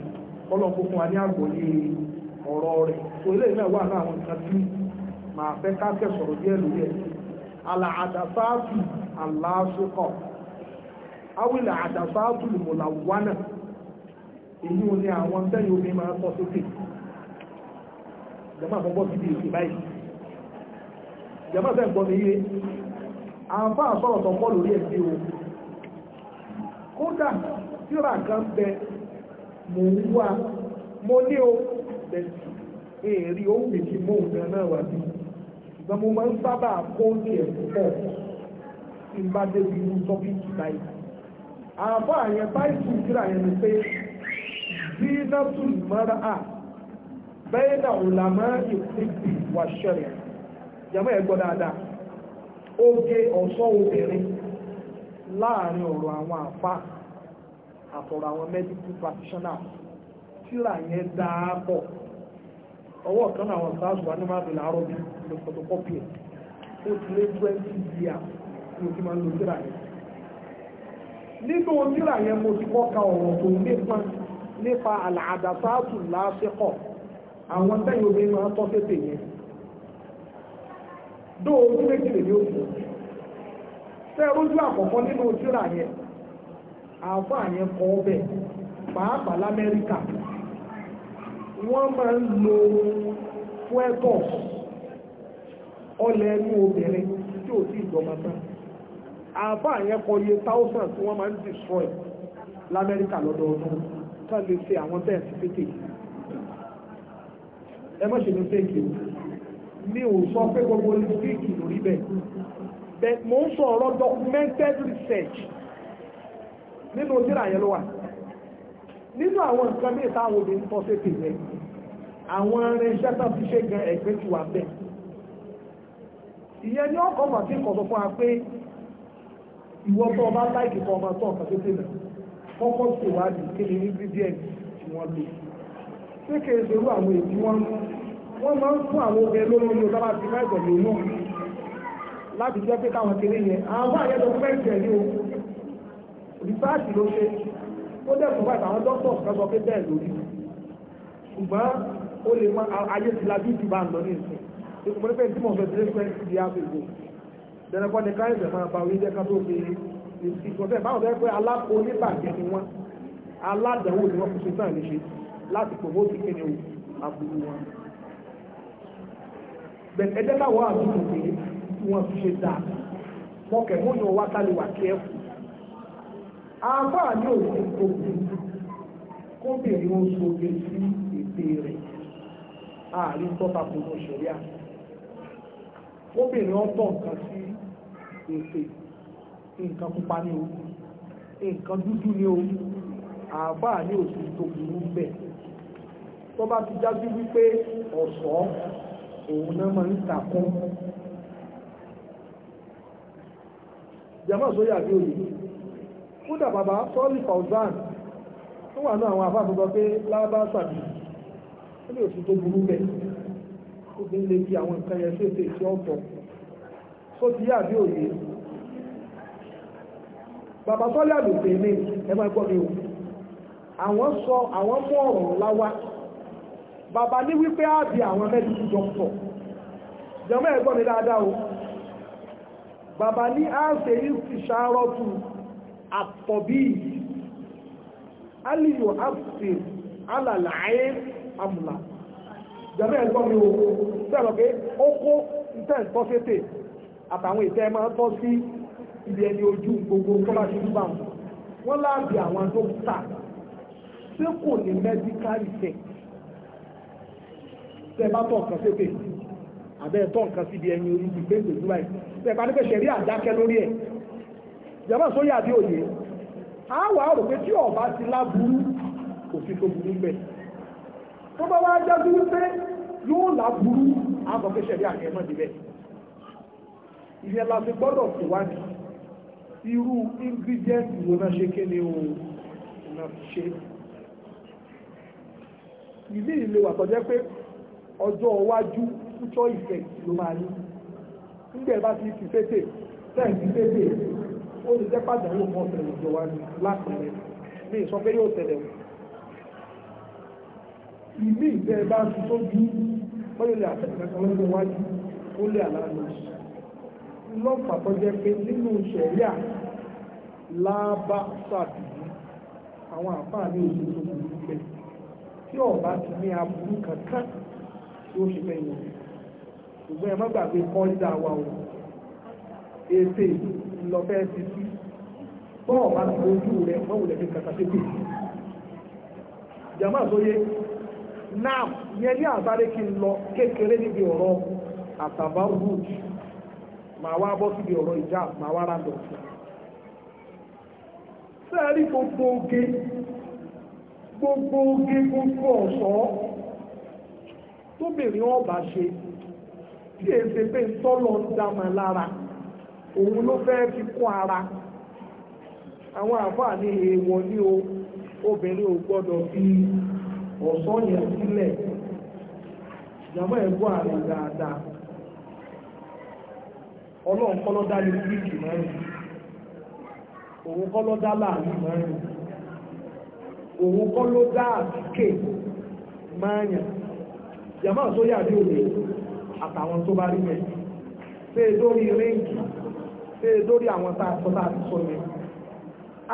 kọ́lọ̀ kó fún wa ní àgbọ́yé ọ̀rọ̀ rẹ̀ so ilé náà wà náà àwọn nǹkan tí màá fẹ́ ká kẹsọ̀rọ̀ díẹ̀ lórí ẹ̀ àlà àdàsáàtù àlàásùkọ̀ awìlẹ̀ àdàsáàtù lùmọ̀làwánà èyí ò ní àwọn tẹ́yìn omi máa sọ sókè jẹ́mọ́ àfọ́gbọ́ sí ibi ìsìn báyìí jẹ́mọ́ fẹ́ gbọ́ mi yé àǹfà sọ̀rọ̀ tọ́pọ̀ lórí ẹ̀ kódà tíra kan bẹ mò ń wá mo ní o bẹ̀sì èèrí ó wù kí mò ń gan náà wà bí ṣùgbọ́n mo máa ń sábà kóòtù ẹ̀ púpọ̀ tí n bá débi irú tọ́pìkì báyìí àbọ̀ àyẹn báyìí yẹn ni pé zínátù mọ́ra à bẹ́ẹ̀ náà làmọ́ ìpínpín wà ṣẹlẹ̀ ẹ̀ àtọ̀rọ̀ àwọn medical practitioners tíra yẹn dáa pọ̀ ọwọ́ kan àwọn sáàsù wa ní máa bèèrè àárọ̀ bí lè photocopy ẹ̀ ó ti lé twenty years tí mo ti máa ń lo tíra yẹn nínú tíra yẹn mo ti kọ́ ka ọ̀rọ̀ tó nípa nípa àlàdà sáàsù lásìkò àwọn tẹ́yìn obìnrin máa tọ́ tètè yẹn dóò ojú méjì òkú tẹ́ ojú àkọ́kọ́ nínú tíra yẹn àáfàá yẹn kọ́ ọ́bẹ̀ pàápàá lamẹ́ríkà wọ́n máa ń lo fuẹ́tọ̀ ọlẹ̀ ẹnu obìnrin tí ò sí ìjọba tán àáfàá yẹn kọ iye thousand tí wọ́n máa ń destroy lamẹ́ríkà lọ́dọọdún tán lè ṣe àwọn bẹ́ẹ̀ sí pété ẹ má ṣe ní fẹ́ẹ̀kì mi ò sọ pé gbogbo olùsíkì lórí bẹ́ẹ̀ mo ń sọ ọ̀rọ̀ documented research nínú ojúra yẹn ló wà nínú àwọn nǹkan bí ìtawọn obìnrin tó ṣe pè yẹn àwọn irinṣẹ́ tó fi ṣe gan ẹgbẹ́ ti wà bẹ́ẹ̀ ìyẹn ní ọkọ̀ màtí kọ̀ sọ fún wa pé ìwọ tó ọba láìkì kan ọba tó ọ̀kan tó tẹ̀lé kọ́kọ́ sì wá di kí ni ingredient tí wọ́n lò ṣé kìí ṣe irú àwọn èdè wọn wọ́n máa ń fún àwọn obìnrin lórí omi ọ̀dọ́ láti máa ìgbọ̀n lòun náà láti jẹ́ pé káwọn kéré yẹn àwọn àyẹ̀dọ̀ fẹ́ǹtì ẹ̀ o rìsáàtì ló ṣe ó dẹ̀kùn báyìí àwọn dọ́tọ̀ kan sọ pé bẹ́ẹ̀ lórí ṣùgbọ́n ó lè mọ ayé ti lajú ju bá ń lọ ní ìsìn ìpínlẹ̀ pé tí mo fẹ́ ti lẹ́sẹ̀ ti di àgbègbè dẹnẹkọ́ ni káyọ̀sẹ̀ máa bá orí jẹ́ká tó fi ìsìnkọ́sẹ̀ báwọn fẹ́ pé alákó oníbàjẹ́ ni wọ́n aládàáwò ni wọ́n kò ṣe náà léṣe láti promote kíni o àbúrú wọn bẹ̀ẹ̀ ẹ̀dẹ́gbàwọ̀ àdúgbò pé wọ́n ti ṣe dáa mọ́kẹ̀ mọ́yọ̀ wákàlẹ̀ wà kẹ́ẹ̀kù àáfàá ní òsì tóbi kóbìnrin ó soge sí ète rẹ̀ àárín tọ́ta kò lọ ṣẹ̀rí à kóbìnrin ọ̀tọ̀ nǹkan sí ète nǹkan pupa ní o nǹkan dúdú ní o àáfàá ní òsì tóbi ń bẹ̀ tó bá ti dájú wípé ọ̀ṣọ́ òun náà máa ń takún jàmọ́ sóyà bí òye kódà bàbá sọ́ọ̀lì fauzan tó wà náà àwọn àfáàfin sọ pé lábá sàbí ó lè òsì tó burú bẹ̀ ó fi ń lè fi àwọn nǹkan yẹn ṣètò ìṣe ọ̀tọ̀ tó ti yá àbí òye bàbá sọ́ọ̀lì àlòfè mi ẹ máa gbọ́ mi o àwọn sọ àwọn mú ọ̀rọ̀ ńlá wá bàbá ní wípé àbí àwọn mẹ́díkù dọ́kítọ̀ jọmọ́ ẹ gbọ́ mi dáadáa o bàbá ní àṣẹ ìṣàrọ́tù àtọ̀bí aliyu abdul alàlàyé amùlà jẹ́mẹ́ ẹ̀gbọ́n mi o sẹ́rọ̀ pé ó kó ìtẹ́ ìtọ́ sétè àtàwọn ìtẹ́ máa tọ́ sí ibi ẹni ojú gbogbo tó bá ṣe dúbà wọn wọ́n láàbì àwọn dókítà tí kò ní medical effect tẹ́ bá tọ̀ nǹkan sétè àbẹ́ tọ̀ nǹkan síbi ẹni orí ìgbésẹ̀ ìdúrà yìí tẹ́ bá ní pẹ́ ṣẹ̀rí àdákẹ́ lórí ẹ̀ jẹ́mọ́ sóyè àbí òye a wà á rò pé tí ọba ti láburú kò sí tó burú bẹ́ẹ̀ tó bá wá jáde wípé yóò láburú a sọ pé ṣẹ̀rí àkẹ́ mọ́ débẹ̀ ìyẹn la fi gbọ́dọ̀ tìwádìí irú ingredient wo náà ṣe kéde o náà ṣe ìdí ìlú àtọ̀jẹ́ pé ọjọ́ iwájú púpọ̀ ìfẹ̀ ló máa ní nígbà bá ti fi fẹ́tẹ̀ tẹ́ẹ̀ fi fẹ́tẹ̀ ó ti jẹ́ pàdánù kan tẹ̀lé ìjọ wa ní lápẹ̀rẹ̀ ní ìsọ pé yóò tẹ̀lé wọn. ìlú ìfẹ́ bá ti tó bí wọ́n lè àtẹ̀kẹ́ kan lọ́dún wájú ó lè àlàáfíà lọ́pàá tó jẹ́ pé nínú sẹ̀ríà lábá sàbí àwọn àǹfààní òṣù tó burú pẹ̀ tí ọ̀bá ti ní aburú kankan tí ó ṣe fẹ́ yẹn ṣùgbọ́n ẹ má gbàgbé kọ́ ìdá lọ fẹ́ ti sí bọ́ọ̀ bá ti ojú rẹ̀ mọ́wùlẹ̀ ní kàkàtẹ́kù jama sóye náà yẹn ní àbárẹ́ kí n lọ kékeré níbi ọ̀rọ̀ àtàbá rúùjì màá wá bọ́ síbi ọ̀rọ̀ ìjà màá wá rà lọ́sùn sẹ́ẹ̀rí gbogbo oge gbogbo oge gbogbo ọ̀ṣọ́ tóbìnrin ọba ṣe tí èsè pé ń tọ́lọ ń dá ma lára. òun ló fẹ́ fi kún ara àwọn àfáà ní èèwọ̀ ní o obìnrin ò gbọ́dọ̀ fi ọ̀sán yẹn sílẹ̀ ìjàmọ́ ẹ̀gbọ́n àrẹ dáadáa ọlọ́run kọ́ ló dá ní bíríkì mẹ́rin òun kọ́ ló dá láàrin mẹ́rin òun kọ́ ló dá àtìkè mẹ́rin ìjàmọ́ àtúnyà òde àtàwọn ṣe lórí àwọn tá a sọ tá a ti sọ yẹn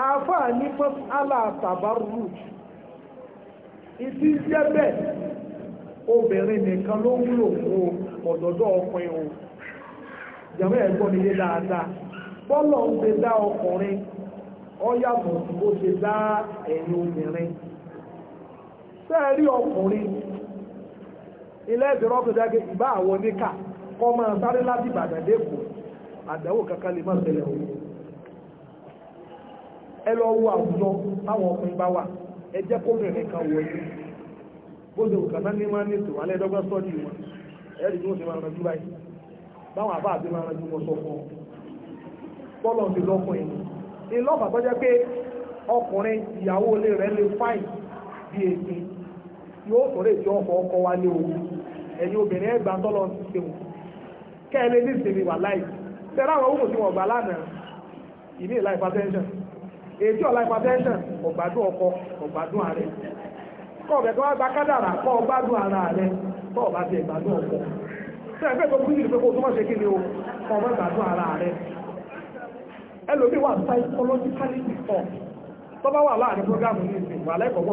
àáfàá ní first allah tabaru ìdí jẹ́ bẹ́ẹ̀ obìnrin nìkan ló ń lò fún ọ̀dọ́dọ́ ọkùnrin o ìjàmbá ẹ̀gbọ́n mi yé dáadáa bọ́lọ̀ ń ṣe dá ọkùnrin ó yàtọ̀ bó ṣe dá ẹ̀yin obìnrin sẹ́ẹ̀rí ọkùnrin ilé ẹ̀dẹ̀rọ̀ tó dágé ìbá àwọn oníkà kọ́ máa sáré láti Ìbàdàn dẹ́kùn àdáwò kaka lè má ṣẹlẹ̀ o ẹ lọ wo àwùjọ táwọn ọkùnrin bá wà ẹ jẹ́ kóbìnrin kan wọ yín bóde òkàtà ní máa ní ètò alẹ́ dọ́gba sọ́ọ̀dì wọn ẹ rí bí wọ́n ti máa ranjú báyìí báwọn àbá àti máa ranjú wọn sọ fún ọ bọ́lọ̀ ti lọ́kùnrin ni lọ́ọ̀bà tó jẹ́ pé ọkùnrin ìyàwó ilé rẹ̀ lè fáìn bí èsì yóò tó lè ọkọ̀ ọkọ̀ òun ẹ̀yin obìnrin tọ́lọ́ ti ṣe wọn kẹ́ ẹ lé tẹ́lá àwọn ohun tí wọ́n gbà lánàá ìní ìlà hypertension èdè ọ̀la hypertension ọ̀gbádùn ọkọ ọ̀gbádùn ààrẹ kọ́ ọ̀bẹ̀ tó wá gba kádàrà kọ́ ọ̀gbádùn ara rẹ kọ́ ọ̀bá ti ẹ̀gbádùn ọkọ sẹ́yìn fẹ́ tó kú sí ìpẹ́kọ̀ tó má ṣe kí ni o kọ́ ọmọ ìgbádùn ara rẹ ẹlòmí psychologically before tó bá wà láàrin programu ní ìsìn wà lẹ́kọ̀ọ́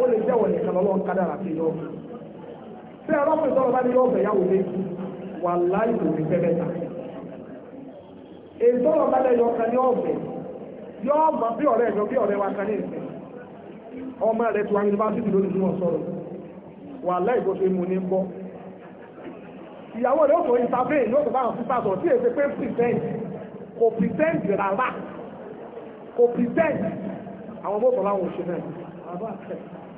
ó lè jẹ́ wọ̀nyí kan lọ́wọ́ kádàrà sí yọ. Ṣé ọlọ́pàá ìtọ́lọ́ bá ní yọ ọ̀fẹ́ yàwó lé wà láì lò ní fẹ́fẹ́ ta. Ìtọ́lọ́ bá lẹ́yọ kan ní ọ̀fẹ́ yọ ọmọ bí ọ̀rẹ́ ẹ̀jọ bí ọ̀rẹ́ wa kan ní ìfẹ́. Ọmọ rẹ̀ tó wá yunifásitì lónìí wọn sọ̀rọ̀ wà láì bó ṣe mú ní ń bọ́. Ìyàwó rẹ̀ ó tó ìtàbẹ́ẹ̀ yóò tó bá àwọn sísàtọ̀ tí èsì pé present kò present rárá kò present àwọn mọ́tò láwọn òṣèlú àbá àtẹ̀.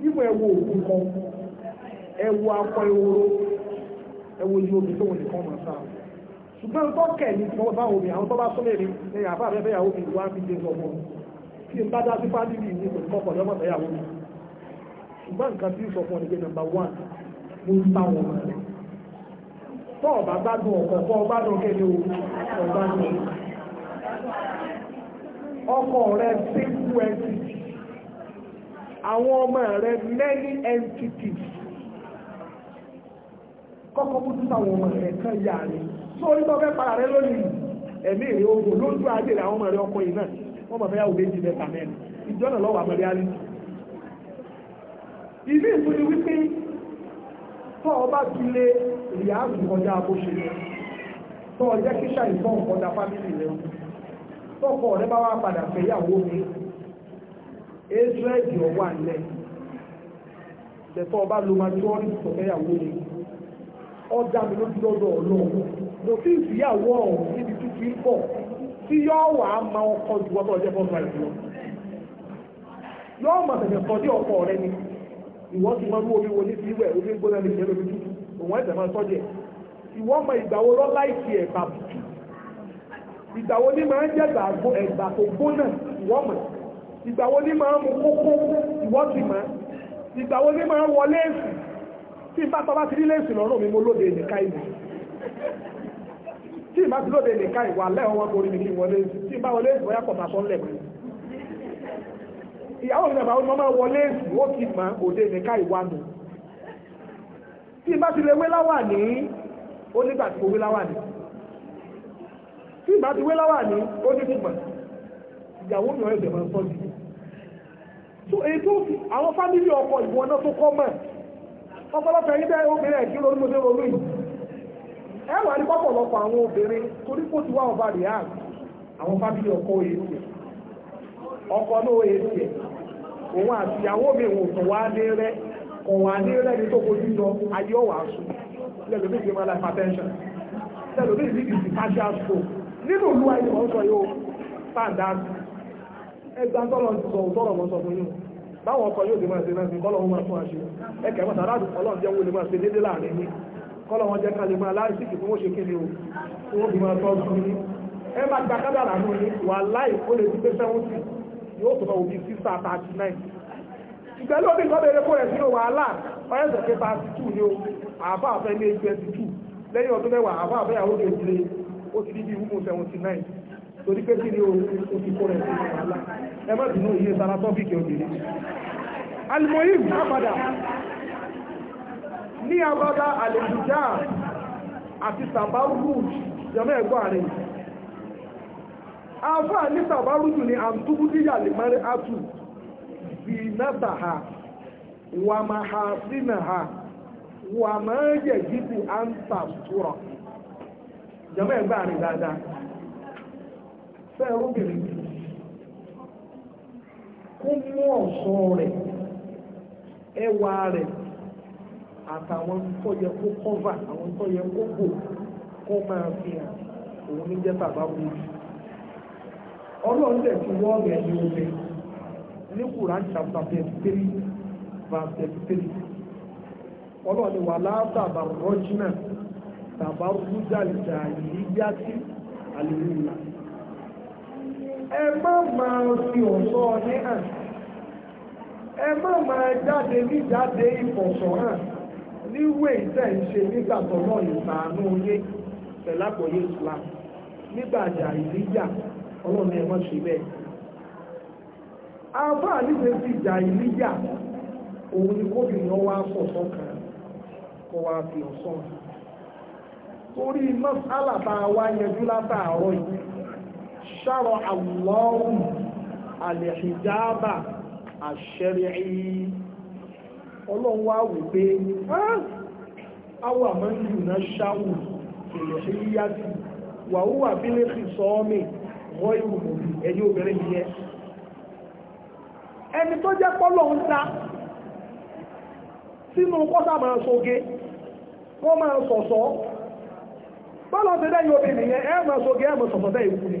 nígbà ẹwọ òkun kan ẹwọ akọ ewúro ẹwọ iye omi tó wọn nìkan máa sáà ṣùgbọ́n tó kẹ̀ ní tí wọ́n bá omi àwọn tó bá súnlẹ̀ rí ẹ̀yà àbá àfẹ́fẹ́ ìyàwó mi wá fi dé ọmọ kí n bá dá sí fámìlì ní kò kọ́kọ́ ní ọmọ ìyàwó mi ṣùgbọ́n nǹkan tí ń sọ fún ọ ní pé nọ́mbà wán mo ń bá wọn rẹ̀ tó ọba gbádùn ọkọ̀ kọ́ gbádùn kẹ́lẹ́ o ọgbádùn ọkọ̀ rẹ̀ sí wẹ́ẹ̀tì àwọn ọmọ rẹ many entities kọ́kọ́ kú tún àwọn ọmọ rẹ kan yà rẹ tó orí tọ́fẹ́ para rẹ lónìí ẹ̀mí rẹ ogun lójú ajé rẹ àwọn ọmọ rẹ ọkọ yìí náà wọ́n mọ̀ fẹ́ yàwó méjì mẹ́ta mẹ́rin ìjọ́nà lọ́wọ́ àmọ́ ríálí ilé ìtúni wípé tọ́ ọba ti lé ìyáàbù kọjá bó ṣe lọ tọ́ ọjẹ́ kíṣà ìfọ́ nǹkan da fámìlì rẹ tọ́kọ̀ rẹ bá wá padà fẹ́ yàwó mi israeli ọwà ńlẹ̀ lẹ́tọ́ ọba ló máa tó ọ́nì sọ̀fẹ́yàwó ni ọjà mi ló ti lọ́dọ̀ ọlọ́run mo sì ń fìyàwó ọ̀hún níbi tí kì í pọ̀ tí yóò wà á máa ọkọ ju ọtọ ọjọ́ fún ọgbà ìlú yóò máa tẹ̀sẹ̀ sọ ní ọkọ rẹ ni ìwọ ti máa mú omi wo ní ti wẹ̀ omi ń gbóná ní ìṣẹ́ lómi tútù òun ẹ̀sẹ̀ máa sọ́jẹ̀ ìwọ ọmọ ìgbà wo lọ́lá ìkì ẹ̀bà ìgbà wo ní máa ń jẹ́ ẹ̀bà tó gbóná ìwọ mọ̀ ìgbàwo ní máa ń mú kókó ìwọ́sì máa ìgbàwo ní máa ń wọ léèsì tí ìbá tọ́ bá ti rí léèsì lọ́rùn mi mo lóde nìka ìwà tí ìbá ti lóde nìka ìwà lẹ́wọ̀n wọn borí mi kí wọlé tí ìbá wọlé èsì bóyá pọ̀tà tó ń lẹ̀ mọ́ ìyàwó mi àbáwọn máa wọlé èsì ó ti mọ̀ òde nìka ìwà nù tí ìbá ti lè wé láwà ní ó nígbà tí mo wé láwà ní tí ìbá ti wé láwà ní ó ní ìyàwó yọ ẹ̀jẹ̀ máa ń sọ jù so èyí tó fi àwọn fámìlì ọkọ ìwọ náà tó kọ́ mọ̀ ọ̀pọ̀lọpọ̀ ẹ̀yin bẹ́ẹ̀ obìnrin ẹ̀kí lórí mo dé ronú yìí ẹ wà ní pọ̀pọ̀lọpọ̀ àwọn obìnrin torí kó ti wá ọba rẹ̀ á àwọn fámìlì ọkọ èyí ọkọ náà èyí ẹ̀ òun àti ìyàwó mi òun tó wá ní rẹ òun àní rẹ ní tó kojú lọ ayé ọ̀wà sùn lẹ́lòmí ìgbìmọ̀ life attention lẹ́lòmí ìdí ìdí partial stroke nínú ìlú ayé wọn sọ yóò pàǹdà sí ẹgbà tọ́lọ̀ ti sọ òtọ́rọ̀ mọ́ sọ fún yín báwọn ọkọ̀ yóò ti máa ṣe náà sí kọ́lọ̀ wọn máa tún àṣe ẹkẹ̀ mọ́ta láti ọlọ́run jẹ́ wo lè máa o tí wọ́n fi máa tọ́ sí o àbá àfẹ́ ilé ọdún mẹ́wàá àbá àfẹ́yàwó kejì ó ti di bí wúmọ̀ seventy torí pé kí ni o ti kó rẹ̀ sí wàhálà ẹ má iye sara tọ́pìkì obìnrin alimoyim abada ní abada alèjìjá àti sàbárùjù jẹmọ́ ẹ̀gbọ́n àrẹ afá ní sàbárùjù ni àtúbùdíyà lè mẹ́rin átù zinata ha wà máa ha sínà ha wà máa yẹ̀ gidi à ń jẹmọ́ ẹ̀gbọ́n àrẹ dáadáa fẹ́ rúbìnrin kó mú rẹ̀ ẹwà rẹ̀ àtàwọn tó yẹ kó kọ́fà àwọn tó yẹ kó bò kó máa fi hàn òun ní jẹ́ bàbá wù ọlọ́run dẹ̀ ti wọ́ọ̀rù ẹ̀yìn omi ní Quran chapter thirty three ọlọ́run ni ẹ ma máa fi ọ̀ṣọ́ ní hàn ẹ máa jáde níjáde ìfọ̀ṣọ̀ hàn níwé ìtẹ́ ìṣe nígbà tọ́lọ́ ìsàánú yé pẹ̀lápọ̀yé Islam nígbà àjà ìlíjà ọlọ́run ẹ má ṣe bẹ́ẹ̀. afá nígbà tí ìjà ìlíjà òun ni wá kan kó wá fi ọ̀ṣọ́ torí mọ́sálà tá a wá yẹjú látàárọ̀ yìí ṣọ́rọ̀ àwọ̀rùn àlẹ̀ṣìjáàbà àṣẹ́rẹ̀ ọlọ́run wá wù pé áwà mọ́ ìlú náà ṣáwù ìrẹ̀ṣẹ́ yíyájú wàhúwà bílẹ̀ fi sọ́ọ́mì wọ́n ìwò mòbí ẹni obìnrin yẹn ẹni tó jẹ́ pọ́lọ̀ ń ta sínú kọ́sà obìnrin yẹn ẹ máa soge ẹ máa ni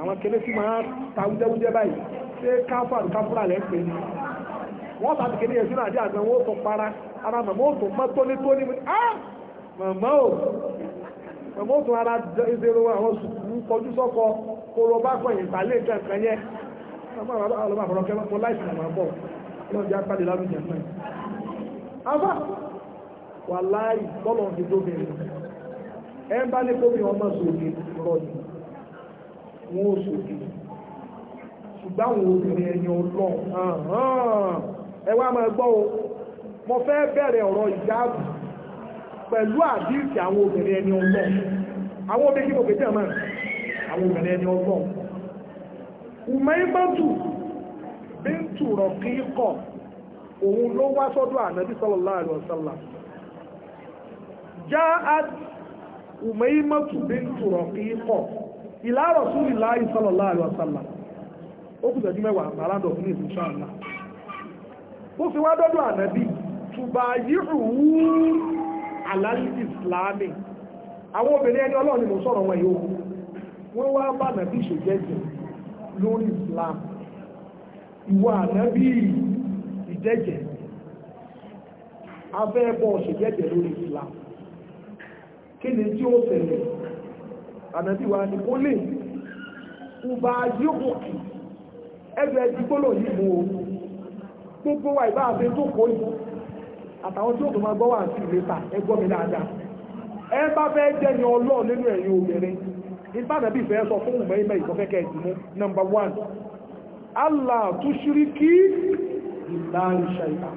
àwọn kéré tí máa ta wújẹ́wújẹ́ báyìí ṣé káfàrù káfúrà lẹ́pẹ́ wọ́n tàbí kéré yẹn sínú àdé àgbà wọn ó tún para ara màmá ó tún pọ́n tónítóní màmá ò màmá ó tún ara ìzero àwọn sùkúrú kọjú sọ́kọ kóró bá kọ̀ yìí tàlé kankan yẹn màmá àwọn ọlọ́mọ àfọlọ́kẹ́ mọ́ láìsí àwọn àbọ̀ lọ́n jẹ́ apáde lárúgbìn náà afá wà láì tọ́lọ̀ ń fi dóbi ẹ̀ ń bá ní kóbi ọmọ wọn ò sòdì ṣùgbọ́n àwọn obìnrin ẹ̀yìn ọlọ́run ẹwà máa gbọ́ o mo fẹ́ bẹ̀rẹ̀ ọ̀rọ̀ ìjáàbù pẹ̀lú àdíìsì àwọn obìnrin ẹni ọlọ́run àwọn obìnrin kí mo pèsè àmà àwọn obìnrin ẹni ọlọ́run Umaymatu bíntù òun ló wá sọ́dọ̀ ìlà Rasulullahi sallallahu alaihi wasallam ó kù tẹ̀jú mẹ́wàá àrádọ̀ fún ìsìn ṣáàlá ó fi wá dọ́dọ̀ ànábì tùbà yíhù àlálì ìsìláàmì àwọn obìnrin ẹni ọlọ́run ni mo sọ̀rọ̀ wọn yóò wọ́n wá bá ànábì ṣèjẹ́jẹ́ lórí ìsìláàmù ìwà ànábì ìjẹ́jẹ́ afẹ́ ẹbọ ṣèjẹ́jẹ́ lórí ìsìláàmù kí ni tí ó ṣẹlẹ̀ ànábì wa ni kó lè ọba yóò kì ẹgbẹ́ ẹjí gbọ́lọ̀ yìí mú o gbogbo wa ìbá àfẹ́ tó kọ́ yìí àtàwọn tí ó tó máa gbọ́ wà sí ìlẹ́ta ẹgbọ́ mi dáadáa ẹ bá fẹ́ jẹ́ ni ọlọ́ọ̀ nínú ẹ̀yin obìnrin ìbá ànábì fẹ́ sọ fún ìmọ̀ ìmọ̀ ìkọ́kẹ́kẹ́ ìdùnnú nọmba one allah tó ṣírí kí ìlà ìṣàìbá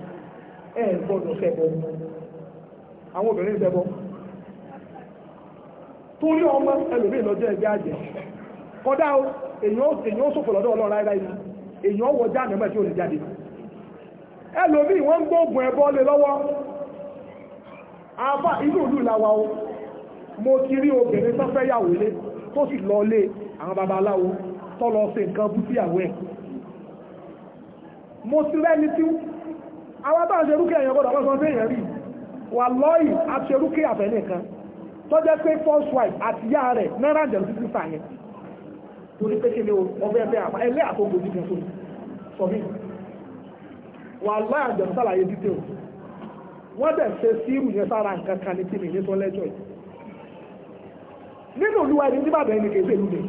ẹ gbọ́dọ̀ ṣẹbọ àwọn obìnrin ṣẹbọ torí ọmọ ẹlòmíì lọ́jọ́ ẹgbẹ́ àjẹ́ kọ́dá o èyàn ó sòfò lọ́dọ̀ ọlọ́run ráírá inú èyàn wọ jáàmù ẹgbẹ́ tí ó lè jáde ẹlòmíì wọ́n ń gbóògùn ẹbọ lé lọ́wọ́ àbá inú ìlú làwa o mo ti rí obìnrin tó fẹ́ yàwó lé tó sì lọ lé àwọn babaláwo tó lọ ṣe nǹkan bú sí àwẹ̀ mo ti rẹ́ni tí àwọn bá ṣerúkẹ́ èèyàn gbọ́dọ̀ wọ́n sọ tọ́jẹ́ pé first wife àti ìyá rẹ̀ náírà jẹ̀rù títí fà yẹn torí pé kí ni ọbẹ̀ ẹgbẹ́ àmọ́ ẹlẹ́ àtọ́gbò ní kan sóni sọ mí wà láà jẹ̀rù sàlàyé detail wọ́n dẹ̀ ṣe sírù yẹn sára nǹkan kan ní tìmí ní sọ́lẹ́jọ́ yìí nínú olúwa ẹni ní bàbá ẹni kèsè lùdẹ̀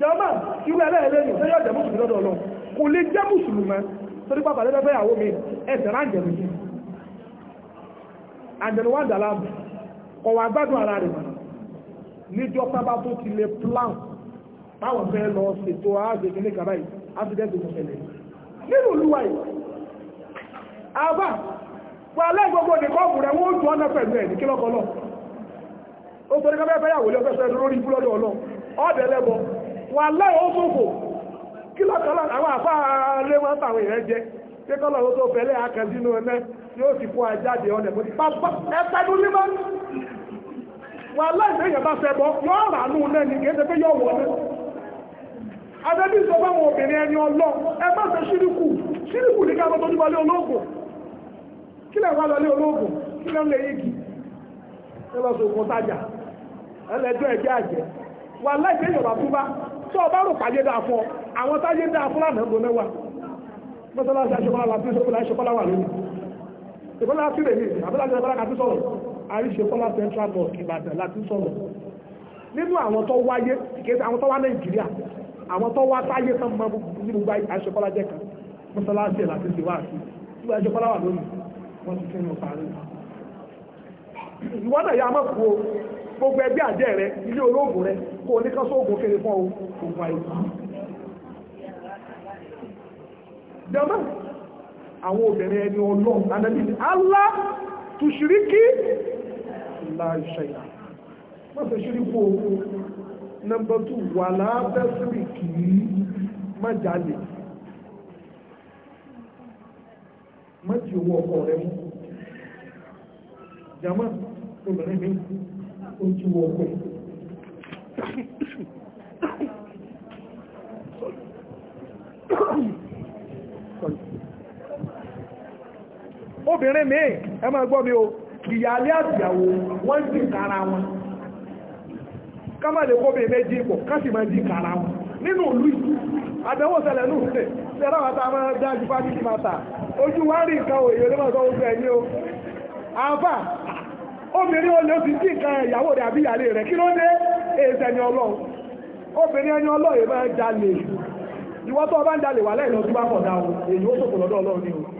jọba irú ẹlẹ́ẹ̀lẹ́ ni sẹ́yọ́ jẹ́ mùsùlùmí lọ́dọ̀ lọ kò lè jẹ́ mùsùlùmí torí bàbá lẹ́fẹ́ fẹ́ yàwó mi ẹ̀sẹ̀ ráǹjẹ̀rù yìí àjẹ̀rù wà dàlámù ọ̀wà gbádùn ara rẹ̀ níjọ́ sábà tó ti lè plan táwọn fẹ́ lọ ṣètò ààbẹ̀kẹ́ ní kàbáyì áfídẹ́sì ìmọ̀ṣẹ̀lẹ̀ nínú olúwa yìí àbá pọ̀ gbogbo nìkan ọkùnrin wọ́n jù ọ́nà pẹ̀lú ẹ̀ ní o ó torí ká bẹ́ẹ̀ lọ́fẹ́ lórí ọ̀dẹ̀ lẹ́bọ wà yóò ti fún ajáde ọ̀nà mo ti pápá ẹ̀fẹ́dún nígbà wà láìsí èèyàn bá fẹ́ bọ́ yóò rà nù náà ní kéde pé yóò wọ̀ náà adébí sọ fáwọn obìnrin ẹni ọlọ́ ẹ má ṣe ṣíríkù ṣíríkù ní káàkó tó ní wọlé olóògùn kí lè wá lọlé olóògùn kí lè lè yégi ẹ lọ sọ òkun tájà ẹlẹjọ ẹjẹ àjẹ wà láìsí èèyàn bá fún bá tó ọba rò pàyé dáa fún ọ àwọn táyé dáa fún lánàá gbọmẹwàá mọ́tọ́lá ṣe àṣọ ìfọ́lá sí rèé àbúlájọ ìfọ́láka tí sọ̀rọ̀ àríṣe fọ́lá central north ìbàdàn láti sọ̀rọ̀ nínú àwọn tó wáyé ìkéde àwọn tó wá nàìjíríà àwọn tó wá sáyé tán mọ ní gbogbo àṣẹ fọ́lá jẹ́ kan mọ́sálásí ẹ̀ láti ṣe wá sí ìgbà àṣẹ fọ́lá wà lónìí wọ́n ti fẹ́ràn parí ìwọ́n náà yà á mọ̀ kú o gbogbo ẹgbẹ́ àjẹ́ rẹ ilé olóògùn rẹ kó o ní kán sóògùn kéré fún ọ ògùn àìsàn jọmọ́ àwọn obìnrin ẹni ọlọ́run anábì ní Allah tùṣìríkì láìṣẹ̀yà má ṣe ṣíríkù owó nọmba tù wà lábẹ́sìrì kì í má jalè jama obìnrin mi ó ti wọ ọkọ Thank you. obìnrin mi ẹ máa gbọ́ mi o ìyáálé àtìyàwó wọ́n ń dì kara wọn ká má lè kóbi méjì pọ̀ ká sì máa dì kára wọn nínú ìlú ìlú àdánwò ṣẹlẹ̀ ní òṣèlè ṣẹlẹ̀ àwọn tá a máa dá ju máa ta ojú wa rí nǹkan òye ló máa sọ ẹ̀yìn o àfà obìnrin olè ti dì nǹkan ìyàwó rẹ̀ àbí ìyáálé rẹ̀ kí ló dé èsì ẹni ọlọ́run obìnrin ẹni ọlọ́run máa ń jalè ọba ń jalè wà bá pọ̀ èyí ó sòkò lọ́dọ̀ ọlọ́run ni o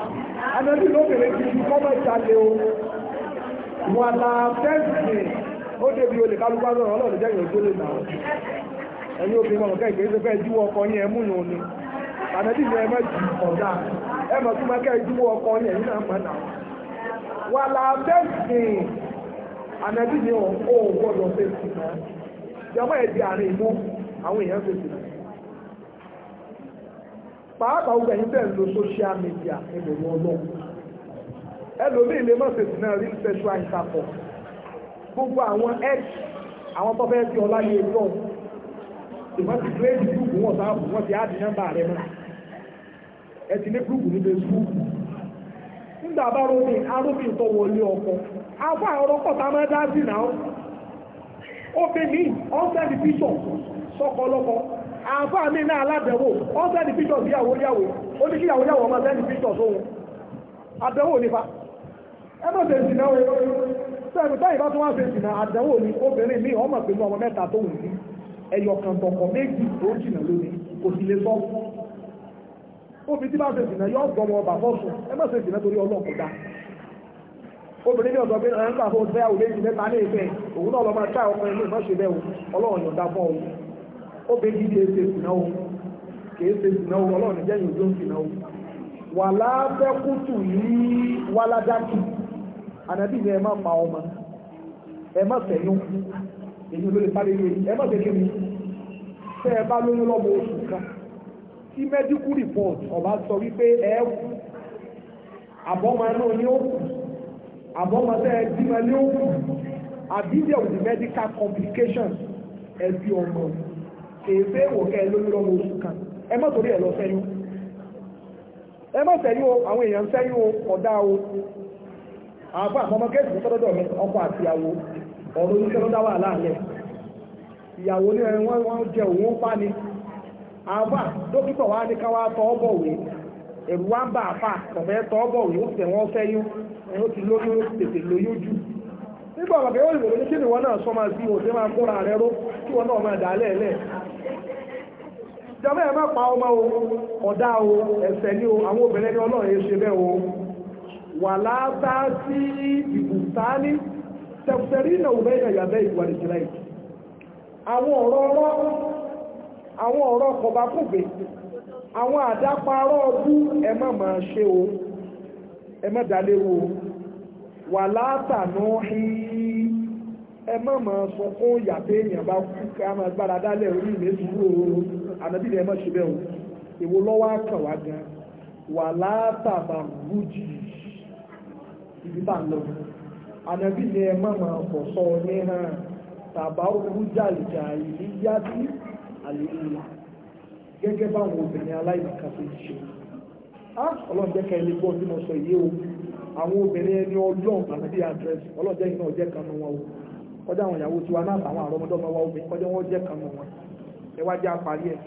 ànábì lóbìnrin ti fi kọ́mọ̀ ìtàlẹ̀ o wọn la fẹ́ǹsì ó débi olè kálukú àgbọ̀rọ̀ ọlọ́ọ̀dẹ jẹ́ ìròjú olè náà ẹni obìnrin ọ̀rọ̀ kẹ́kẹ́ ṣe fẹ́ ọkọ yẹn mú yàn ni ànábì ni ẹ jù ọ̀dà ẹ mọ̀ tó kẹ́ ọkọ yẹn yìí náà fẹ́ǹsì ni gbọ́dọ̀ fẹ́ǹsì náà jọmọ́ ẹ̀ di àárín àwọn èèyàn fẹ́ǹsì náà pàápàá ogun ẹ̀yìn tẹ̀ lo social media ìbòmọ̀ ọlọ́run ẹlòmíì lè mọ̀sẹ̀ sí náà real sexual intercourse gbogbo àwọn x àwọn tó fẹ́ẹ́ ọlá yẹ e ìwọ́n ti wọn sáàbù ti áàdì rẹ mọ́ ọkọ afọ àwọn ọkọ tá a máa dá sí náà ó fẹ́ mi ọ́n sẹ́ni afọ mi náà alábẹ̀wò ó sẹ́ni píṣọ̀ sí ìyàwó yàwó ó ní kí ọmọ sẹ́ni píṣọ̀ sóhun àbẹ̀wò nípa ẹgbẹ́ ṣe ìsìnà òye sẹ́ni táyì bá tún wá ṣe ìsìnà ni obìnrin mi ọmọ pẹ̀lú ọmọ mẹ́ta tó wù ẹyọ kan tọkọ méjì tó jìnà lónìí kò sì lè sọ obì yọ gbọmọ ọba fọ́sùn obìnrin ní ọ̀dọ́ pé ń gbà obìnrin kìí ṣe ìnáwó kìí ṣe ìnáwó ọlọ́run jẹ́ yìí ló ń ìnáwó wà lábẹ́kútù yìí wà ládákì ànábì ni ẹ má pa ọmọ ẹ má fẹ̀yún èyí ló lè parí lórí ẹ má fẹ̀yún mi tẹ́ ẹ bá lóyún lọ́mọ oṣù kan tí mẹ́díkù rìpọ̀t ọba sọ wípé ẹ kú àbọ̀mọ ẹnu ni ó kù àbọ̀mọ tẹ́ ẹ bímọ ni ó kù àbí there will be medical complications ẹ bí ọmọ. Efe wò kẹ́ lóyún lọ́mọ oṣù kan ẹ má torí lọ sẹ́yún ẹ má sẹ́yún o àwọn èèyàn sẹ́yún o ọ̀dá o àbá àmọ́mọ́ kẹ́sì sọ́dọ́dọ̀ mi àti ìyàwó ọ̀rọ̀ oṣù wà láàlẹ́ ìyàwó wọ́n wọ́n jẹ òun ń pani àbá dókítà wa ní káwá tọ́ ọ́ bọ̀wé ẹ̀rù wa ń bà tọ́ ọ́ bọ̀wé ó sì wọ́n ó jọba ẹ̀ má pa ọmọ o ọ̀dá o ẹ̀sẹ̀ ni o àwọn obìnrin ní ọlọ́run yẹn ṣe bẹ́ẹ̀ o wà látà sí ìbùsání tẹ̀sẹ̀rí náà òbẹ́ ìyàyàbẹ́ ìwà ìjìlá yìí àwọn ọ̀rọ̀ ọ̀rọ̀ àwọn ọ̀rọ̀ kọ̀bákùngbè àwọn àdáparọ́ ọdún ẹ má máa ṣe o ẹ má dáléwò wà látànà hí ẹ má máa sọ fún ìyàbẹ́ èèyàn bá kú ká máa gbára dálẹ̀ orí ìmẹ́sùn ànábì ni ẹ má ṣe bẹ́ẹ̀ o lọ́wọ́ gan wà látàbà rújì ibi lọ ànábì ni máa sọ ọ ha hàn tàbá rújà ìjà ìlíyá sí àlè ìlà gẹ́gẹ́ báwọn obìnrin aláìníkà ṣe ń ṣe ká ilé mo sọ yìí o àwọn obìnrin ẹni ọjọ́ àti àdírẹ́sì ọjẹ́ kan o kọjá àwọn ìyàwó tiwa náà àtàwọn àrọ́mọdọ́mọ ẹ wá jẹ́ àparí ẹ̀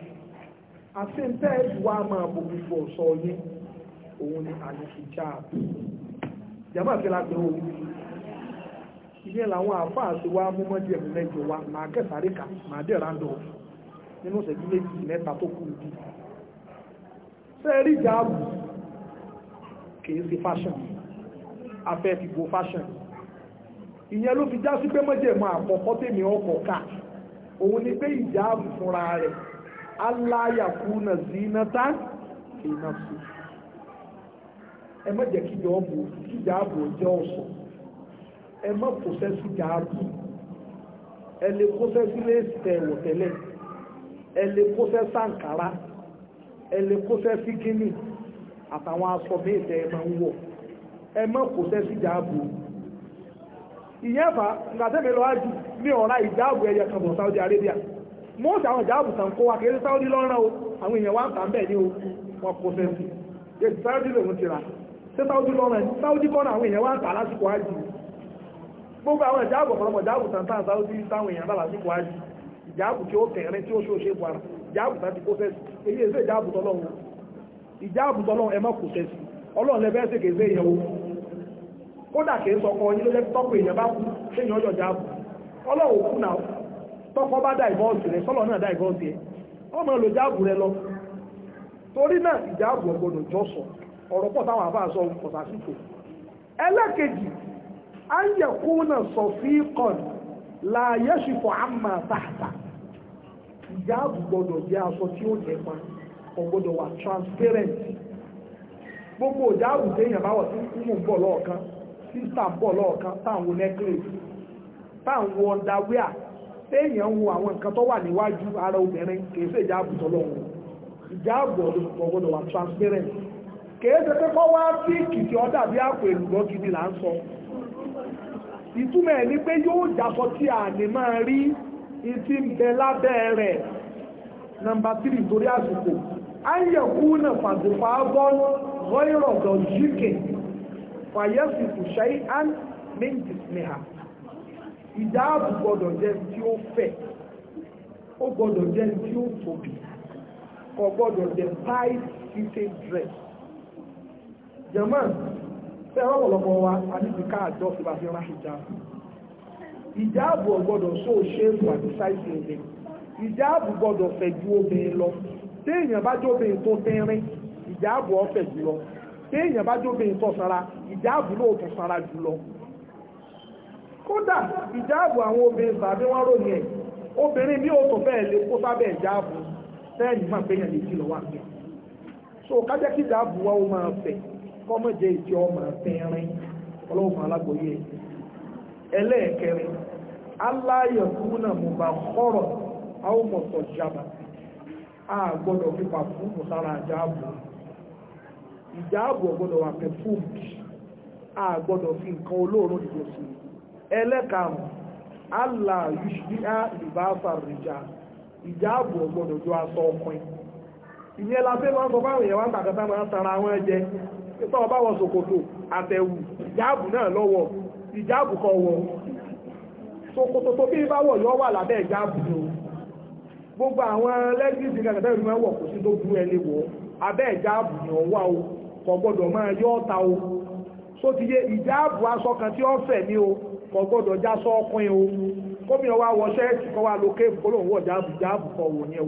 àti ntẹ́ ìwà máa bò gbogbo ọ̀sọ̀ yín òun ni àlùfíjáàb jàmbá àti lágbè òun ìyẹn làwọn àáfàá àti wá múmọ́ díẹ̀ mú mẹ́jọ wa màá kẹsàrí kà màá dẹ̀ rándọ̀ nínú ìṣẹ́jú méjì mẹ́ta tó kù bí sẹ́ẹ̀rí jáàbù kìí sí fashion afẹ́ fìgbò fashion ìyẹn ló fi já sí pé mọ́jẹ̀mọ́ àkọ́kọ́ tèmi ọkọ̀ káà òun ni pé ìjáàbù fúnra rẹ̀ aláyàkúnà zinata ìnáfù ẹ má jẹ́ kí ìjáàbù kí ìjáàbù jẹ́ ọ̀sọ̀ ẹ má pòsẹ́sì ìjáàbù ẹ lè pòsẹ́sì lè tẹ̀ wọ̀tẹ́lẹ̀ ẹ lè pòsẹ́sì àǹkárá ẹ lè pòsẹ́sì gíní àtàwọn aṣọ mi ìtẹ́ ẹ máa ń wọ̀ ẹ má pòsẹ́sì ìjáàbù yìí ìyẹn fà ngàtẹ́mi lọ ájì ní ọ̀rá ìjáàbù ẹyẹ kan bọ̀ Saudi Arabia mọ́ọ̀sì àwọn ìjáàbù tàn kó wa kéré Saudi lọ́rán o àwọn èèyàn wá ń tàn bẹ́ẹ̀ ní o wọn kò sẹ́sì èsì Saudi lòun ti ra ṣé Saudi lọ́rán Saudi kọ́nà àwọn èèyàn wá ń tàn lásìkò ájì gbogbo àwọn ìjáàbù ọ̀pọ̀lọpọ̀ ìjáàbù tàn tàn Saudi táwọn èèyàn bá lásìkò ájì ìjáàbù tí ó kẹrin tí ó ṣe ìjáàbù tàn ti kó kódà kìí sọkọ onye ló jẹ́ èèyàn bá kú léyìn ọjọ́ ìjà kú ọlọ́wọ́ kú náà tọ́kọ bá dàìbọ́ọ̀sì rẹ̀ sọ́lọ̀ náà ọmọ rẹ lọ torí náà ìjáàbù ọgbọ̀nà jọ́sọ ọ̀rọ̀ pọ̀ táwọn àbá sọ pọ̀tàsíkò ẹlẹ́kejì á ń yẹ kú náà sọ sí kan láàyè ṣùfọ̀ àmà tààtà gbọdọ̀ jẹ́ aṣọ tí ó gbogbo téèyàn bọ̀ lọ́ọ̀kan sísà bọ̀ lọ́ọ̀kan táwọn necklace táwọn underwear téèyàn wo àwọn nǹkan tó wà níwájú ara obìnrin kìí ṣe ìjà àbùtọ́ lọ́wọ́ ìjà àbùtọ́ lọ́wọ́ wà transparent kìí ṣe pé sí bí àpò èlùbọ́ là ń sọ ìtumọ̀ ẹ̀ ni pé nọmba tírì torí àsìkò ayẹ̀kú náà fàyẹ́sì kù ṣáì án méjì sneha ìdáàbò gbọdọ̀ jẹ́ tí ó fẹ̀ ó gbọdọ̀ jẹ́ tí ó tóbi kò gbọdọ̀ jẹ́ tight fitted dress german ṣe ẹ̀rọ ọ̀pọ̀lọpọ̀ wa àti káàjọ sí bàbá ìrìn àṣìjà ìdáàbò gbọdọ̀ só ṣe é wà ní ṣáìsì ẹ̀mí ìdáàbò gbọdọ̀ fẹ̀ ju obìnrin lọ téèyàn bá jóbìnrin tó tẹ́rín ìdáàbò ọ̀fẹ́ jùlọ téèyàn bá jóbe ìtọ̀ sara ìjáàbù lóòótọ́ sara jùlọ kódà ìjáàbù àwọn obìnrin tàbí wọ́n rò ní ẹ̀ obìnrin ní òótọ́ bẹ́ẹ̀ lè kó sábẹ́ ìjáàbù sẹ́ẹ̀nì máa gbéyàn lè jìlọ wà bẹ́ẹ̀ so kájẹ́ kí ìjáàbù wa ó máa fẹ̀ kọ́mọ̀ jẹ́ ìtì ọmọ tẹ́rin ọlọ́run alágbóyè ẹlẹ́ẹ̀kẹrin aláyẹ̀kúnà mùbà kọ́rọ̀ àwọn mọ̀tọ̀ jábà a gbọ́dọ̀ fipá fún mùsára ìjáàbù ìjáàbù ọ̀gbọ́dọ̀ wà perfumed a gbọ́dọ̀ fi nǹkan olóòórùn dìbò sí ẹlẹ́karùn-ún allah yushbiha libasa rija ìjáàbù ọ̀gbọ́dọ̀ jọ aṣọ ọkùnrin ìyẹn la fẹ́ máa ń sọ fáwọn èèyàn wá gbàgbà máa ń tara àwọn ẹ̀jẹ̀ pípa ọba wọ ṣòkòtò àtẹ̀wù ìjáàbù náà lọ́wọ́ ìjáàbù kan wọ ṣòkòtò tó bí bá wọ̀ yọ wà lábẹ́ ìjáàbù ni o gbogbo àwọn lẹ́gbìsì kàkàtà ìrìnà kò sí tó burú ẹ abẹ́ ìjáàbù ni ọwọ́ o kọgbọdọ gbọ́dọ̀ máa yọ o so ti yé ìjáàbù kan tí ó fẹ̀ ní o kọgbọdọ já sọ ọkùnrin o gómìnà wa wọ ṣẹ́ẹ̀tì kọ́ wa lo kéèpù kó lóun wọ̀ wò ní o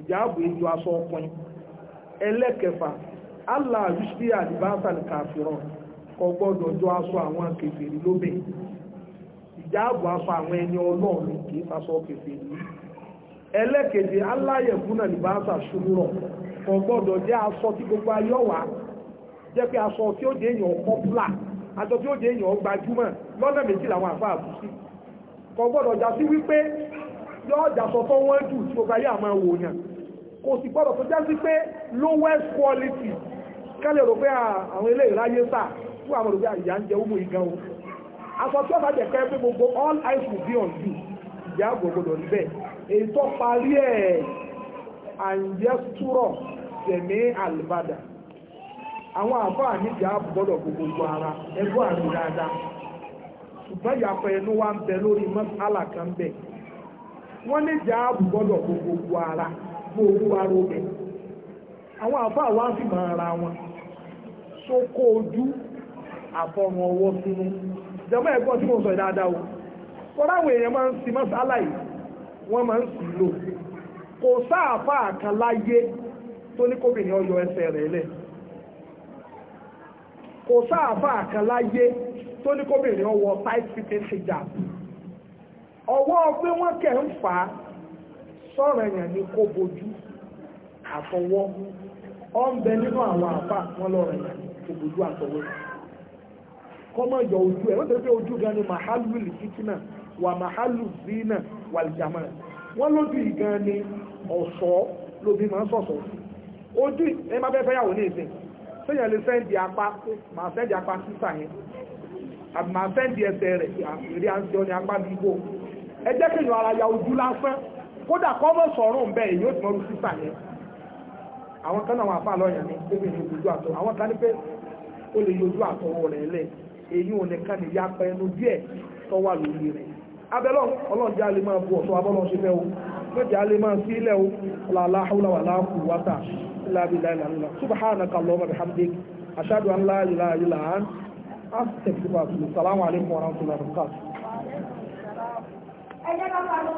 ìjáàbù èjò aṣọ ọkùnrin ẹlẹ́kẹfà allah kàfíràn jọ aṣọ àwọn ìjáàbù aṣọ àwọn ẹni ọlọ́run kì í gbogbo ayọ́ jẹ́ pé aṣọ tí ó dé èèyàn pọ́pùlà aṣọ tí ó dé èèyàn gbajúmọ̀ lọ́nà méjì làwọn àfáà bù sí kò gbọ́dọ̀ já sí wípé yóò jàsọ tó wọ́n jù tí gbogbo ayé àmọ́ òòyàn kò sì gbọ́dọ̀ tó lowest quality kẹ́lẹ̀ rò pé àwọn ilé ìráyé sà fún àwọn òrùgbé àyà ń jẹ umu igan o aṣọ tí ó bá jẹ pé gbogbo all eyes will be on you ìyá gbogbo níbẹ̀ èyí tó parí ẹ̀ àǹjẹ́ túrọ̀ tẹ̀mí àlùbádà àwọn àfáà níjà àbúgbọ́dọ̀ gbogbo ara ẹgbọ́ àrùn dáadáa ṣùgbọ́n ìyàpọ̀ ẹnu wa ń bẹ lórí mọ́sálà kan bẹ̀ wọ́n àbúgbọ́dọ̀ gbogbo ara bó owó ara ó àwọn afọ wa fi mọ̀ ara wọn sókó ojú ọwọ́ sínú o àwọn èèyàn máa ń sin mọ́sálà yìí wọ́n máa ń lò kò ọyọ ẹsẹ̀ rẹ̀ kò sáàfà kan láyé tó ní kóbìnrin ọwọ́ tight fitting hijab ọwọ́ pé wọ́n kẹ̀ ń fà á sọ̀rọ̀ èèyàn ní kó bojú àfọwọ́ ọ ń bẹ nínú àwọn àfà wọn lọ́rọ̀ èèyàn kó bojú àfọwọ́ kọ́mọ yọ ojú ẹ̀ wọ́n tẹ̀lé pé ojú gan ni màhálù lìkítínà wà màhálù zina wà wọ́n lójú ni ọ̀ṣọ́ lóbi máa ń ojú ẹ má ní ìsìn sẹ́yìn lè sẹ́ndì apá màá sẹ́ndì apá sísà yẹn àbí màá sẹ́ndì ẹsẹ̀ rẹ̀ èrè àjọ ní apá bíbó ẹ jẹ́ kéèyàn ara ya ojú lásán kódà kọ́mọ̀ sọ̀rọ̀ ń bẹ́ èyí ó ti mọ́rú sísà yẹn àwọn kan náà wà fà lọ́yàn ní obìnrin ojú àtọ̀ àwọn kan ní pé ó lè yọjú àtọwọ́ rẹ̀ lẹ̀ èyí ò nìkan ní ya pẹ́ ẹnu díẹ̀ tó wà lórí rẹ̀ abẹ́lọ́ ọlọ́ọ̀dẹ́ alẹ́ máa bu ọ̀tọ̀ abọ́lọ́ ṣe fẹ́ o lóde alẹ́ máa sí ilẹ̀ o làlá hàwùlà wà láàkú wátà لا إله إلا الله سبحانك اللهم وبحمدك أشهد أن لا إله إلا أنت أستغفرك السلام عليكم ورحمة الله وبركاته